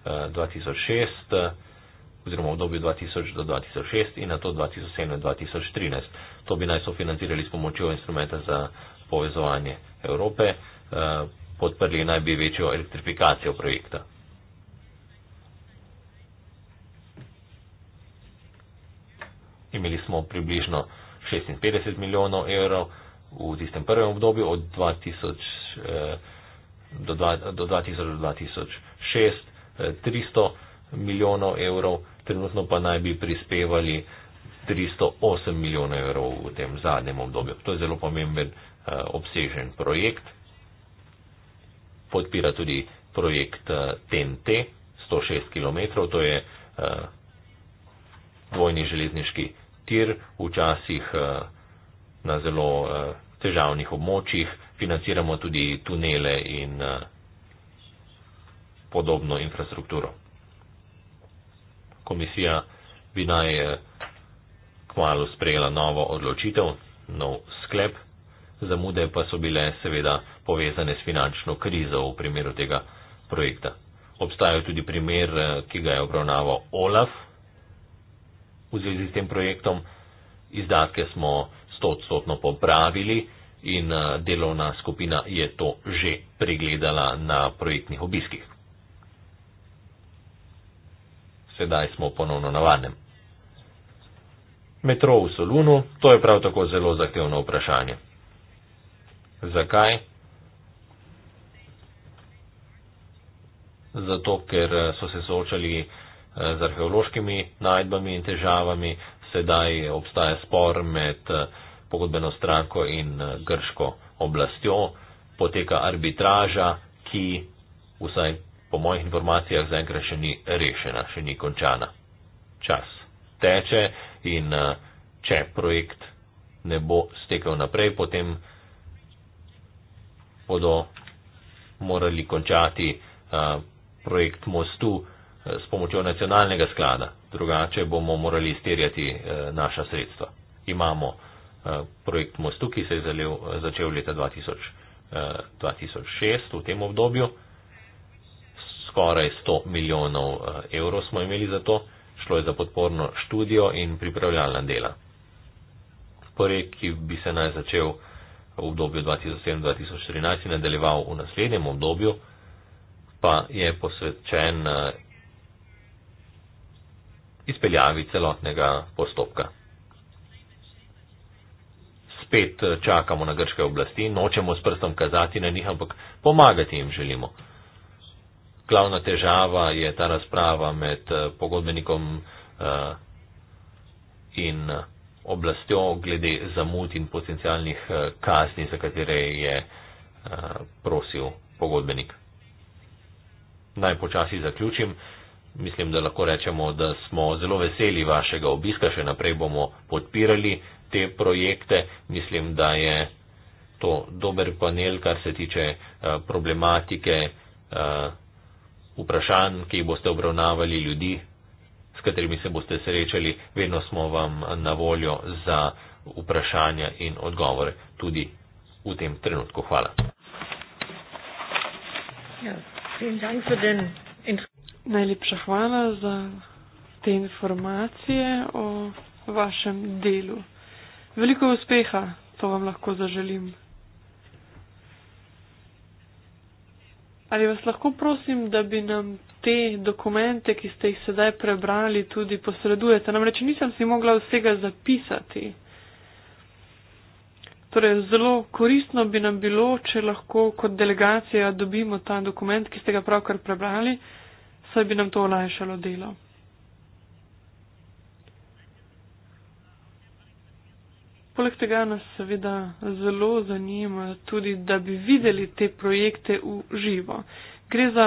2006 oziroma v obdobju 2000 do 2006 in na to 2007 do 2013. To bi naj sofinancirali s pomočjo instrumenta za povezovanje Evrope, eh, podprli naj bi večjo elektrifikacijo projekta. Imeli smo približno 56 milijonov evrov v tistem prvem obdobju od 2000 eh, do 2006 300 milijonov evrov, trenutno pa naj bi prispevali 308 milijonov evrov v tem zadnjem obdobju. To je zelo pomemben eh, obsežen projekt. Podpira tudi projekt TNT 106 km, to je eh, dvojni železniški tir, včasih eh, na zelo težavnih območjih. Financiramo tudi tunele in podobno infrastrukturo. Komisija bi naj eh, kmalo sprejela novo odločitev, nov sklep, zamude pa so bile seveda povezane s finančno krizo v primeru tega projekta. Obstaja tudi primer, eh, ki ga je obravnaval OLAF v zvezi s tem projektom. Izdatke smo stotstotno popravili in eh, delovna skupina je to že pregledala na projektnih obiskih sedaj smo ponovno na vanem. Metro v Solunu, to je prav tako zelo zahtevno vprašanje. Zakaj? Zato, ker eh, so se soočali eh, z arheološkimi najdbami in težavami, sedaj obstaja spor med eh, pogodbeno stranko in grško oblastjo, poteka arbitraža, ki vsaj po mojih informacijah zaenkrat še ni rešena, še ni končana. Čas teče in eh, če projekt ne bo stekel naprej, potem bodo morali končati eh, projekt mostu eh, s pomočjo nacionalnega sklada, drugače bomo morali izterjati naša sredstva. Imamo projekt mostu, ki se je začel leta 2000, 2006 v tem obdobju skoraj 100 milijonov eh, evrov smo imeli za to, šlo je za podporno študijo in pripravljalna dela. Projekt, ki bi se naj začel v obdobju 2007-2013 in nadaljeval v naslednjem obdobju, pa je posvečen eh, izpeljavi celotnega postopka. Spet eh, čakamo na grške oblasti, nočemo s prstom kazati na njih, ampak pomagati jim želimo glavna težava je ta razprava med eh, pogodbenikom eh, in oblastjo glede zamud in potencialnih eh, kazni, za katere je prosil pogodbenik. Naj počasi zaključim. Mislim, da lahko rečemo, da smo zelo veseli vašega obiska, še naprej bomo podpirali te projekte. Mislim, da je to dober panel, kar se tiče problematike vprašanj, ki boste obravnavali ljudi, s katerimi se boste srečali, vedno smo vam na voljo za vprašanja in odgovore tudi v tem trenutku. Hvala. Ja, Najlepša hvala za te informacije o vašem delu. Veliko uspeha, to vam lahko zaželim. Ali vas lahko prosim, da bi nam te dokumente, ki ste jih sedaj prebrali, tudi posredujete? Namreč nisem si mogla vsega zapisati. Torej, zelo koristno bi nam bilo, če lahko kot delegacija dobimo ta dokument, ki ste ga pravkar prebrali, saj bi nam to olajšalo delo. Poleg tega nas seveda zelo zanima tudi, da bi videli te projekte v živo. Gre za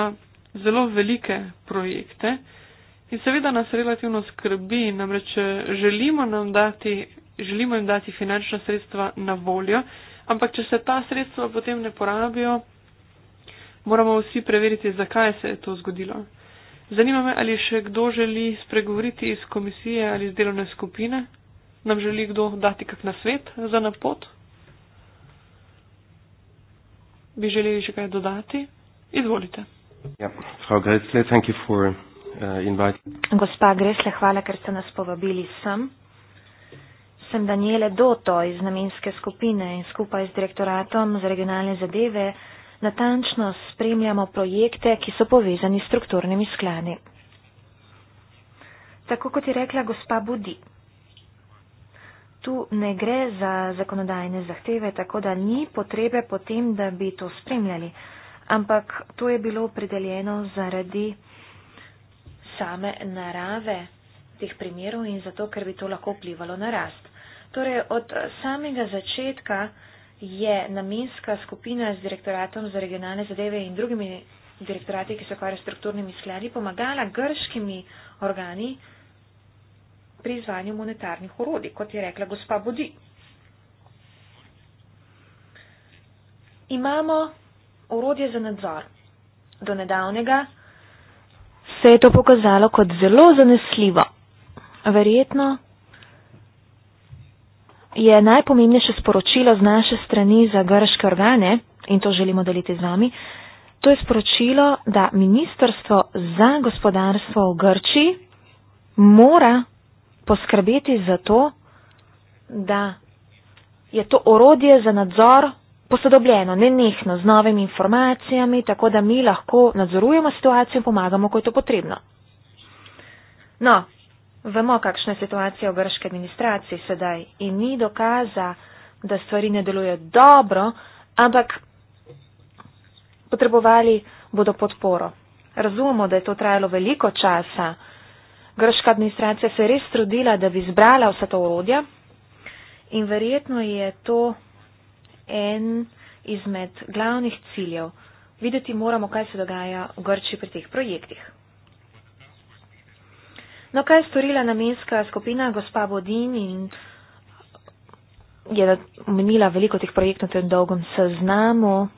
zelo velike projekte in seveda nas relativno skrbi, namreč želimo, dati, želimo jim dati finančna sredstva na voljo, ampak če se ta sredstva potem ne porabijo, moramo vsi preveriti, zakaj se je to zgodilo. Zanima me, ali še kdo želi spregovoriti iz komisije ali iz delovne skupine nam želi kdo dati kak na svet za na pot? Bi želeli še kaj dodati? Izvolite. Ja, uh, gospa Gresle, hvala, ker ste nas povabili sem. Sem Daniele Doto iz namenske skupine in skupaj z direktoratom za regionalne zadeve natančno spremljamo projekte, ki so povezani s strukturnimi skladi. Tako kot je rekla gospa Budi, tu ne gre za zakonodajne zahteve, tako da ni potrebe potem, da bi to spremljali. Ampak to je bilo opredeljeno zaradi same narave teh primerov in zato, ker bi to lahko vplivalo na rast. Torej, od samega začetka je namenska skupina z direktoratom za regionalne zadeve in drugimi direktorati, ki so kar strukturnimi skladi, pomagala grškimi organi, pri izvajanju monetarnih urodij, kot je rekla gospa Bodi. Imamo urodje za nadzor. Do nedavnega se je to pokazalo kot zelo zanesljivo. Verjetno je najpomembnejše sporočilo z naše strani za grške organe, in to želimo deliti z vami, to je sporočilo, da Ministrstvo za gospodarstvo v Grči mora poskrbeti za to, da je to orodje za nadzor posodobljeno, nenehno, z novimi informacijami, tako da mi lahko nadzorujemo situacijo in pomagamo, ko je to potrebno. No, vemo, kakšna je situacija v grški administraciji sedaj in ni dokaza, da stvari ne delujejo dobro, ampak potrebovali bodo podporo. Razumemo, da je to trajalo veliko časa grška administracija se je res trudila, da bi zbrala vsa ta urodja in verjetno je to en izmed glavnih ciljev. Videti moramo, kaj se dogaja v Grči pri teh projektih. No, kaj je storila namenska skupina gospa Bodin in je omenila veliko teh projektov na tem dolgom seznamu.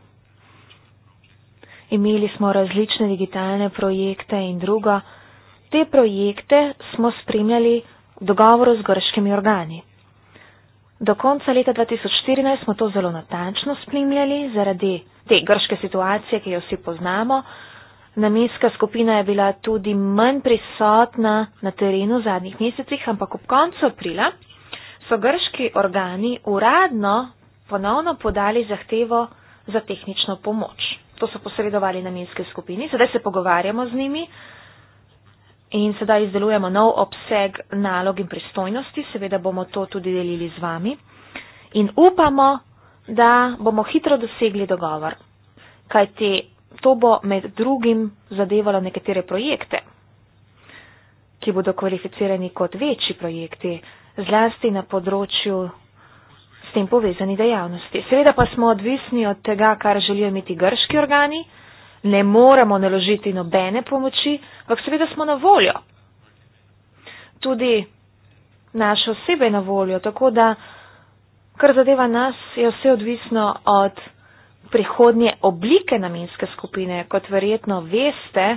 Imeli smo različne digitalne projekte in drugo. Te projekte smo spremljali v dogovoru z grškimi organi. Do konca leta 2014 smo to zelo natančno spremljali zaradi te grške situacije, ki jo vsi poznamo. Namenska skupina je bila tudi manj prisotna na terenu v zadnjih mesecih, ampak ob koncu aprila so grški organi uradno ponovno podali zahtevo za tehnično pomoč. To so posredovali namenske skupini, sedaj se pogovarjamo z njimi. In sedaj izdelujemo nov obseg nalog in pristojnosti, seveda bomo to tudi delili z vami. In upamo, da bomo hitro dosegli dogovor, kajte to bo med drugim zadevalo nekatere projekte, ki bodo kvalificirani kot večji projekti, zlasti na področju s tem povezani dejavnosti. Seveda pa smo odvisni od tega, kar želijo imeti grški organi ne moremo naložiti nobene pomoči, ampak seveda smo na voljo. Tudi naše osebe je na voljo, tako da, kar zadeva nas, je vse odvisno od prihodnje oblike namenske skupine, kot verjetno veste.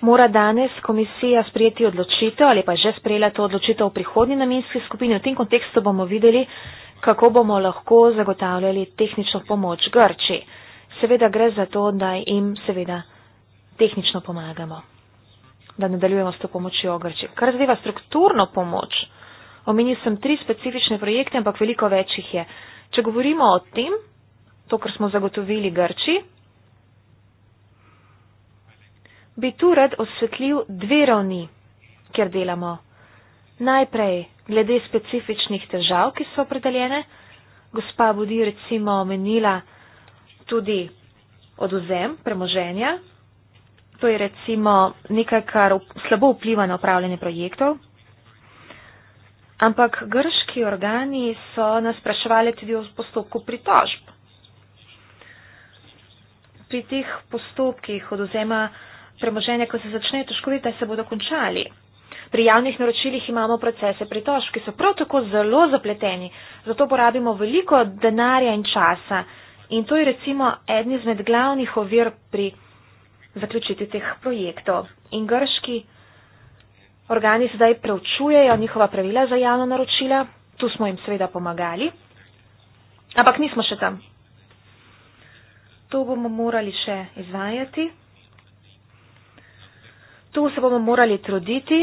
Mora danes komisija sprijeti odločitev ali pa je že sprejela to odločitev o prihodnji namenski skupini. V tem kontekstu bomo videli, kako bomo lahko zagotavljali tehnično pomoč Grči. Seveda gre za to, da jim seveda tehnično pomagamo, da nadaljujemo s to pomočjo Grči. Kar zadeva strukturno pomoč, omenil sem tri specifične projekte, ampak veliko večjih je. Če govorimo o tem, to, kar smo zagotovili Grči, bi tu rad osvetlil dve ravni, kjer delamo Najprej glede specifičnih težav, ki so opredeljene. Gospa Budi recimo omenila tudi oduzem premoženja. To je recimo nekaj, kar slabo vpliva na upravljanje projektov. Ampak grški organi so nas spraševali tudi o postopku pritožb. Pri teh postopkih oduzema premoženja, ko se začnejo težko videti, da se bodo končali. Pri javnih naročilih imamo procese pritožb, ki so prav tako zelo zapleteni, zato porabimo veliko denarja in časa. In to je recimo eden izmed glavnih ovir pri zaključiti teh projektov. In grški organi sedaj preučujejo njihova pravila za javno naročila, tu smo jim seveda pomagali, ampak nismo še tam. To bomo morali še izvajati. Tu se bomo morali truditi,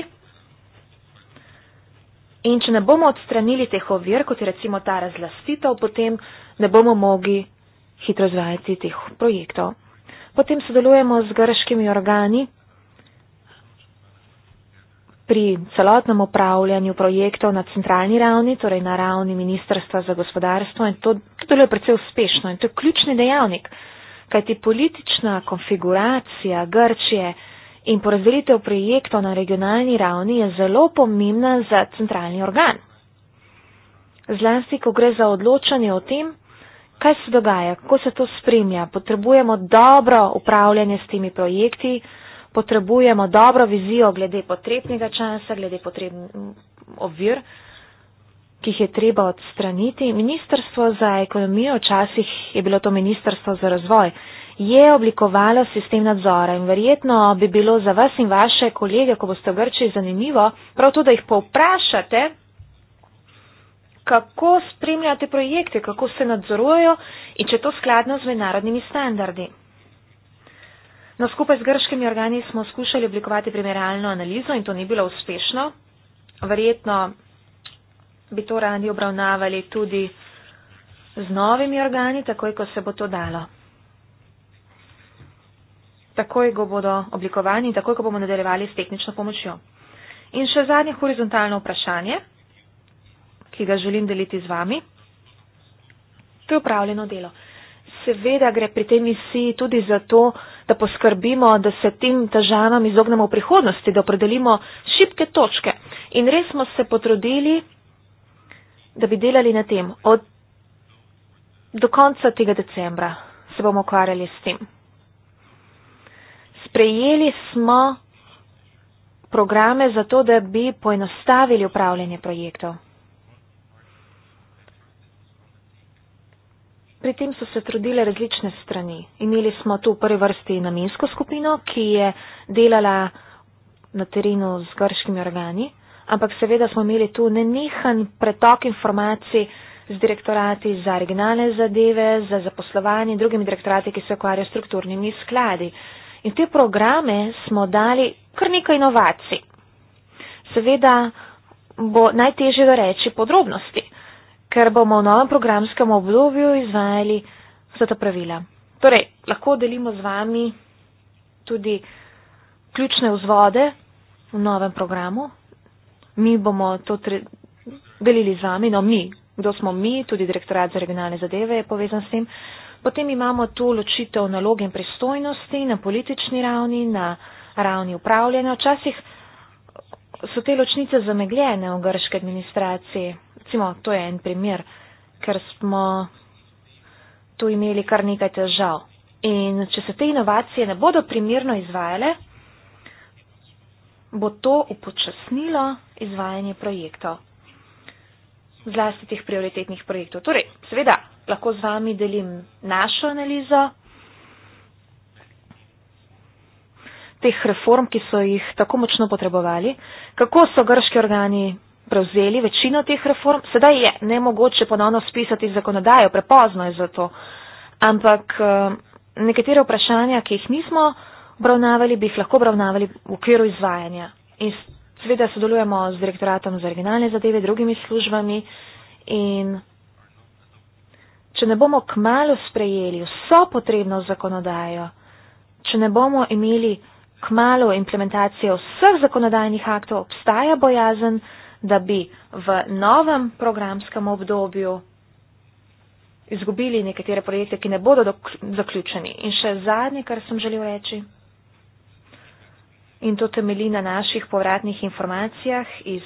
In če ne bomo odstranili teh ovir, kot je recimo ta razlastitev, potem ne bomo mogli hitro izvajati teh projektov. Potem sodelujemo z grškimi organi pri celotnem upravljanju projektov na centralni ravni, torej na ravni Ministrstva za gospodarstvo in to, to deluje precej uspešno in to je ključni dejavnik, kajti politična konfiguracija Grčije in porazdelitev projektov na regionalni ravni je zelo pomembna za centralni organ. Zlasti, ko gre za odločanje o tem, kaj se dogaja, kako se to spremlja, potrebujemo dobro upravljanje s temi projekti, potrebujemo dobro vizijo glede potrebnega časa, glede potrebnih ovir, ki jih je treba odstraniti. Ministrstvo za ekonomijo včasih je bilo to Ministrstvo za razvoj je oblikovalo sistem nadzora in verjetno bi bilo za vas in vaše kolege, ko boste v Grčiji zanimivo, prav to, da jih povprašate, kako spremljate projekte, kako se nadzorujejo in če to skladno z mednarodnimi standardi. No, skupaj z grškimi organi smo skušali oblikovati primerjalno analizo in to ni bilo uspešno. Verjetno bi to radi obravnavali tudi z novimi organi, takoj ko se bo to dalo takoj, ko bodo oblikovani in takoj, ko bomo nadaljevali s tehnično pomočjo. In še zadnje horizontalno vprašanje, ki ga želim deliti z vami. To je upravljeno delo. Seveda gre pri tej misiji tudi za to, da poskrbimo, da se tem težavam izognemo v prihodnosti, da opredelimo šibke točke. In res smo se potrudili, da bi delali na tem. Od do konca tega decembra se bomo ukvarjali s tem sprejeli smo programe za to, da bi poenostavili upravljanje projektov. Pri tem so se trudile različne strani. Imeli smo tu v prvi vrsti namensko skupino, ki je delala na terenu z grškimi organi, ampak seveda smo imeli tu nenehan pretok informacij z direktorati za regionalne zadeve, za zaposlovanje, drugimi direktorati, ki se ukvarjajo strukturnimi skladi. In v te programe smo dali kar nekaj inovacij. Seveda bo najtežje reči podrobnosti, ker bomo v novem programskem obdobju izvajali vse ta pravila. Torej, lahko delimo z vami tudi ključne vzvode v novem programu. Mi bomo to delili z vami, no mi, kdo smo mi, tudi direktorat za regionalne zadeve je povezan s tem. Uh, Potem imamo tu ločitev naloge in pristojnosti na politični ravni, na ravni upravljanja. Včasih so te ločnice zamegljene v grški administraciji. Recimo, to je en primer, ker smo tu imeli kar nekaj težav. In če se te inovacije ne bodo primerno izvajale, bo to upočasnilo izvajanje projektov, zlasti tih prioritetnih projektov. Torej, seveda, lahko z vami delim našo analizo teh reform, ki so jih tako močno potrebovali, kako so grški organi prevzeli večino teh reform. Sedaj je nemogoče ponovno spisati zakonodajo, prepozno je za to. Ampak eh, nekatere vprašanja, ki jih nismo obravnavali, bi jih lahko obravnavali v okviru izvajanja. In seveda sodelujemo z direktoratom za regionalne zadeve, drugimi službami in če ne bomo kmalo sprejeli vso potrebno zakonodajo, če ne bomo imeli kmalo implementacijo vseh zakonodajnih aktov, obstaja bojazen, da bi v novem programskem obdobju izgubili nekatere projekte, ki ne bodo zaključeni. In še zadnje, kar sem želel reči, in to temeli na naših povratnih informacijah iz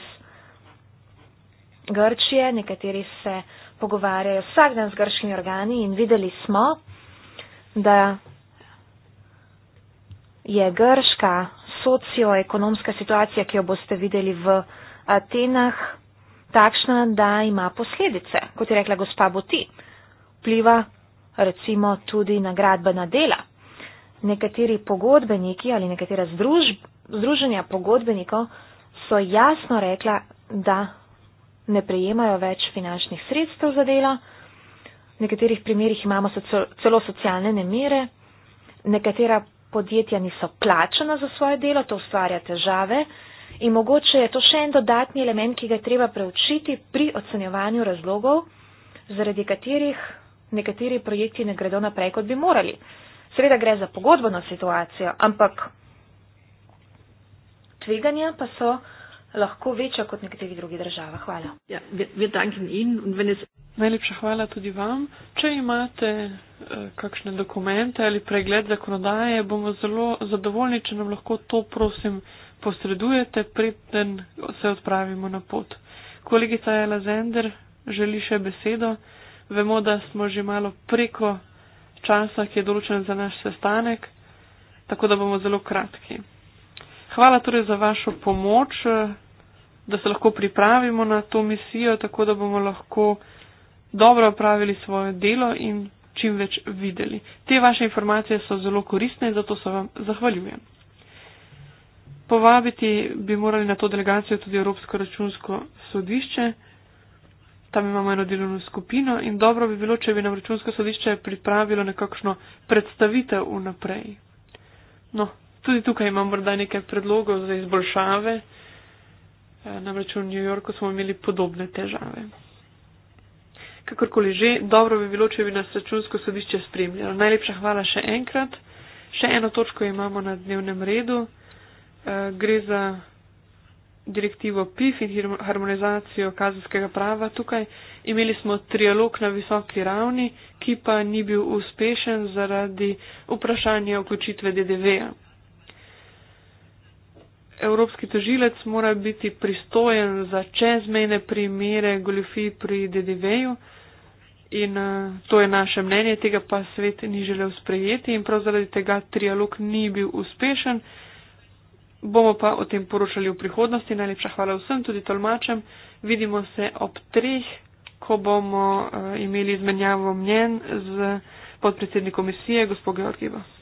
Grčije, nekateri se pogovarjajo vsak dan z grškimi organi in videli smo, da je grška socioekonomska situacija, ki jo boste videli v Atenah, takšna, da ima posledice, kot je rekla gospa Boti, vpliva recimo tudi na gradbena dela. Nekateri pogodbeniki ali nekatera združ, združenja pogodbenikov so jasno rekla, da ne prejemajo več finančnih sredstev za dela. V nekaterih primerjih imamo celo socialne nemire. Nekatera podjetja niso plačena za svoje delo, to ustvarja težave. In mogoče je to še en dodatni element, ki ga je treba preučiti pri ocenjevanju razlogov, zaradi katerih nekateri projekti ne gredo naprej, kot bi morali. Seveda gre za pogodbeno situacijo, ampak tveganja pa so lahko večja kot nekaterih drugih držav. Hvala. Ja, wir danken Ihnen. Wenn es Najlepša hvala tudi vam. Če imate eh, kakšne dokumente ali pregled zakonodaje, bomo zelo zadovoljni, če nam lahko to, prosim, posredujete, preden se odpravimo na pot. Kolegica Jela Zender želi še besedo. Vemo, da smo že malo preko časa, ki je določen za naš sestanek, tako da bomo zelo kratki. Hvala torej za vašo pomoč, eh, da se lahko pripravimo na to misijo, tako da bomo lahko dobro opravili svoje delo in čim več videli. Te vaše informacije so zelo koristne in zato se vam zahvaljujem. Povabiti bi morali na to delegacijo tudi Evropsko računsko sodišče. Tam imamo eno delovno skupino in dobro bi bilo, če bi nam računsko sodišče pripravilo nekakšno predstavitev vnaprej. No, tudi tukaj imam morda nekaj predlogov za izboljšave. E, namreč v New Yorku smo imeli podobne težave. Kakorkoli že, dobro bi bilo, če bi nas računsko sodišče spremljalo. Najlepša hvala še enkrat. Še eno točko imamo na dnevnem redu. E, gre za direktivo PIF in harmonizacijo kazenskega prava tukaj. Imeli smo trialog na visoki ravni, ki pa ni bil uspešen zaradi vprašanja vključitve DDV-ja evropski tožilec mora biti pristojen za čezmejne primere goljofij pri DDV-ju in uh, to je naše mnenje, tega pa svet ni želel sprejeti in prav zaradi tega trialog ni bil uspešen. Bomo pa o tem poročali v prihodnosti. Najlepša hvala vsem, tudi tolmačem. Vidimo se ob treh, ko bomo uh, imeli izmenjavo mnen z podpredsednikom komisije, gospod Georgijev.